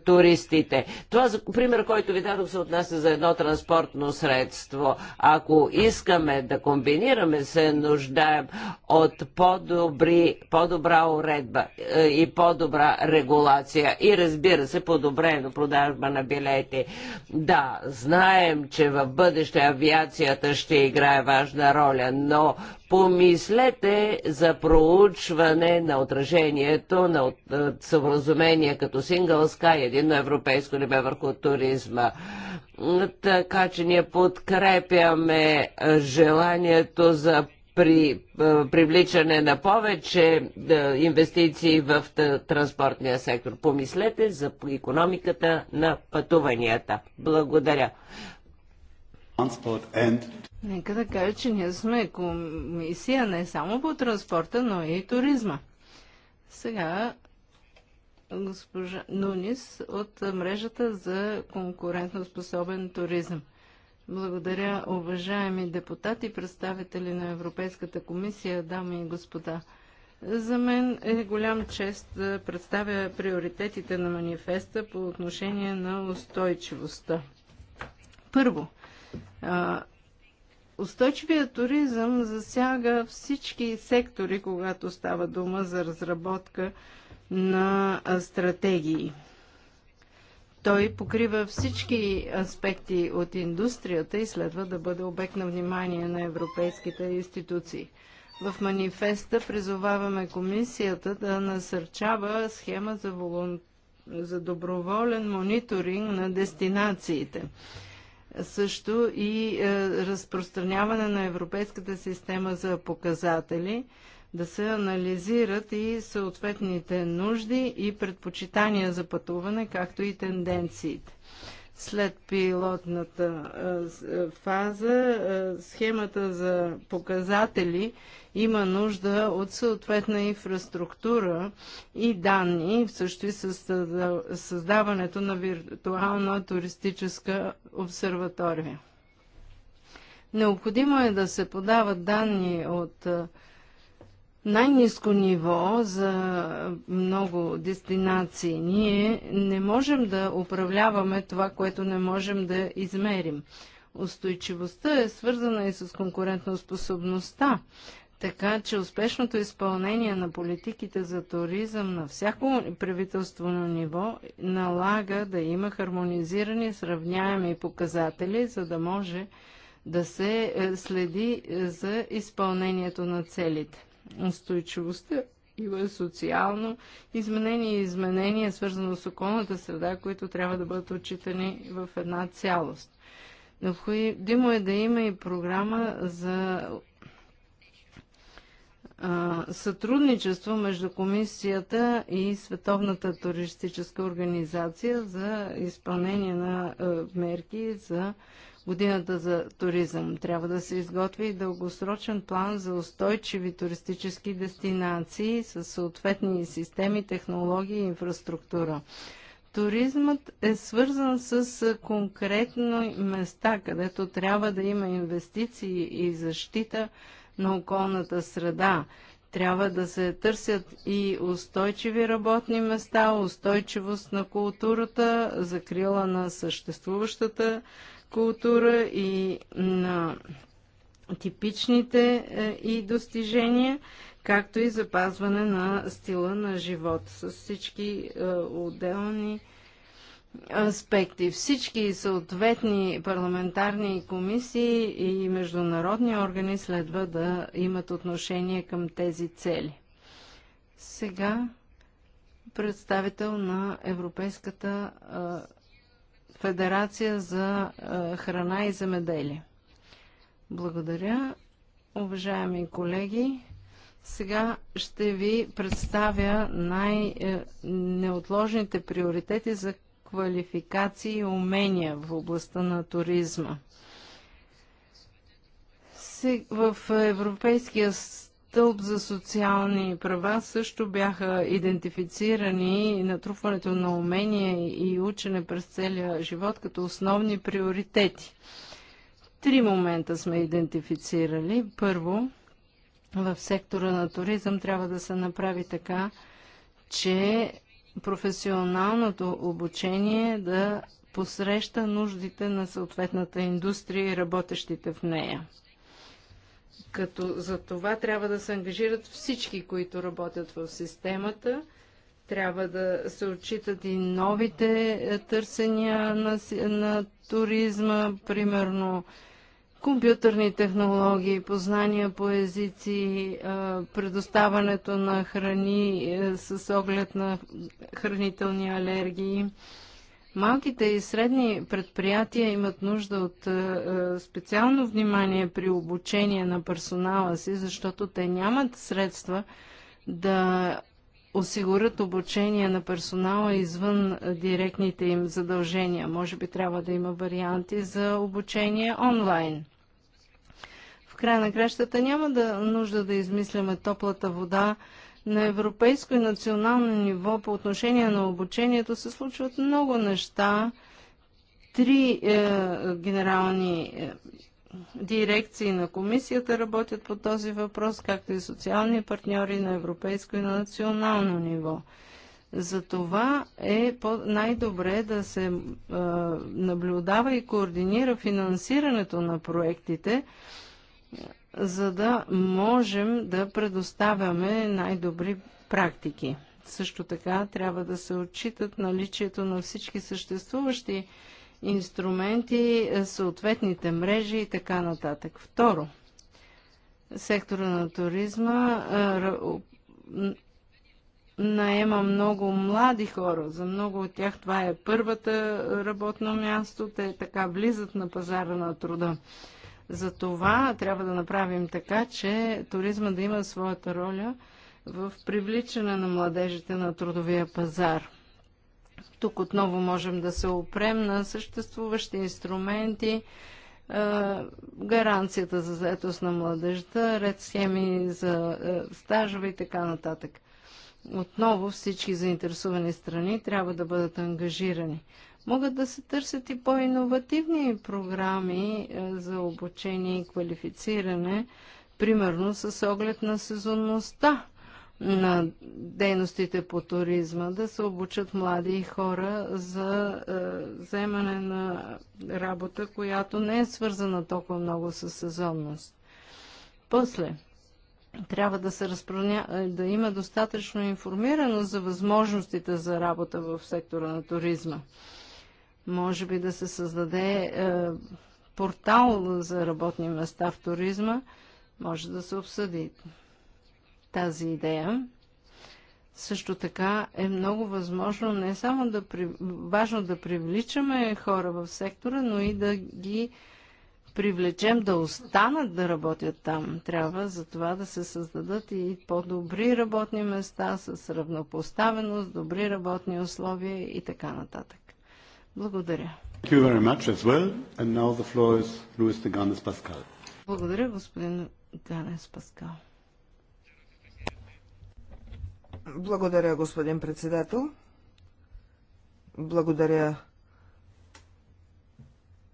туристите. Това, за пример, който ви дадох, се отнася за едно транспортно средство. Ако искаме да комбинираме, се нуждаем от по-добри, по-добра уредба и по-добра регулация и разбира се, подобрено продажба на билети. Да, знаем, че в бъдеще авиацията ще играе важна роля, но Помислете за проучване на отражението на съвразумение като Сингъл един на европейско небе върху туризма. Така че ние подкрепяме желанието за при привличане на повече инвестиции в транспортния сектор. Помислете за економиката на пътуванията. Благодаря. Нека да кажа, че ние сме комисия не само по транспорта, но и туризма. Сега госпожа Нунис от мрежата за способен туризъм. Благодаря, уважаеми депутати, представители на Европейската комисия, дами и господа. За мен е голям чест да представя приоритетите на манифеста по отношение на устойчивостта. Първо, Устойчивият туризъм засяга всички сектори, когато става дума за разработка на стратегии. Той покрива всички аспекти от индустрията и следва да бъде обект на внимание на европейските институции. В манифеста призоваваме комисията да насърчава схема за, волон... за доброволен мониторинг на дестинациите също и е, разпространяване на Европейската система за показатели, да се анализират и съответните нужди и предпочитания за пътуване, както и тенденциите. След пилотната фаза схемата за показатели има нужда от съответна инфраструктура и данни, също и създаването на виртуална туристическа обсерватория. Необходимо е да се подават данни от най-низко ниво за много дестинации. Ние не можем да управляваме това, което не можем да измерим. Устойчивостта е свързана и с конкурентоспособността, така че успешното изпълнение на политиките за туризъм на всяко правителствено ниво налага да има хармонизирани сравняеми показатели, за да може да се е, следи е, за изпълнението на целите устойчивостта има социално изменение и изменение, свързано с околната среда, които трябва да бъдат отчитани в една цялост. Необходимо е да има и програма за сътрудничество между Комисията и Световната туристическа организация за изпълнение на мерки за годината за туризъм. Трябва да се изготви дългосрочен план за устойчиви туристически дестинации с съответни системи, технологии и инфраструктура. Туризмът е свързан с конкретно места, където трябва да има инвестиции и защита на околната среда. Трябва да се търсят и устойчиви работни места, устойчивост на културата, закрила на съществуващата култура и на типичните е, и достижения, както и запазване на стила на живот с всички е, отделни аспекти. Всички съответни парламентарни комисии и международни органи следва да имат отношение към тези цели. Сега представител на Европейската е, Федерация за е, храна и земеделие. Благодаря, уважаеми колеги. Сега ще ви представя най-неотложните приоритети за квалификации и умения в областта на туризма. В Европейския стълб за социални права също бяха идентифицирани натрупването на умения и учене през целия живот като основни приоритети. Три момента сме идентифицирали. Първо, в сектора на туризъм трябва да се направи така, че професионалното обучение да посреща нуждите на съответната индустрия и работещите в нея като за това трябва да се ангажират всички, които работят в системата. Трябва да се отчитат и новите е, търсения на, на туризма, примерно компютърни технологии, познания по езици, е, предоставането на храни е, с оглед на хранителни алергии. Малките и средни предприятия имат нужда от е, е, специално внимание при обучение на персонала си, защото те нямат средства да осигурят обучение на персонала извън е, директните им задължения. Може би трябва да има варианти за обучение онлайн. В края на кращата няма да нужда да измисляме топлата вода на европейско и национално ниво по отношение на обучението се случват много неща. Три е, генерални е, дирекции на комисията работят по този въпрос, както и социални партньори на европейско и на национално ниво. Затова е най-добре да се е, наблюдава и координира финансирането на проектите, за да можем да предоставяме най-добри практики. Също така трябва да се отчитат наличието на всички съществуващи инструменти, съответните мрежи и така нататък. Второ, сектора на туризма наема много млади хора. За много от тях това е първата работно място. Те така влизат на пазара на труда. За това трябва да направим така, че туризма да има своята роля в привличане на младежите на трудовия пазар. Тук отново можем да се опрем на съществуващи инструменти, е, гаранцията за заетост на младежта, ред схеми за е, стажове и така нататък. Отново всички заинтересовани страни трябва да бъдат ангажирани. Могат да се търсят и по-инновативни програми е, за обучение и квалифициране, примерно с оглед на сезонността на дейностите по туризма, да се обучат млади хора за е, вземане на работа, която не е свързана толкова много с сезонност. После, трябва да се разпроня... Е, да има достатъчно информираност за възможностите за работа в сектора на туризма. Може би да се създаде е, портал за работни места в туризма. Може да се обсъди тази идея. Също така е много възможно не само да при... важно да привличаме хора в сектора, но и да ги привлечем да останат да работят там. Трябва за това да се създадат и по-добри работни места с равнопоставеност, добри работни условия и така нататък. Благодаря. Well. Благодаря, господин Ганес Паскал. Благодаря, господин председател. Благодаря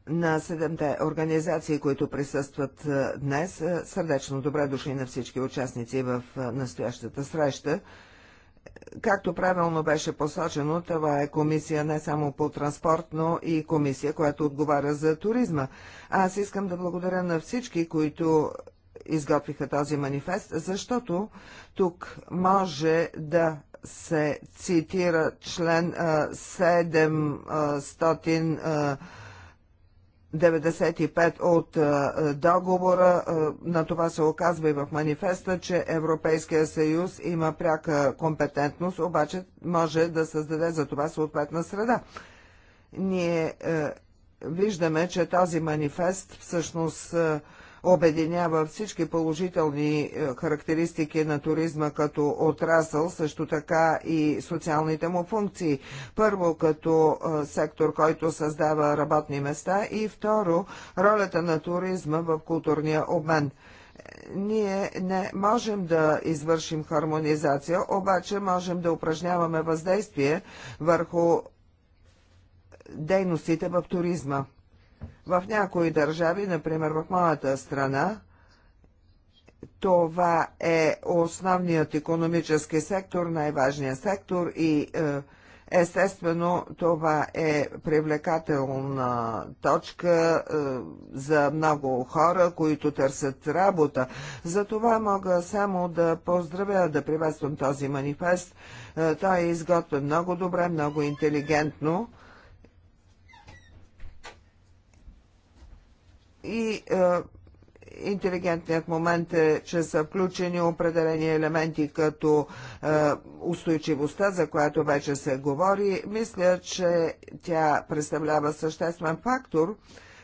на седемте организации, които присъстват е, днес. Е, сърдечно добре дошли на всички участници в е, настоящата среща. Както правилно беше посочено, това е комисия не само по транспорт, но и комисия, която отговаря за туризма. Аз искам да благодаря на всички, които изготвиха този манифест, защото тук може да се цитира член 700. 95 от е, договора, е, на това се оказва и в манифеста, че Европейския съюз има пряка компетентност, обаче може да създаде за това съответна среда. Ние е, виждаме, че този манифест всъщност обединява всички положителни е, характеристики на туризма като отрасъл, също така и социалните му функции. Първо, като е, сектор, който създава работни места и второ, ролята на туризма в културния обмен ние не можем да извършим хармонизация, обаче можем да упражняваме въздействие върху дейностите в туризма. В някои държави, например в моята страна, това е основният економически сектор, най-важният сектор и е, Естествено, това е привлекателна точка е, за много хора, които търсят работа. За това мога само да поздравя, да приветствам този манифест. Е, той е изготвен много добре, много интелигентно. И е, интелигентният момент е, че са включени определени елементи като е, устойчивостта, за която вече се говори. Мисля, че тя представлява съществен фактор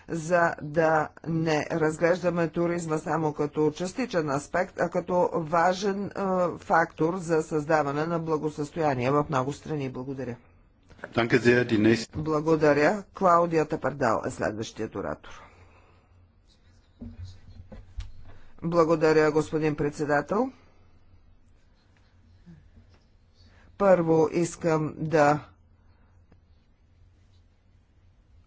за да не разглеждаме туризма само като частичен аспект, а като важен е, фактор за създаване на благосъстояние в много страни. Благодаря. Благодаря. Клаудия Тапардал е следващият оратор. Благодаря, господин председател. Първо искам да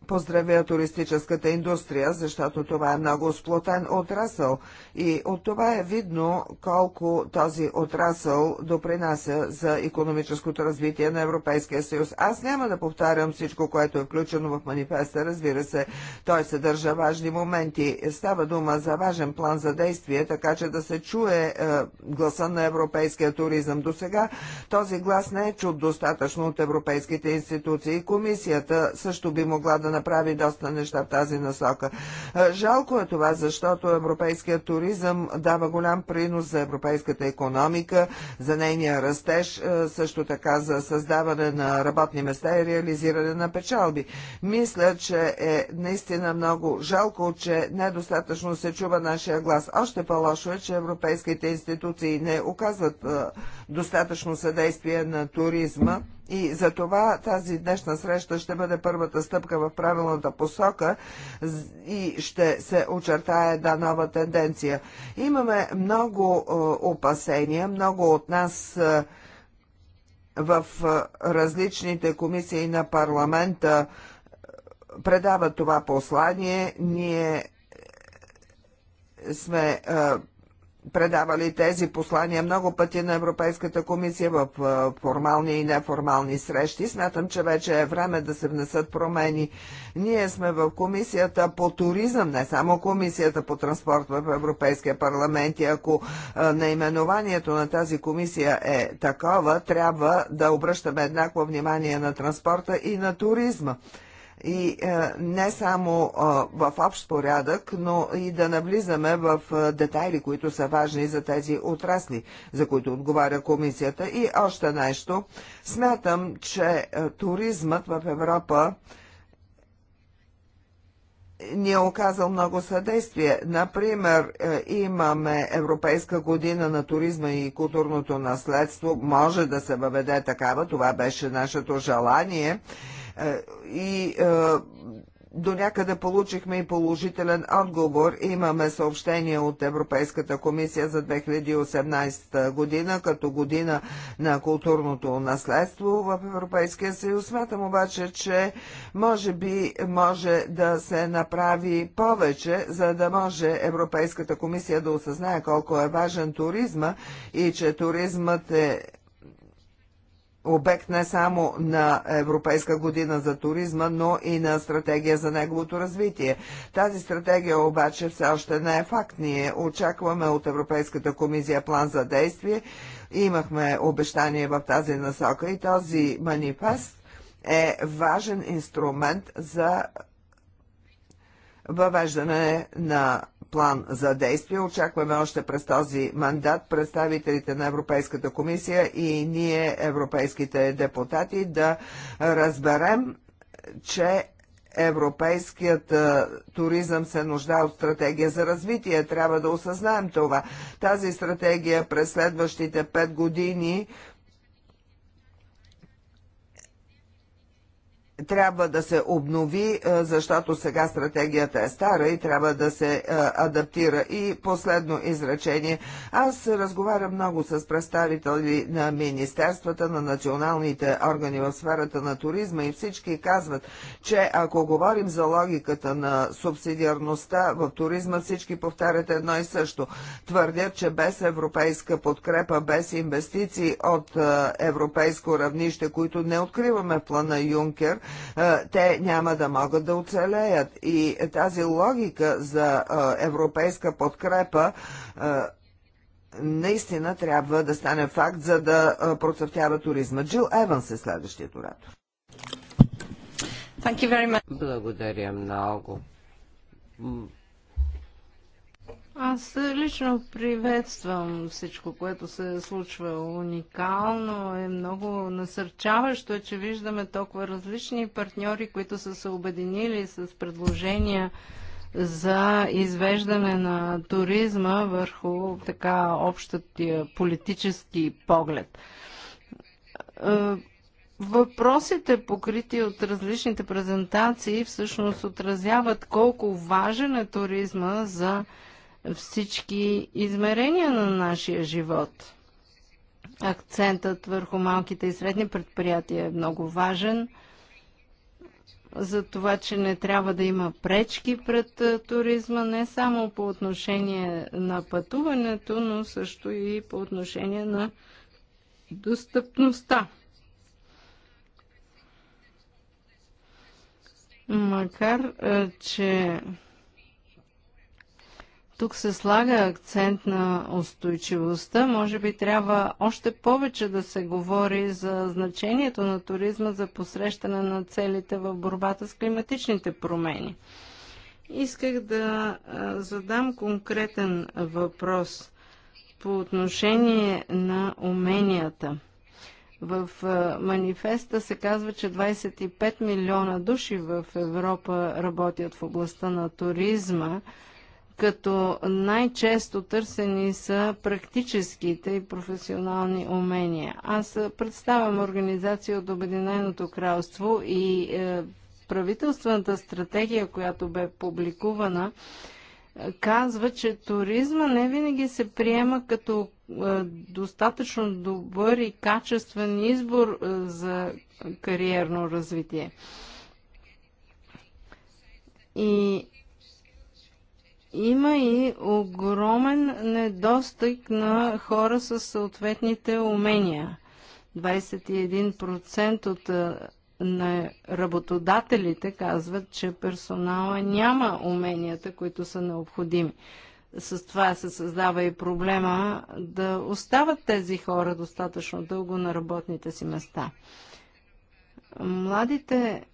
поздравя туристическата индустрия, защото това е много сплотен отрасъл и от това е видно колко този отрасъл допринася за економическото развитие на Европейския съюз. Аз няма да повтарям всичко, което е включено в манифеста, разбира се, той съдържа важни моменти. Става дума за важен план за действие, така че да се чуе е, гласа на европейския туризъм. До сега този глас не е чут достатъчно от европейските институции. Комисията също би могла да направи доста неща в тази насока. Жалко е това, защото европейският туризъм дава голям принос за европейската економика, за нейния растеж, също така за създаване на работни места и реализиране на печалби. Мисля, че е наистина много жалко, че недостатъчно се чува нашия глас. Още по-лошо е, че европейските институции не оказват достатъчно съдействие на туризма и за това тази днешна среща ще бъде първата стъпка в правилната посока и ще се очертае една нова тенденция. Имаме много е, опасения, много от нас е, в е, различните комисии на парламента предават това послание. Ние сме предавали тези послания много пъти на Европейската комисия в формални и неформални срещи. Смятам, че вече е време да се внесат промени. Ние сме в комисията по туризъм, не само комисията по транспорт в Европейския парламент и ако наименованието на тази комисия е такова, трябва да обръщаме еднакво внимание на транспорта и на туризма и е, не само е, в общ порядък, но и да навлизаме в е, детайли, които са важни за тези отрасли, за които отговаря комисията. И още нещо. Смятам, че туризмът в Европа ни е оказал много съдействие. Например, имаме Европейска година на туризма и културното наследство. Може да се въведе такава. Това беше нашето желание. Е, и е, до някъде получихме и положителен отговор. Имаме съобщение от Европейската комисия за 2018 година, като година на културното наследство в Европейския съюз. Смятам обаче, че може би може да се направи повече, за да може Европейската комисия да осъзнае колко е важен туризма и че туризмът е обект не само на Европейска година за туризма, но и на стратегия за неговото развитие. Тази стратегия обаче все още не е факт. Ние очакваме от Европейската комисия план за действие. Имахме обещание в тази насока и този манифест е важен инструмент за въвеждане на план за действие. Очакваме още през този мандат представителите на Европейската комисия и ние, европейските депутати, да разберем, че Европейският а, туризъм се нуждае от стратегия за развитие. Трябва да осъзнаем това. Тази стратегия през следващите пет години трябва да се обнови, е, защото сега стратегията е стара и трябва да се е, адаптира. И последно изречение. Аз разговарям много с представители на министерствата, на националните органи в сферата на туризма и всички казват, че ако говорим за логиката на субсидиарността в туризма, всички повтарят едно и също. Твърдят, че без европейска подкрепа, без инвестиции от е, европейско равнище, които не откриваме в плана Юнкер, те няма да могат да оцелеят. И тази логика за европейска подкрепа наистина трябва да стане факт, за да процъфтява туризма. Джил Еванс е следващият оратор. Благодаря много аз лично приветствам всичко, което се случва. Уникално е, много насърчаващо че виждаме толкова различни партньори, които са се обединили с предложения за извеждане на туризма върху така общия политически поглед. Е, въпросите, покрити от различните презентации, всъщност отразяват колко важен е туризма за всички измерения на нашия живот. Акцентът върху малките и средни предприятия е много важен за това, че не трябва да има пречки пред туризма, не само по отношение на пътуването, но също и по отношение на достъпността. Макар, че тук се слага акцент на устойчивостта. Може би трябва още повече да се говори за значението на туризма за посрещане на целите в борбата с климатичните промени. Исках да задам конкретен въпрос по отношение на уменията. В манифеста се казва, че 25 милиона души в Европа работят в областта на туризма като най-често търсени са практическите и професионални умения. Аз представям организация от Обединеното кралство и е, правителствената стратегия, която бе публикувана, е, казва, че туризма не винаги се приема като е, достатъчно добър и качествен избор е, за кариерно развитие. И има и огромен недостиг на хора с съответните умения. 21% от на работодателите казват, че персонала няма уменията, които са необходими. С това се създава и проблема да остават тези хора достатъчно дълго на работните си места. Младите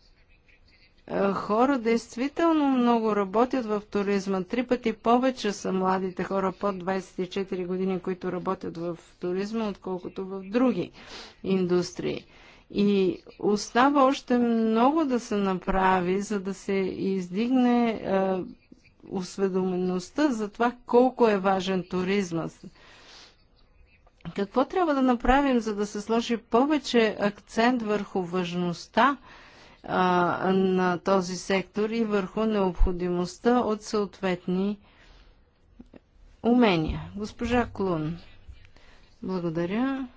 е, хора действително много работят в туризма. Три пъти повече са младите хора под 24 години, които работят в туризма, отколкото в други индустрии. И остава още много да се направи, за да се издигне е, осведомеността за това колко е важен туризма. Какво трябва да направим, за да се сложи повече акцент върху важността а, на този сектор и върху необходимостта от съответни умения. Госпожа Клун, благодаря.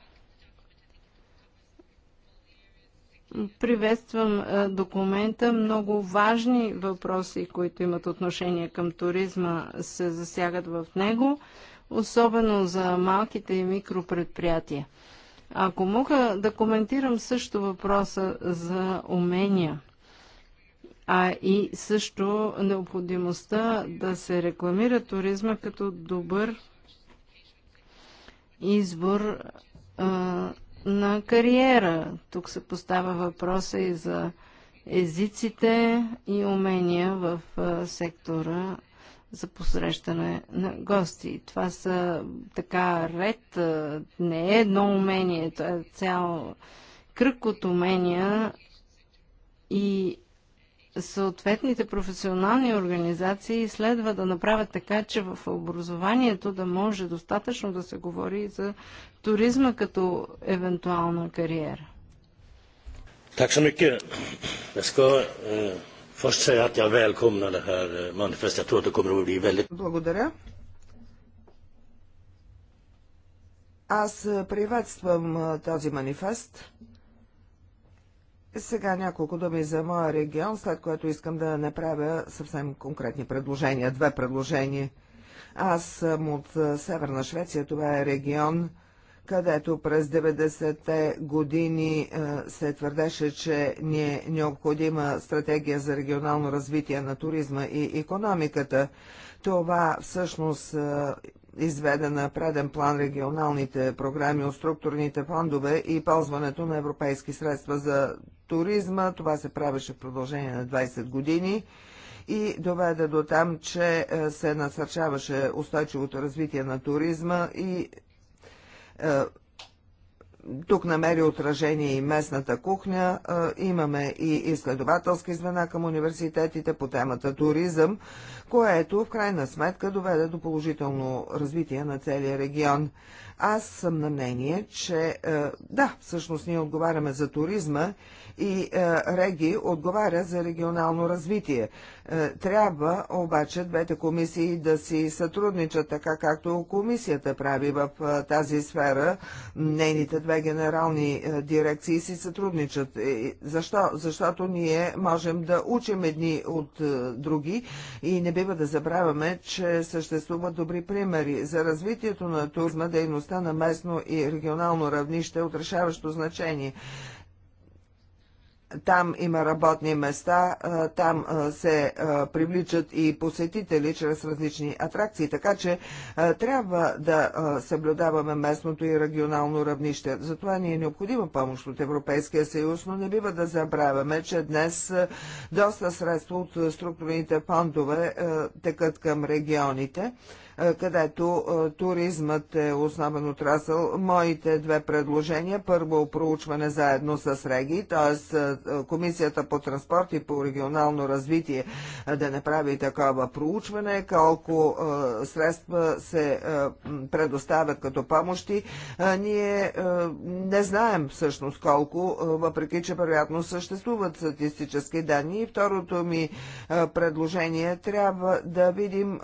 Приветствам документа. Много важни въпроси, които имат отношение към туризма, се засягат в него, особено за малките и микропредприятия. Ако мога да коментирам също въпроса за умения, а и също необходимостта да се рекламира туризма като добър избор а, на кариера. Тук се поставя въпроса и за езиците и умения в а, сектора за посрещане на гости. Това са така ред, не е едно умение, то е цял кръг от умения и съответните професионални организации следва да направят така, че в образованието да може достатъчно да се говори за туризма като евентуална кариера. Така, så mycket. Jag först säga att jag välkomnar det här eh, manifestet. Jag tror att det kommer att bli väldigt... Благодаря. Аз е, приветствам е, този манифест. Сега няколко думи за моя регион, след което искам да направя съвсем конкретни предложения, две предложения. Аз съм от е, Северна Швеция, това е регион, където през 90-те години е, се твърдеше, че ни е необходима стратегия за регионално развитие на туризма и економиката. Това всъщност е, изведе на преден план регионалните програми от структурните фондове и ползването на европейски средства за туризма. Това се правеше в продължение на 20 години и доведе до там, че е, се насърчаваше устойчивото развитие на туризма и е, тук намери отражение и местната кухня. Е, имаме и изследователски звена към университетите по темата туризъм, което в крайна сметка доведе до положително развитие на целия регион. Аз съм на мнение, че е, да, всъщност ние отговаряме за туризма и е, Реги отговаря за регионално развитие. Е, трябва обаче двете комисии да си сътрудничат така, както комисията прави в тази сфера. Нейните две генерални дирекции си сътрудничат. Защо? Защото ние можем да учим едни от други и не бива да забравяме, че съществуват добри примери за развитието на туризма, дейност дейността на местно и регионално равнище е от решаващо значение. Там има работни места, там се привличат и посетители чрез различни атракции, така че трябва да съблюдаваме местното и регионално равнище. Затова ни е необходима помощ от Европейския съюз, но не бива да забравяме, че днес доста средства от структурните фондове текат към регионите където туризмът е основен отрасъл. Моите две предложения. Първо проучване заедно с Реги, т.е. Комисията по транспорт и по регионално развитие да направи такова проучване, колко средства се предоставят като помощи. Ние не знаем всъщност колко, въпреки че вероятно съществуват статистически данни. И второто ми предложение трябва да видим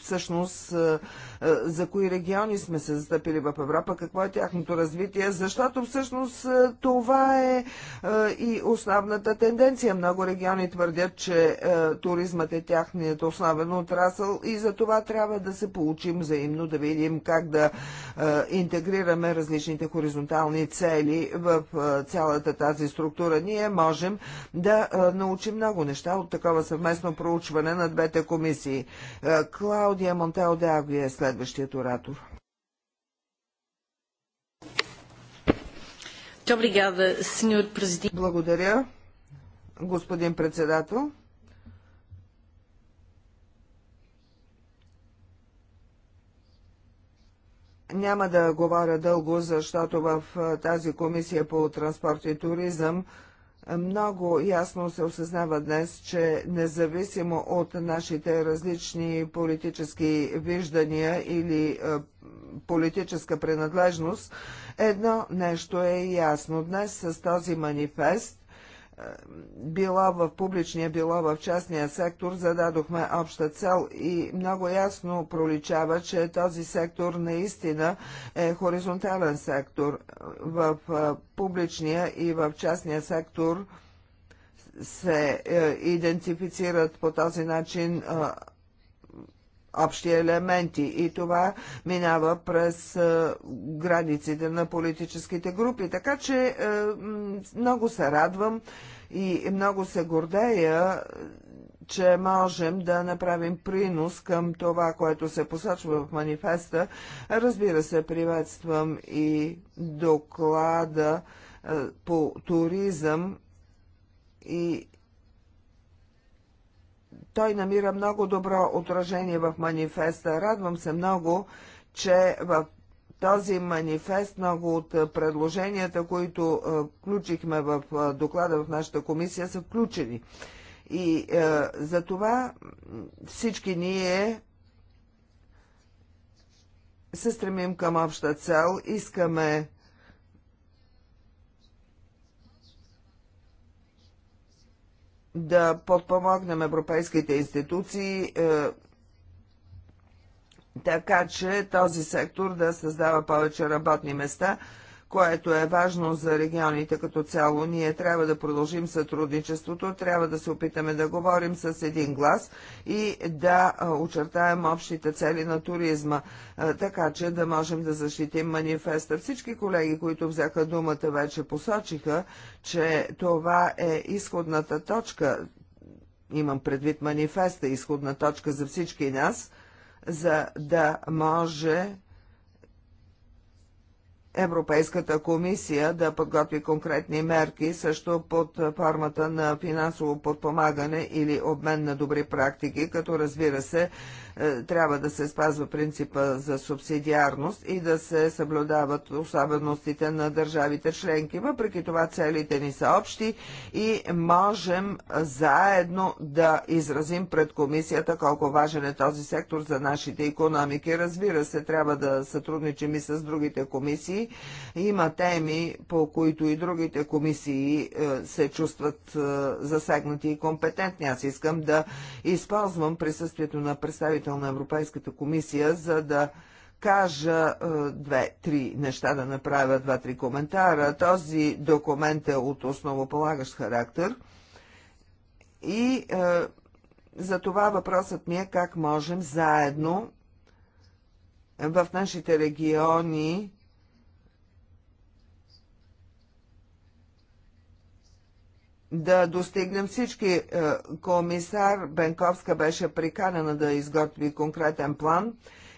всъщност за кои региони сме се застъпили в Европа, какво е тяхното развитие, защото всъщност това е и основната тенденция. Много региони твърдят, че туризмът е тяхният основен отрасъл и за това трябва да се получим взаимно, да видим как да интегрираме различните хоризонтални цели в цялата тази структура. Ние можем да научим много неща от такова съвместно проучване на двете комисии. Е, Клаудия Монтел де Агуя е следващият оратор. Благодаря, господин председател. Няма да говоря дълго, защото в е, тази комисия по транспорт и туризъм много ясно се осъзнава днес, че независимо от нашите различни политически виждания или политическа принадлежност, едно нещо е ясно. Днес с този манифест било в публичния, било в частния сектор, зададохме обща цел и много ясно проличава, че този сектор наистина е хоризонтален сектор. В публичния и в частния сектор се е, идентифицират по този начин общи елементи и това минава през е, границите на политическите групи. Така че е, много се радвам и много се гордея че можем да направим принос към това, което се посочва в манифеста. Разбира се, приветствам и доклада е, по туризъм и той намира много добро отражение в манифеста. Радвам се много, че в този манифест, много от предложенията, които е, включихме в е, доклада в нашата комисия, са включени. И е, за това всички ние се стремим към обща цел, искаме да подпомогнем европейските институции, е, така че този сектор да създава повече работни места – което е важно за регионите като цяло. Ние трябва да продължим сътрудничеството, трябва да се опитаме да говорим с един глас и да очертаем общите цели на туризма, така че да можем да защитим манифеста. Всички колеги, които взеха думата, вече посочиха, че това е изходната точка, имам предвид манифеста, изходна точка за всички нас, за да може Европейската комисия да подготви конкретни мерки, също под формата на финансово подпомагане или обмен на добри практики, като разбира се е, трябва да се спазва принципа за субсидиарност и да се съблюдават особеностите на държавите членки. Въпреки това целите ни са общи и можем заедно да изразим пред комисията колко важен е този сектор за нашите економики. Разбира се, трябва да сътрудничим и с другите комисии. Има теми, по които и другите комисии е, се чувстват е, засегнати и компетентни. Аз искам да използвам присъствието на представителите представител на Европейската комисия, за да кажа е, две-три неща, да направя два-три коментара. Този документ е от основополагащ характер и е, за това въпросът ми е как можем заедно в нашите региони да достигнем всички. Е, комисар Бенковска беше приканена да изготви конкретен план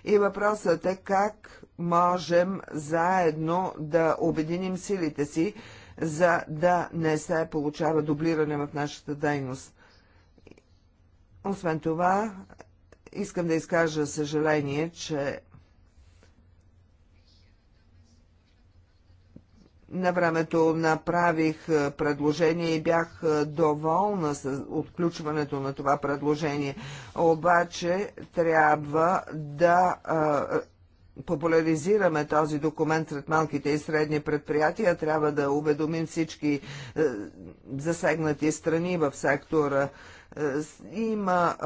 и въпросът е как можем заедно да обединим силите си, за да не се получава дублиране в нашата дейност. Освен това, искам да изкажа съжаление, че на времето направих е, предложение и бях е, доволна с отключването на това предложение. Обаче трябва да е, популяризираме този документ сред малките и средни предприятия, трябва да уведомим всички засегнати страни в сектора. има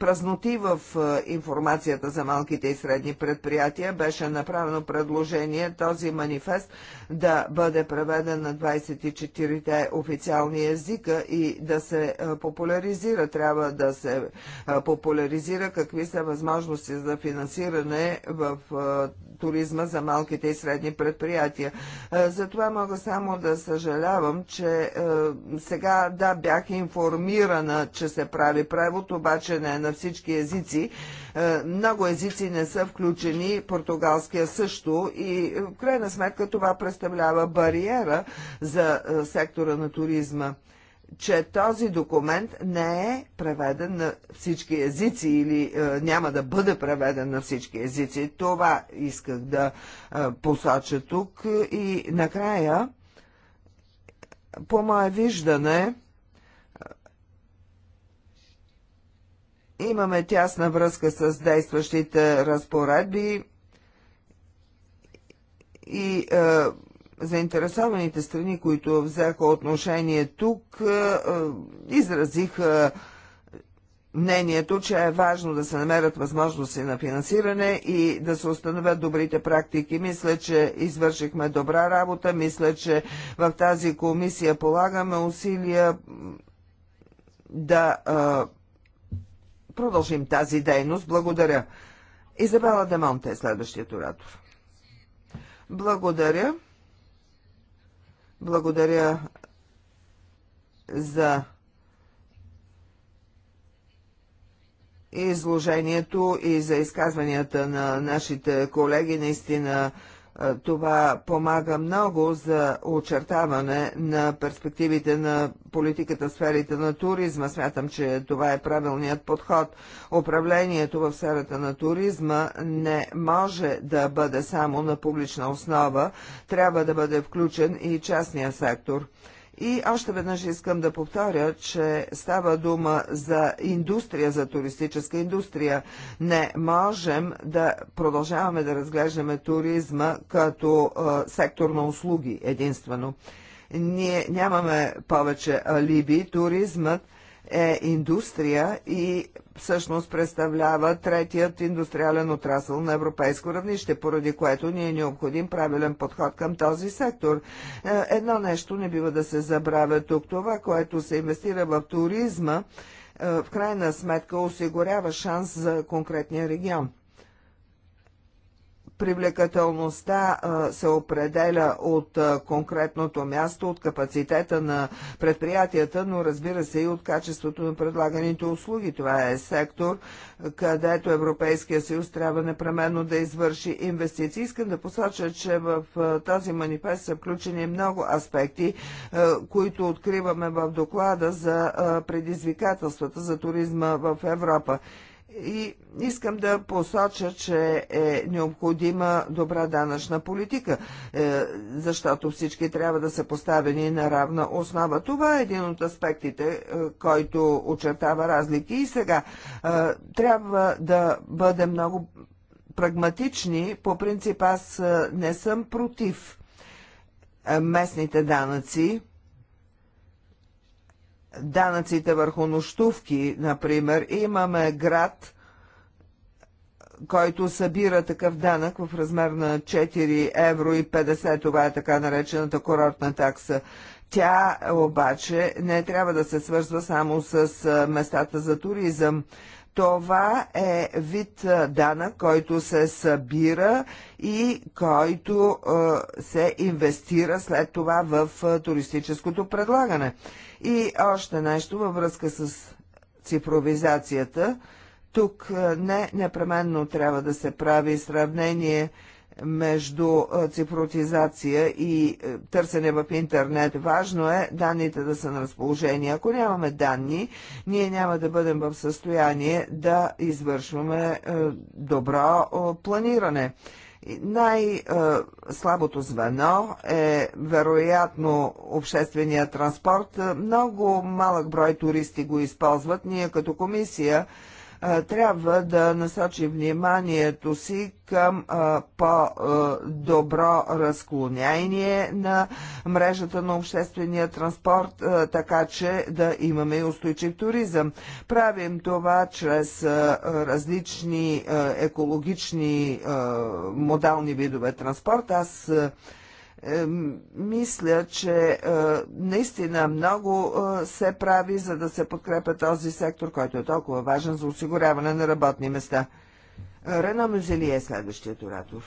празноти в е, информацията за малките и средни предприятия, беше направено предложение този манифест да бъде преведен на 24-те официални езика и да се е, популяризира. Трябва да се е, популяризира какви са възможности за финансиране в туризма за малките и средни предприятия. Затова мога само да съжалявам, че сега да бях информирана, че се прави превод, обаче не е на всички езици. Е, много езици не са включени, португалския също и в крайна сметка това представлява бариера за е, сектора на туризма че този документ не е преведен на всички езици или е, няма да бъде преведен на всички езици. Това исках да е, посоча тук. И накрая, по мое виждане, Имаме тясна връзка с действащите разпоредби и е, заинтересованите страни, които взеха отношение тук, е, е, изразиха мнението, че е важно да се намерят възможности на финансиране и да се установят добрите практики. Мисля, че извършихме добра работа, мисля, че в тази комисия полагаме усилия да е, продължим тази дейност. Благодаря. Изабела Демонте е следващият оратор. Благодаря. Благодаря за изложението и за изказванията на нашите колеги. Наистина това помага много за очертаване на перспективите на политиката в сферите на туризма. Смятам, че това е правилният подход. Управлението в сферата на туризма не може да бъде само на публична основа. Трябва да бъде включен и частния сектор. И още веднъж искам да повторя, че става дума за индустрия, за туристическа индустрия. Не можем да продължаваме да разглеждаме туризма като а, е, сектор на услуги единствено. Ние нямаме повече алиби. Туризмът е индустрия и всъщност представлява третият индустриален отрасъл на европейско равнище, поради което ни е необходим правилен подход към този сектор. Е, едно нещо не бива да се забравя тук. Това, което се инвестира в туризма, е, в крайна сметка осигурява шанс за конкретния регион. Привлекателността се определя от конкретното място, от капацитета на предприятията, но разбира се и от качеството на предлаганите услуги. Това е сектор, където Европейския съюз трябва непременно да извърши инвестиции. Искам да посоча, че в този манифест са включени много аспекти, които откриваме в доклада за предизвикателствата за туризма в Европа. И искам да посоча, че е необходима добра данъчна политика, е, защото всички трябва да са поставени на равна основа. Това е един от аспектите, е, който очертава разлики. И сега е, трябва да бъдем много прагматични. По принцип аз не съм против местните данъци данъците върху нощувки, например. Имаме град, който събира такъв данък в размер на 4 евро и 50, това е така наречената курортна такса. Тя обаче не трябва да се свързва само с местата за туризъм. Това е вид дана, който се събира и който се инвестира след това в туристическото предлагане. И още нещо във връзка с цифровизацията. Тук не непременно трябва да се прави сравнение между цифротизация и търсене в интернет. Важно е данните да са на разположение. Ако нямаме данни, ние няма да бъдем в състояние да извършваме добро планиране. Най-слабото звено е вероятно обществения транспорт. Много малък брой туристи го използват. Ние като комисия трябва да насочи вниманието си към по-добро разклоняние на мрежата на обществения транспорт, така че да имаме и устойчив туризъм. Правим това чрез различни екологични модални видове транспорт. Аз е, мисля, че е, наистина много е, се прави, за да се подкрепя този сектор, който е толкова важен за осигуряване на работни места. Рено Мюзели е следващият оратор.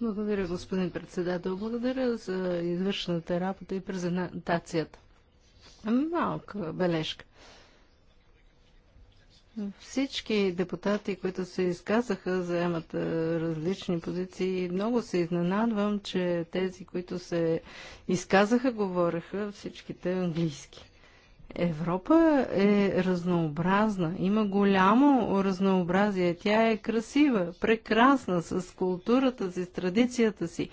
Благодаря, господин председател. Благодаря за извършената работа и презентацията. Малка бележка. Всички депутати, които се изказаха, заемат различни позиции. Много се изненадвам, че тези, които се изказаха, говореха всичките английски. Европа е разнообразна, има голямо разнообразие. Тя е красива, прекрасна, с културата си, с традицията си.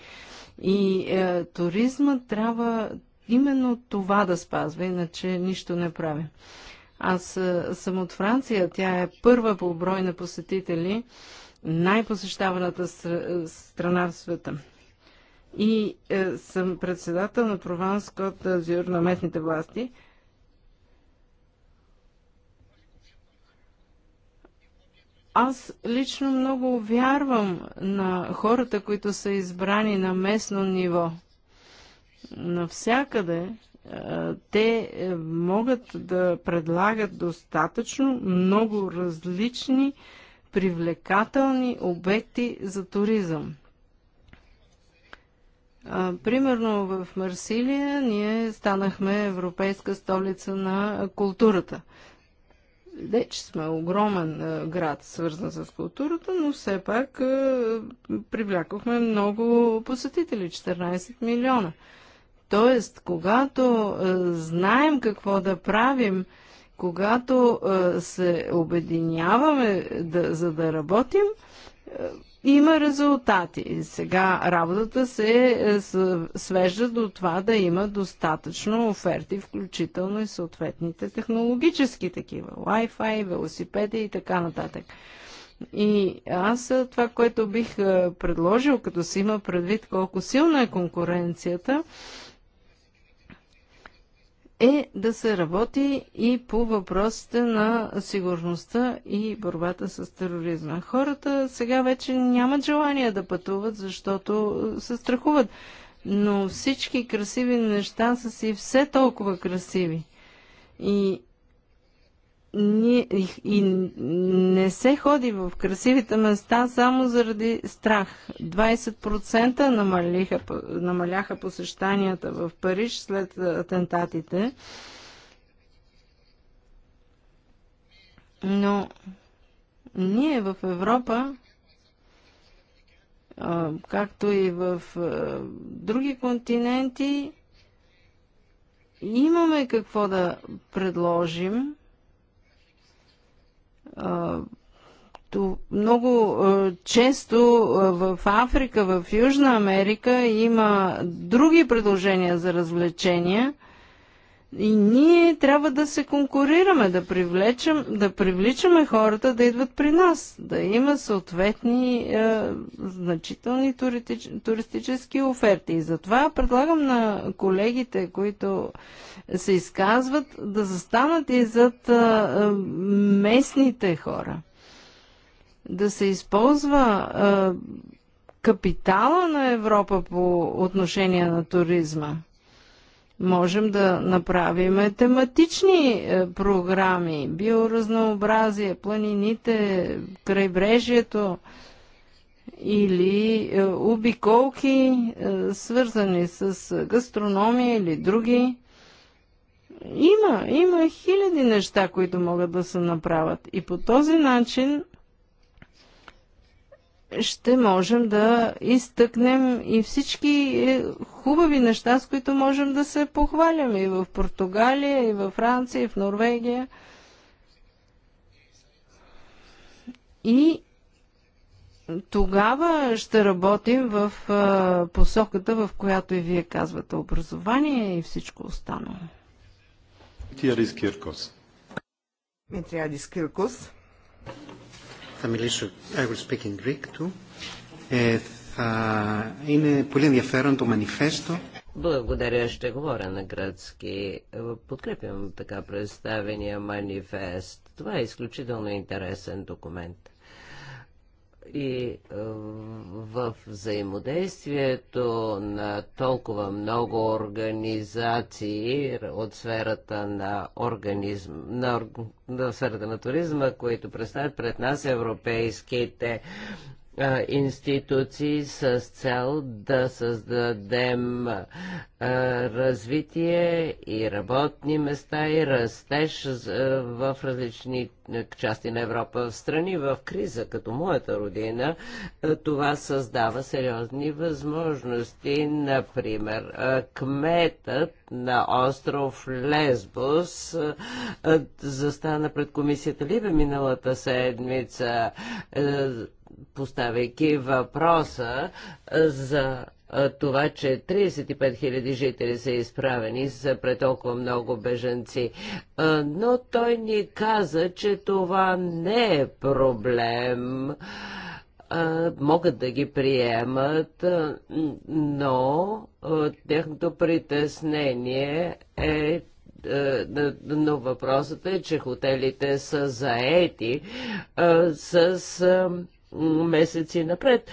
И е, туризма трябва именно това да спазва, иначе нищо не прави. Аз е, съм от Франция. Тя е първа по брой на посетители, най-посещаваната страна в света. И е, съм председател на Прованскот Кот на местните власти. Аз лично много вярвам на хората, които са избрани на местно ниво. Навсякъде те е, могат да предлагат достатъчно много различни привлекателни обекти за туризъм. Примерно в Марсилия ние станахме Европейска столица на културата. Вече сме огромен е, град, свързан с културата, но все пак е, привлякохме много посетители 14 милиона. Тоест, когато е, знаем какво да правим, когато е, се обединяваме, да, за да работим, е, има резултати. Сега работата се свежда до това да има достатъчно оферти, включително и съответните технологически такива. Wi-Fi, велосипеди и така нататък. И аз това, което бих предложил, като се има предвид колко силна е конкуренцията, е да се работи и по въпросите на сигурността и борбата с тероризма. Хората сега вече нямат желание да пътуват, защото се страхуват. Но всички красиви неща са си все толкова красиви. И и, и не се ходи в красивите места само заради страх. 20% намалиха, намаляха посещанията в Париж след атентатите. Но ние в Европа, както и в други континенти, имаме какво да предложим то много често в Африка, в Южна Америка има други предложения за развлечения – и ние трябва да се конкурираме, да, привлечем, да привличаме хората да идват при нас, да има съответни е, значителни туритич, туристически оферти. И затова предлагам на колегите, които се изказват, да застанат и зад е, е, местните хора. Да се използва е, капитала на Европа по отношение на туризма Можем да направим тематични е, програми, биоразнообразие, планините, крайбрежието или е, обиколки, е, свързани с гастрономия или други. Има, има хиляди неща, които могат да се направят. И по този начин ще можем да изтъкнем и всички е, хубави неща, с които можем да се похваляме и в Португалия, и в Франция, и в Норвегия. И тогава ще работим в е, посоката, в която и вие казвате образование и всичко останало. Тиарис Киркос. Митриадис Киркос θα μιλήσω, I will speak in Greek too. Ε, θα είναι πολύ ενδιαφέρον το μανιφέστο. Благодаря, ще говоря на гръцки. Подкрепям така представения манифест. Това е изключително интересен документ и е, в взаимодействието на толкова много организации от сферата на, организм, на, на сферата на туризма, които представят пред нас европейските институции с цел да създадем развитие и работни места и растеж в различни части на Европа. В страни в криза, като моята родина, това създава сериозни възможности. Например, кметът на остров Лесбос застана пред комисията Либе миналата седмица поставяйки въпроса за това, че 35 000 жители са изправени за пред толкова много беженци. Но той ни каза, че това не е проблем. Могат да ги приемат, но тяхното притеснение е но въпросът е, че хотелите са заети с месеци напред,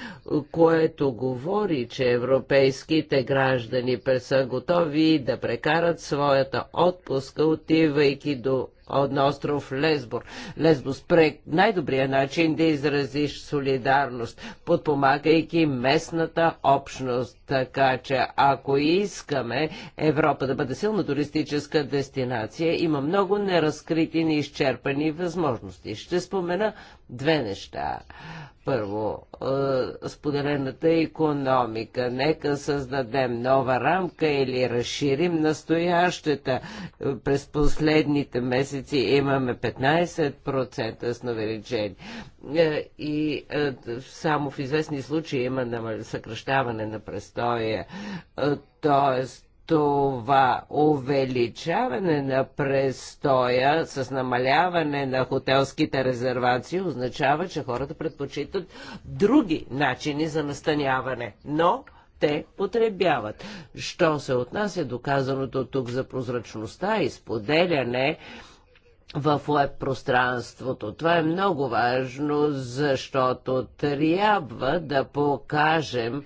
което говори, че европейските граждани са готови да прекарат своята отпуска, отивайки до на остров Лесбор. Лесбос пре най-добрия начин да изразиш солидарност, подпомагайки местната общност. Така че ако искаме Европа да бъде силна туристическа дестинация, има много неразкрити, неизчерпани възможности. Ще спомена две неща. Първо, е, споделената економика. Нека създадем нова рамка или разширим настоящата. Е, през последните месеци имаме 15% с навеличение. И е, само в известни случаи има съкръщаване на престоя. Тоест, това увеличаване на престоя с намаляване на хотелските резервации означава, че хората предпочитат други начини за настаняване. Но те потребяват. Що се отнася до казаното тук за прозрачността и споделяне, в веб пространството. Това е много важно, защото трябва да покажем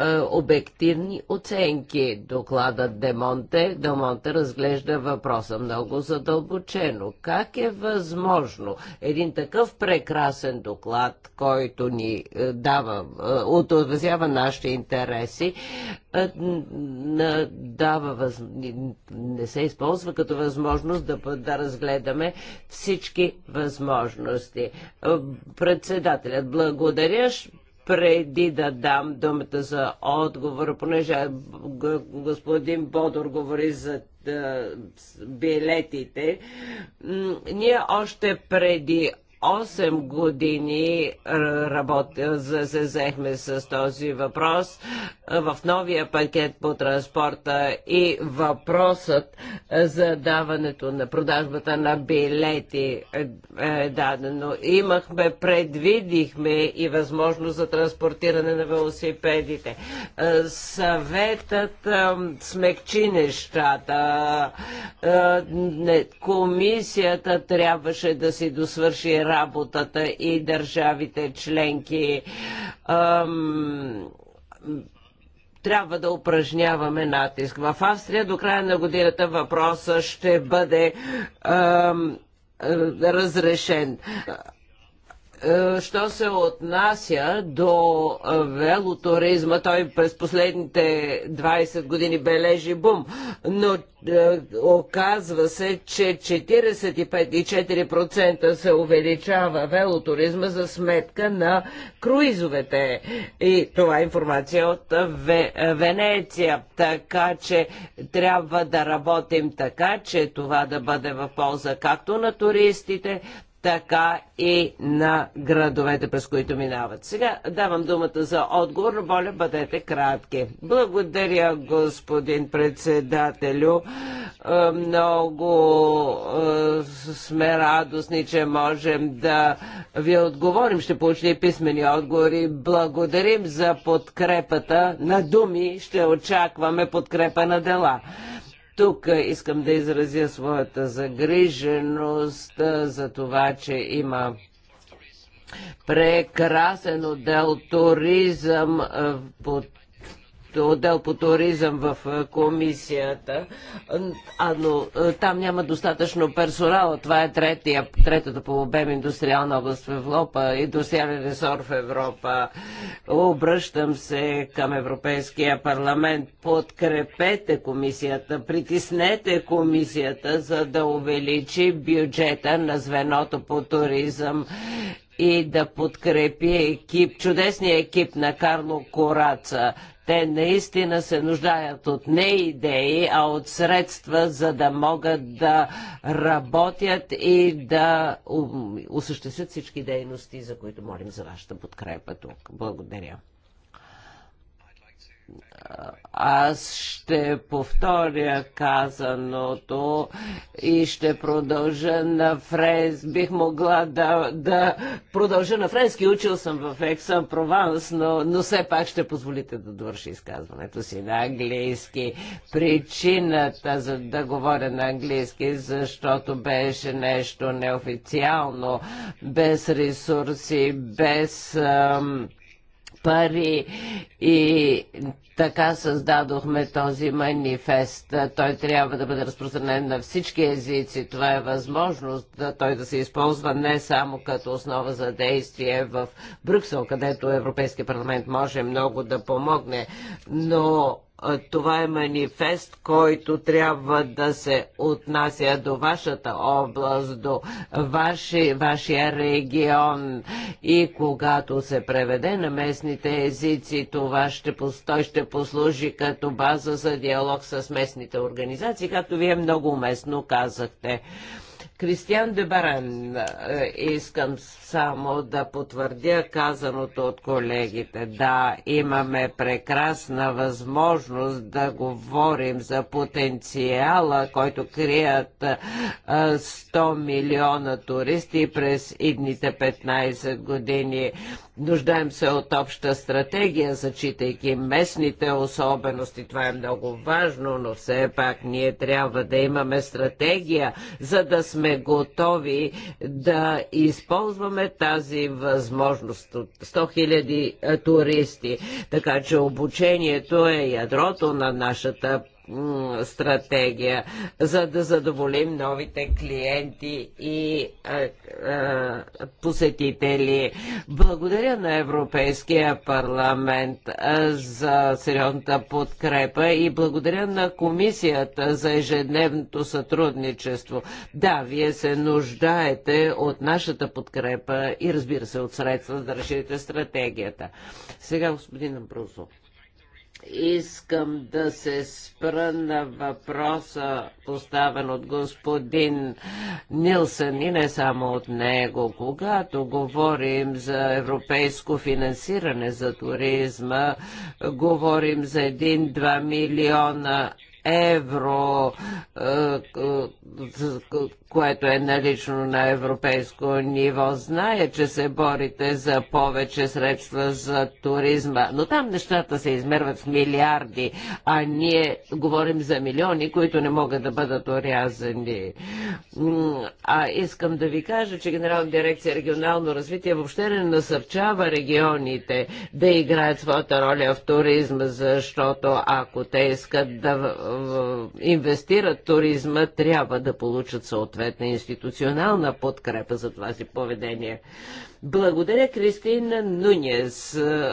е, обективни оценки. Докладът Демонте, Демонте разглежда въпроса много задълбочено. Как е възможно един такъв прекрасен доклад, който ни е, дава, е, отразява нашите интереси, дава въз... не се използва като възможност да, да разгледаме всички възможности. Председателят, благодаря, преди да дам думата за отговор, понеже господин Бодор говори за билетите, ние още преди 8 години за се заехме с този въпрос в новия пакет по транспорта и въпросът за даването на продажбата на билети е, е дадено. Имахме, предвидихме и възможност за транспортиране на велосипедите. Съветът смекчи нещата. Комисията трябваше да си досвърши работата и държавите членки. трябва да упражняваме натиск. В Австрия до края на годината въпроса ще бъде разрешен. Е, що се отнася до е, велотуризма, той през последните 20 години бележи бум, но е, оказва се, че 45,4% се увеличава велотуризма за сметка на круизовете. И това е информация от Венеция. Така че трябва да работим така, че това да бъде в полза както на туристите, така и на градовете, през които минават. Сега давам думата за отговор, но моля бъдете кратки. Благодаря, господин председателю. Е, много е, сме радостни, че можем да ви отговорим. Ще получите и писмени отговори. Благодарим за подкрепата на думи. Ще очакваме подкрепа на дела. Тук искам да изразя своята загриженост за това, че има прекрасен отдел туризъм под отдел по туризъм в комисията, а, но там няма достатъчно персонал. Това е третия, третата по обем индустриална област в Европа, индустриален ресор в Европа. Обръщам се към Европейския парламент. Подкрепете комисията, притиснете комисията, за да увеличи бюджета на звеното по туризъм и да подкрепи екип, чудесния екип на Карло Кораца. Те наистина се нуждаят от не идеи, а от средства, за да могат да работят и да осъществят всички дейности, за които молим за вашата подкрепа тук. Благодаря аз ще повторя казаното и ще продължа на френс. Бих могла да, да продължа на френски. Учил съм в Ексан Прованс, но, но все пак ще позволите да довърши изказването си на английски. Причината за да говоря на английски, защото беше нещо неофициално, без ресурси, без... Ам, пари. И така създадохме този манифест. Той трябва да бъде разпространен на всички езици. Това е възможност да той да се използва не само като основа за действие в Брюксел, където Европейския парламент може много да помогне, но това е манифест, който трябва да се отнася до вашата област, до ваши, вашия регион. И когато се преведе на местните езици, това ще, той ще послужи като база за диалог с местните организации, както вие много уместно казахте. Кристиан Дебарен, е, искам само да потвърдя казаното от колегите. Да, имаме прекрасна възможност да говорим за потенциала, който крият 100 е, милиона туристи през идните 15 години. Нуждаем се от обща стратегия, зачитайки местните особености. Това е много важно, но все пак ние трябва да имаме стратегия, за да сме готови да използваме тази възможност от 100 000 туристи. Така че обучението е ядрото на нашата стратегия, за да задоволим новите клиенти и посетители. Благодаря на Европейския парламент за сериозната подкрепа и благодаря на комисията за ежедневното сътрудничество. Да, вие се нуждаете от нашата подкрепа и разбира се от средства да решите стратегията. Сега господин Амбрусов. Искам да се спра на въпроса, поставен от господин Нилсън и не само от него. Когато говорим за европейско финансиране за туризма, говорим за 1-2 милиона евро, е, е, което е налично на европейско ниво. знае, че се борите за повече средства за туризма, но там нещата се измерват в милиарди, а ние говорим за милиони, които не могат да бъдат орязани. А искам да ви кажа, че Генерална дирекция регионално развитие въобще не насърчава регионите да играят своята роля в туризма, защото ако те искат да инвестират туризма, трябва да получат съответна институционална подкрепа за това си поведение. Благодаря, Кристина Нунес е, е,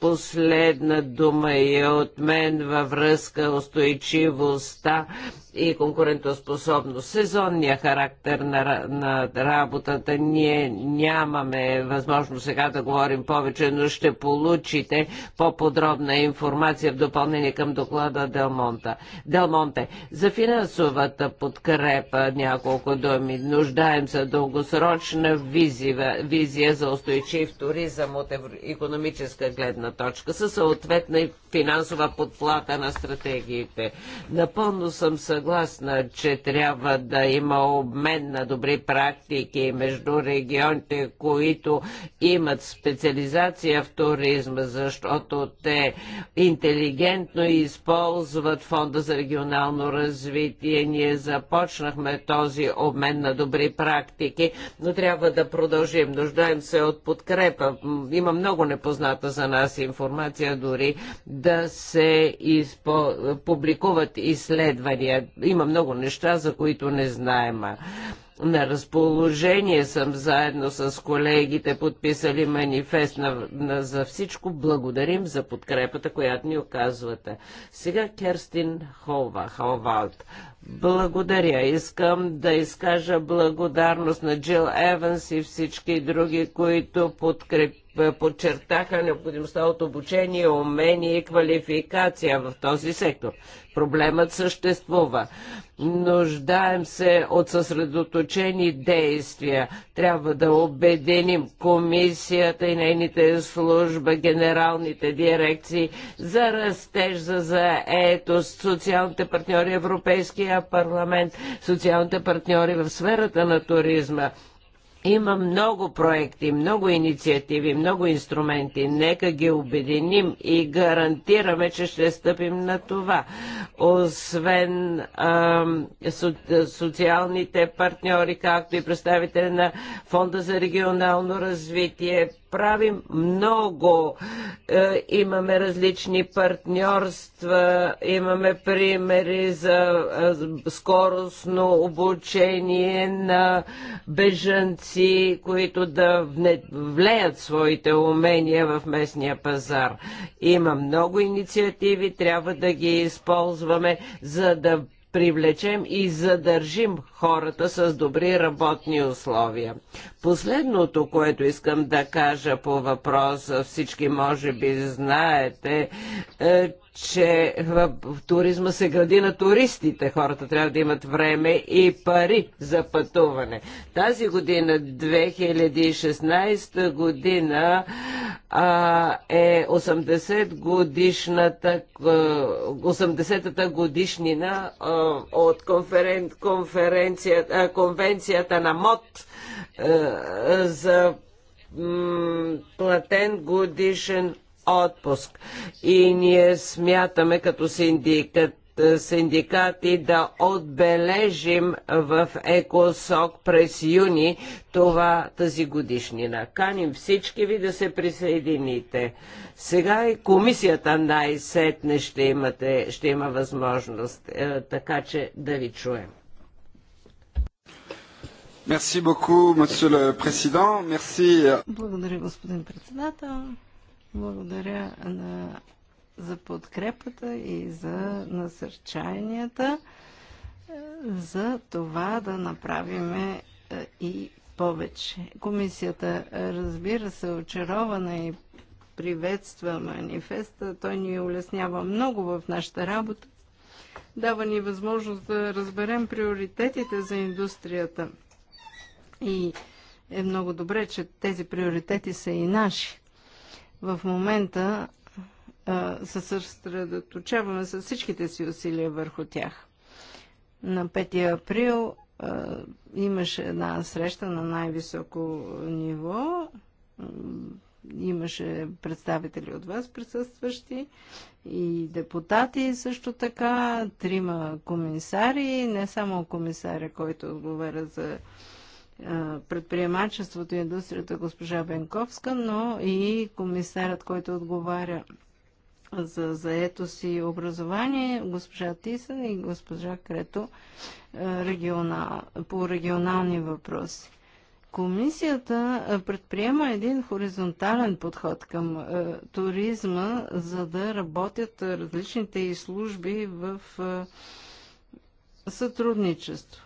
последна дума и е от мен във връзка устойчивостта и конкурентоспособност. Сезонния характер на, на работата ние нямаме възможно сега да говорим повече, но ще получите по-подробна информация в допълнение към доклада Делмонта. Делмонте. За финансовата подкрепа няколко думи. Нуждаем се дългосрочна визия, визия за устойчив туризъм от економическа гледна точка със съответна финансова подплата на стратегиите. Напълно съм съгласен съгласна, че трябва да има обмен на добри практики между регионите, които имат специализация в туризма, защото те интелигентно използват Фонда за регионално развитие. Ние започнахме този обмен на добри практики, но трябва да продължим. Нуждаем се от подкрепа. Има много непозната за нас информация, дори да се изпо... публикуват изследвания има много неща, за които не знаем. На разположение съм заедно с колегите, подписали манифест на, на, за всичко. Благодарим за подкрепата, която ни оказвате. Сега Керстин Хова, Ховалт. Благодаря. Искам да изкажа благодарност на Джил Еванс и всички други, които подкрепи подчертаха необходимостта от обучение, умение и квалификация в този сектор. Проблемът съществува. Нуждаем се от съсредоточени действия. Трябва да обединим комисията и нейните служба, генералните дирекции за растеж, за заетост, социалните партньори, Европейския Европейския парламент, социалните партньори в сферата на туризма. Има много проекти, много инициативи, много инструменти. Нека ги обединим и гарантираме, че ще стъпим на това. Освен ам, со, социалните партньори, както и представители на Фонда за регионално развитие, правим много. Е, имаме различни партньорства, имаме примери за е, скоростно обучение на бежанци, които да влеят своите умения в местния пазар. Има много инициативи, трябва да ги използваме, за да привлечем и задържим хората с добри работни условия. Последното, което искам да кажа по въпроса, всички може би знаете, е, че в туризма се гради на туристите. Хората трябва да имат време и пари за пътуване. Тази година, 2016 година, а, е 80 годишната 80-та годишнина а, от конферен, конференция, а, конвенцията на МОД а, за платен годишен отпуск. И ние смятаме като синдикат синдикати да отбележим в ЕКОСОК през юни това тази годишнина. Каним всички ви да се присъедините. Сега и комисията най-сетне ще, имате, ще има възможност, е, така че да ви чуем. Merci beaucoup, monsieur le président. Merci. Благодаря, господин председател. Благодаря на, за подкрепата и за насърчанията за това да направим и повече. Комисията, разбира се, очарована и приветства манифеста. Той ни улеснява много в нашата работа. Дава ни възможност да разберем приоритетите за индустрията. И е много добре, че тези приоритети са и наши. В момента се съсредоточаваме с всичките си усилия върху тях. На 5 април имаше една среща на най-високо ниво. Имаше представители от вас присъстващи и депутати също така, трима комисари, не само комисаря, който отговаря за предприемачеството и индустрията госпожа Бенковска, но и комисарът, който отговаря за заето си образование, госпожа Тисън и госпожа Крето регионал, по регионални въпроси. Комисията предприема един хоризонтален подход към е, туризма, за да работят различните и служби в е, сътрудничество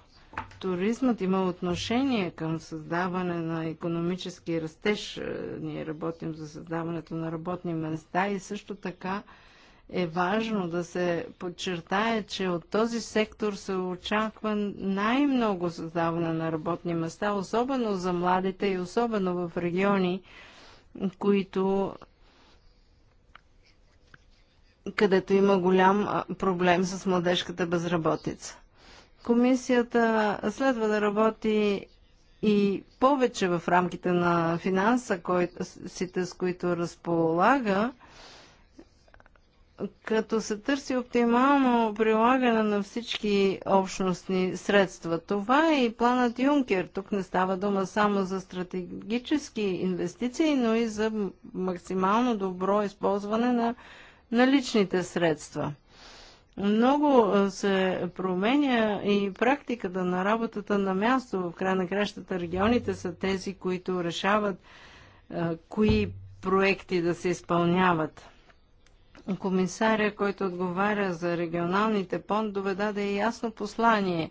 туризмът има отношение към създаване на економически растеж. Е, ние работим за създаването на работни места и също така е важно да се подчертае, че от този сектор се очаква най-много създаване на работни места, особено за младите и особено в региони, които където има голям проблем с младежката безработица. Комисията следва да работи и повече в рамките на финанса, сите, с които разполага, като се търси оптимално прилагане на всички общностни средства. Това е и планът Юнкер. Тук не става дума само за стратегически инвестиции, но и за максимално добро използване на наличните средства. Много се променя и практиката на работата на място. В край на кращата регионите са тези, които решават кои проекти да се изпълняват. Комисаря, който отговаря за регионалните фондове, даде и ясно послание.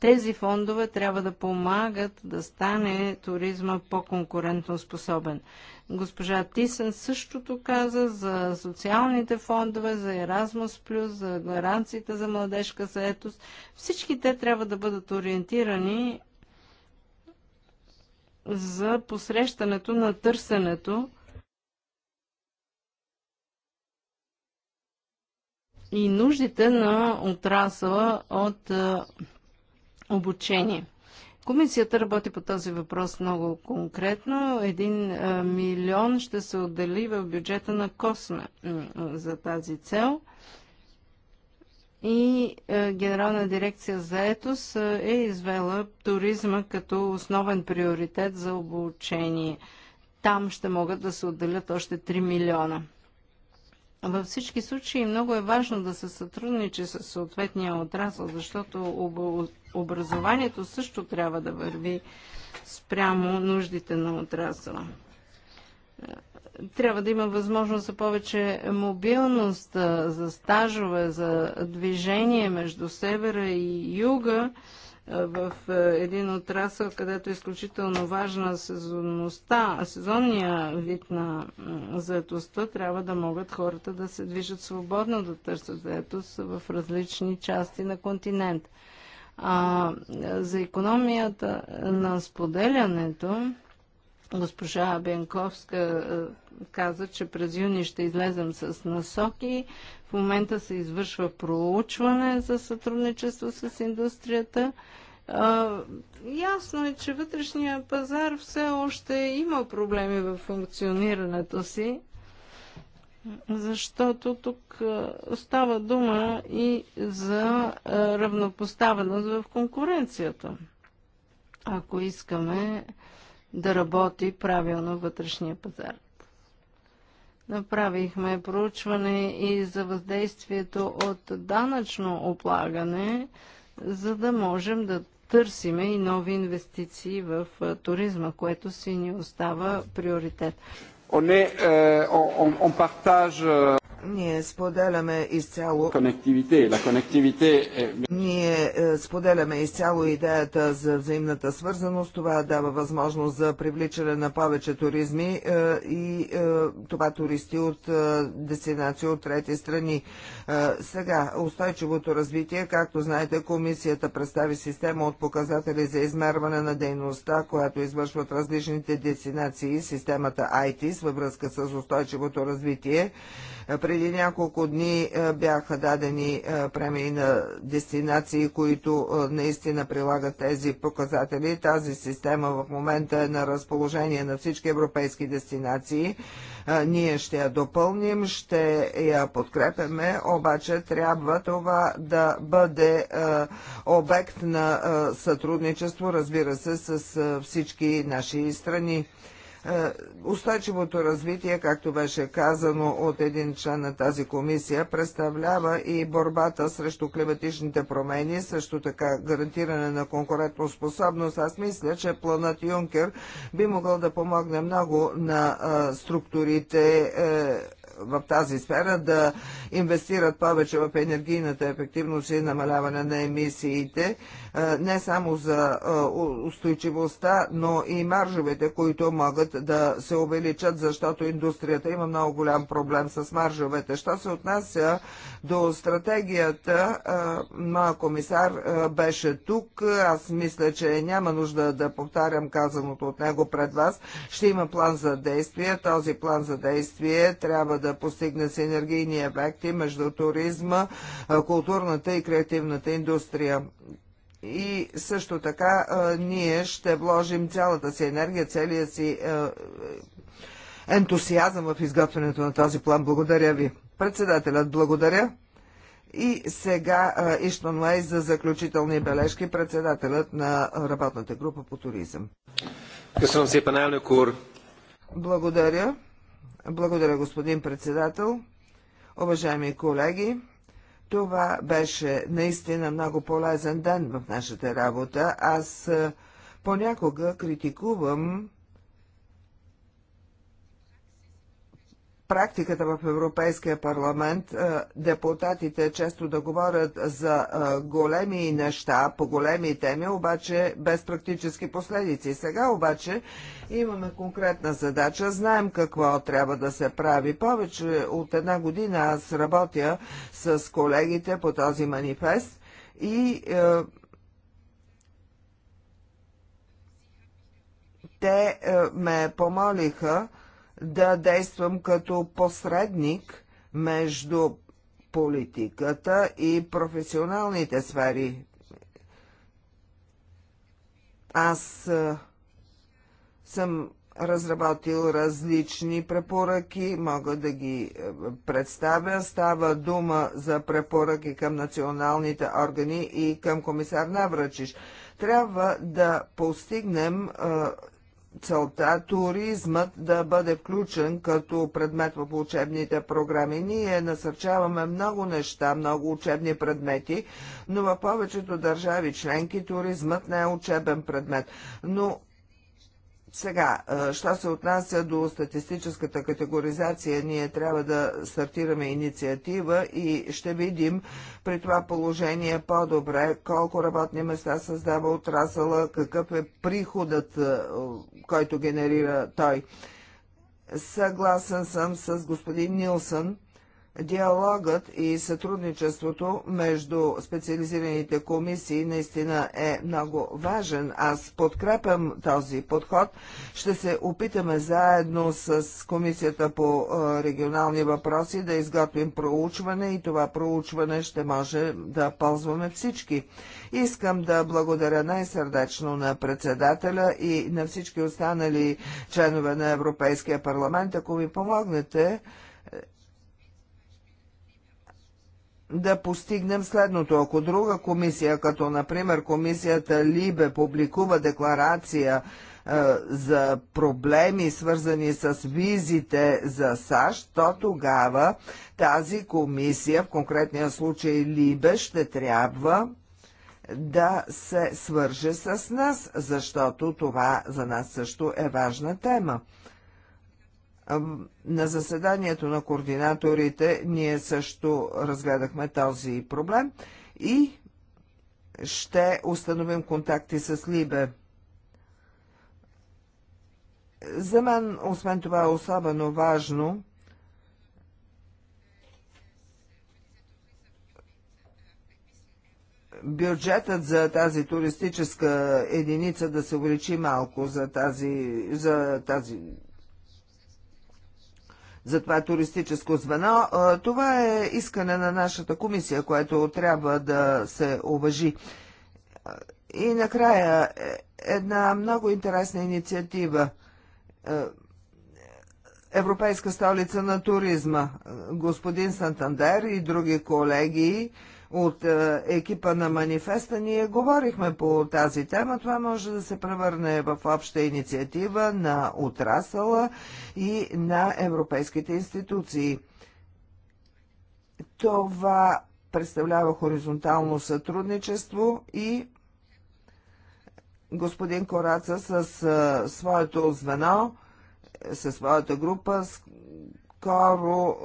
Тези фондове трябва да помагат да стане туризма по-конкурентно способен. Госпожа Тисън същото каза за социалните фондове, за Erasmus+, за гаранциите за младежка заетост. Всички те трябва да бъдат ориентирани за посрещането на търсенето и нуждите на отрасъла от обучение. Комисията работи по този въпрос много конкретно. Един милион ще се отдели в бюджета на Косме за тази цел. И Генерална дирекция за етос е извела туризма като основен приоритет за обучение. Там ще могат да се отделят още 3 милиона. Във всички случаи много е важно да се сътрудничи с съответния отрасъл, защото образованието също трябва да върви спрямо нуждите на отрасъла. Трябва да има възможност за повече мобилност, за стажове, за движение между севера и юга в един отрасъл, където е изключително важна сезонността, сезонния вид на заетостта, трябва да могат хората да се движат свободно, да търсят заетост в различни части на континента. А, за економията на споделянето, госпожа Бенковска е, каза, че през юни ще излезем с насоки. В момента се извършва проучване за сътрудничество с индустрията. А, ясно е, че вътрешния пазар все още има проблеми в функционирането си, защото тук става дума и за равнопоставеност в конкуренцията. Ако искаме да работи правилно вътрешния пазар. Направихме проучване и за въздействието от данъчно облагане, за да можем да търсиме и нови инвестиции в туризма, което си ни остава приоритет on, partage ние споделяме изцяло... la е... Ние е, споделяме изцяло идеята за взаимната свързаност. Това дава възможност за привличане на повече туризми е, и е, това туристи от дестинации от трети страни. Сега, устойчивото развитие, както знаете, комисията представи система от показатели за измерване на дейността, която извършват различните дестинации, системата ITIS във връзка с устойчивото развитие преди няколко дни е, бяха дадени е, премии на дестинации, които е, наистина прилагат тези показатели. Тази система в момента е на разположение на всички европейски дестинации. Ние ще я допълним, ще я подкрепяме, обаче трябва това да бъде обект на сътрудничество, разбира се, с всички наши страни. Е, устойчивото развитие, както беше казано от един член на тази комисия, представлява и борбата срещу климатичните промени, също така гарантиране на конкурентоспособност. Аз мисля, че планът Юнкер би могъл да помогне много на е, структурите е, в тази сфера да инвестират повече в енергийната ефективност и намаляване на емисиите не само за устойчивостта, но и маржовете, които могат да се увеличат, защото индустрията има много голям проблем с маржовете. Що се отнася до стратегията, моя комисар беше тук. Аз мисля, че няма нужда да повтарям казаното от него пред вас. Ще има план за действие. Този план за действие трябва да постигне синергийни ефекти между туризма, културната и креативната индустрия. И също така ние ще вложим цялата си енергия, целия си е, ентусиазъм в изготвянето на този план. Благодаря ви. Председателят, благодаря. И сега Иштон Лей за заключителни бележки, председателят на работната група по туризъм. Благодаря. Благодаря, господин председател. Уважаеми колеги, това беше наистина много полезен ден в нашата работа. Аз е, понякога критикувам практиката в Европейския парламент е, депутатите често да говорят за е, големи неща, по големи теми, обаче без практически последици. Сега обаче имаме конкретна задача, знаем какво трябва да се прави. Повече от една година аз работя с колегите по този манифест и е, те ме помолиха да действам като посредник между политиката и професионалните сфери. Аз съм разработил различни препоръки, мога да ги представя. Става дума за препоръки към националните органи и към комисар Навръчиш. Трябва да постигнем целта туризмът да бъде включен като предмет в учебните програми. Ние насърчаваме много неща, много учебни предмети, но в повечето държави членки туризмът не е учебен предмет. Но сега, що се отнася до статистическата категоризация, ние трябва да стартираме инициатива и ще видим при това положение по-добре колко работни места създава отрасъла, какъв е приходът, който генерира той. Съгласен съм с господин Нилсън, Диалогът и сътрудничеството между специализираните комисии наистина е много важен. Аз подкрепям този подход. Ще се опитаме заедно с Комисията по е, регионални въпроси да изготвим проучване и това проучване ще може да ползваме всички. Искам да благодаря най-сърдечно на председателя и на всички останали членове на Европейския парламент. Ако ми помогнете, да постигнем следното. Ако друга комисия, като например комисията Либе, публикува декларация е, за проблеми, свързани с визите за САЩ, то тогава тази комисия, в конкретния случай Либе, ще трябва да се свърже с нас, защото това за нас също е важна тема. На заседанието на координаторите ние също разгледахме този проблем и ще установим контакти с Либе. За мен, освен това, е особено важно бюджетът за тази туристическа единица да се увеличи малко за тази, за тази за това туристическо звено. Това е искане на нашата комисия, което трябва да се уважи. И накрая е, една много интересна инициатива. Европейска столица на туризма. Господин Сантандер и други колеги от е, екипа на манифеста, ние говорихме по тази тема. Това може да се превърне в обща инициатива на отрасъла и на европейските институции. Това представлява хоризонтално сътрудничество и господин Кораца с е, своето звено, със своята група, скоро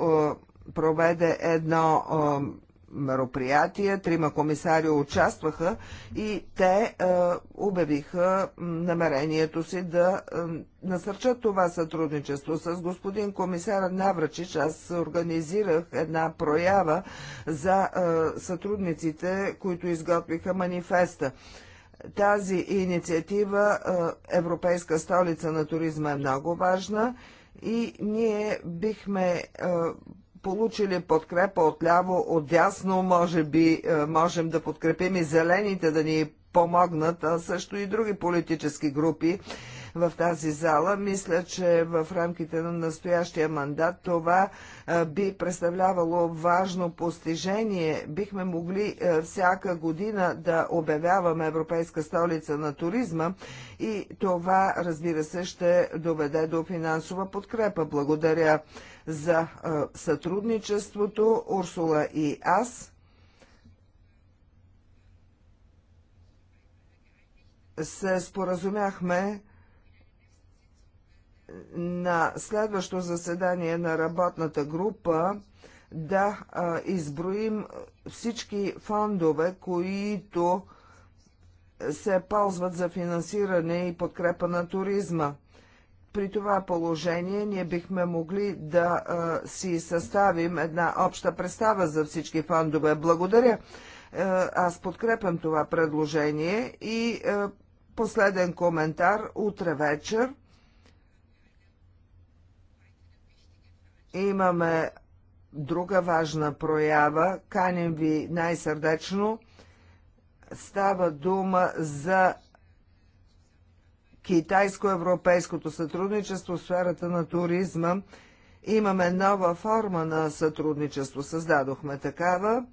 е, проведе едно е, мероприятия, трима комисари участваха и те е, обявиха намерението си да е, насърчат това сътрудничество. С господин комисара Наврачич аз организирах една проява за е, сътрудниците, които изготвиха манифеста. Тази инициатива е, Европейска столица на туризма е много важна и ние бихме е, получили подкрепа отляво, дясно, може би е, можем да подкрепим и зелените да ни помогнат, а също и други политически групи в тази зала. Мисля, че в рамките на настоящия мандат това би представлявало важно постижение. Бихме могли всяка година да обявяваме Европейска столица на туризма и това, разбира се, ще доведе до финансова подкрепа. Благодаря за сътрудничеството, Урсула и аз. се споразумяхме на следващо заседание на работната група да а, изброим всички фондове, които се ползват за финансиране и подкрепа на туризма. При това положение ние бихме могли да а, си съставим една обща представа за всички фондове. Благодаря. Е, аз подкрепям това предложение и а, е, последен коментар утре вечер имаме друга важна проява. Каним ви най-сърдечно. Става дума за китайско-европейското сътрудничество в сферата на туризма. Имаме нова форма на сътрудничество. Създадохме такава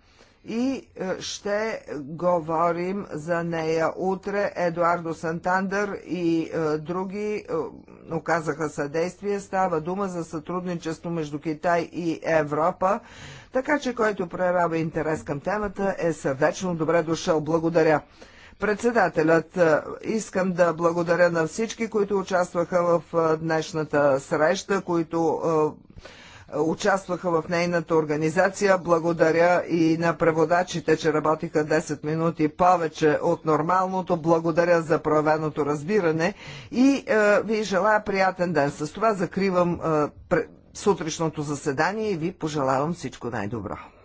и е, ще говорим за нея утре. Едуардо Сантандър и е, други е, оказаха съдействие. Става дума за сътрудничество между Китай и Европа, така че който проявява интерес към темата е съвечно добре дошъл. Благодаря. Председателят, искам да благодаря на всички, които участваха в днешната среща, които участваха в нейната организация. Благодаря и на преводачите, че работиха 10 минути повече от нормалното. Благодаря за проявеното разбиране и е, ви желая приятен ден. С това закривам е, сутрешното заседание и ви пожелавам всичко най-добро.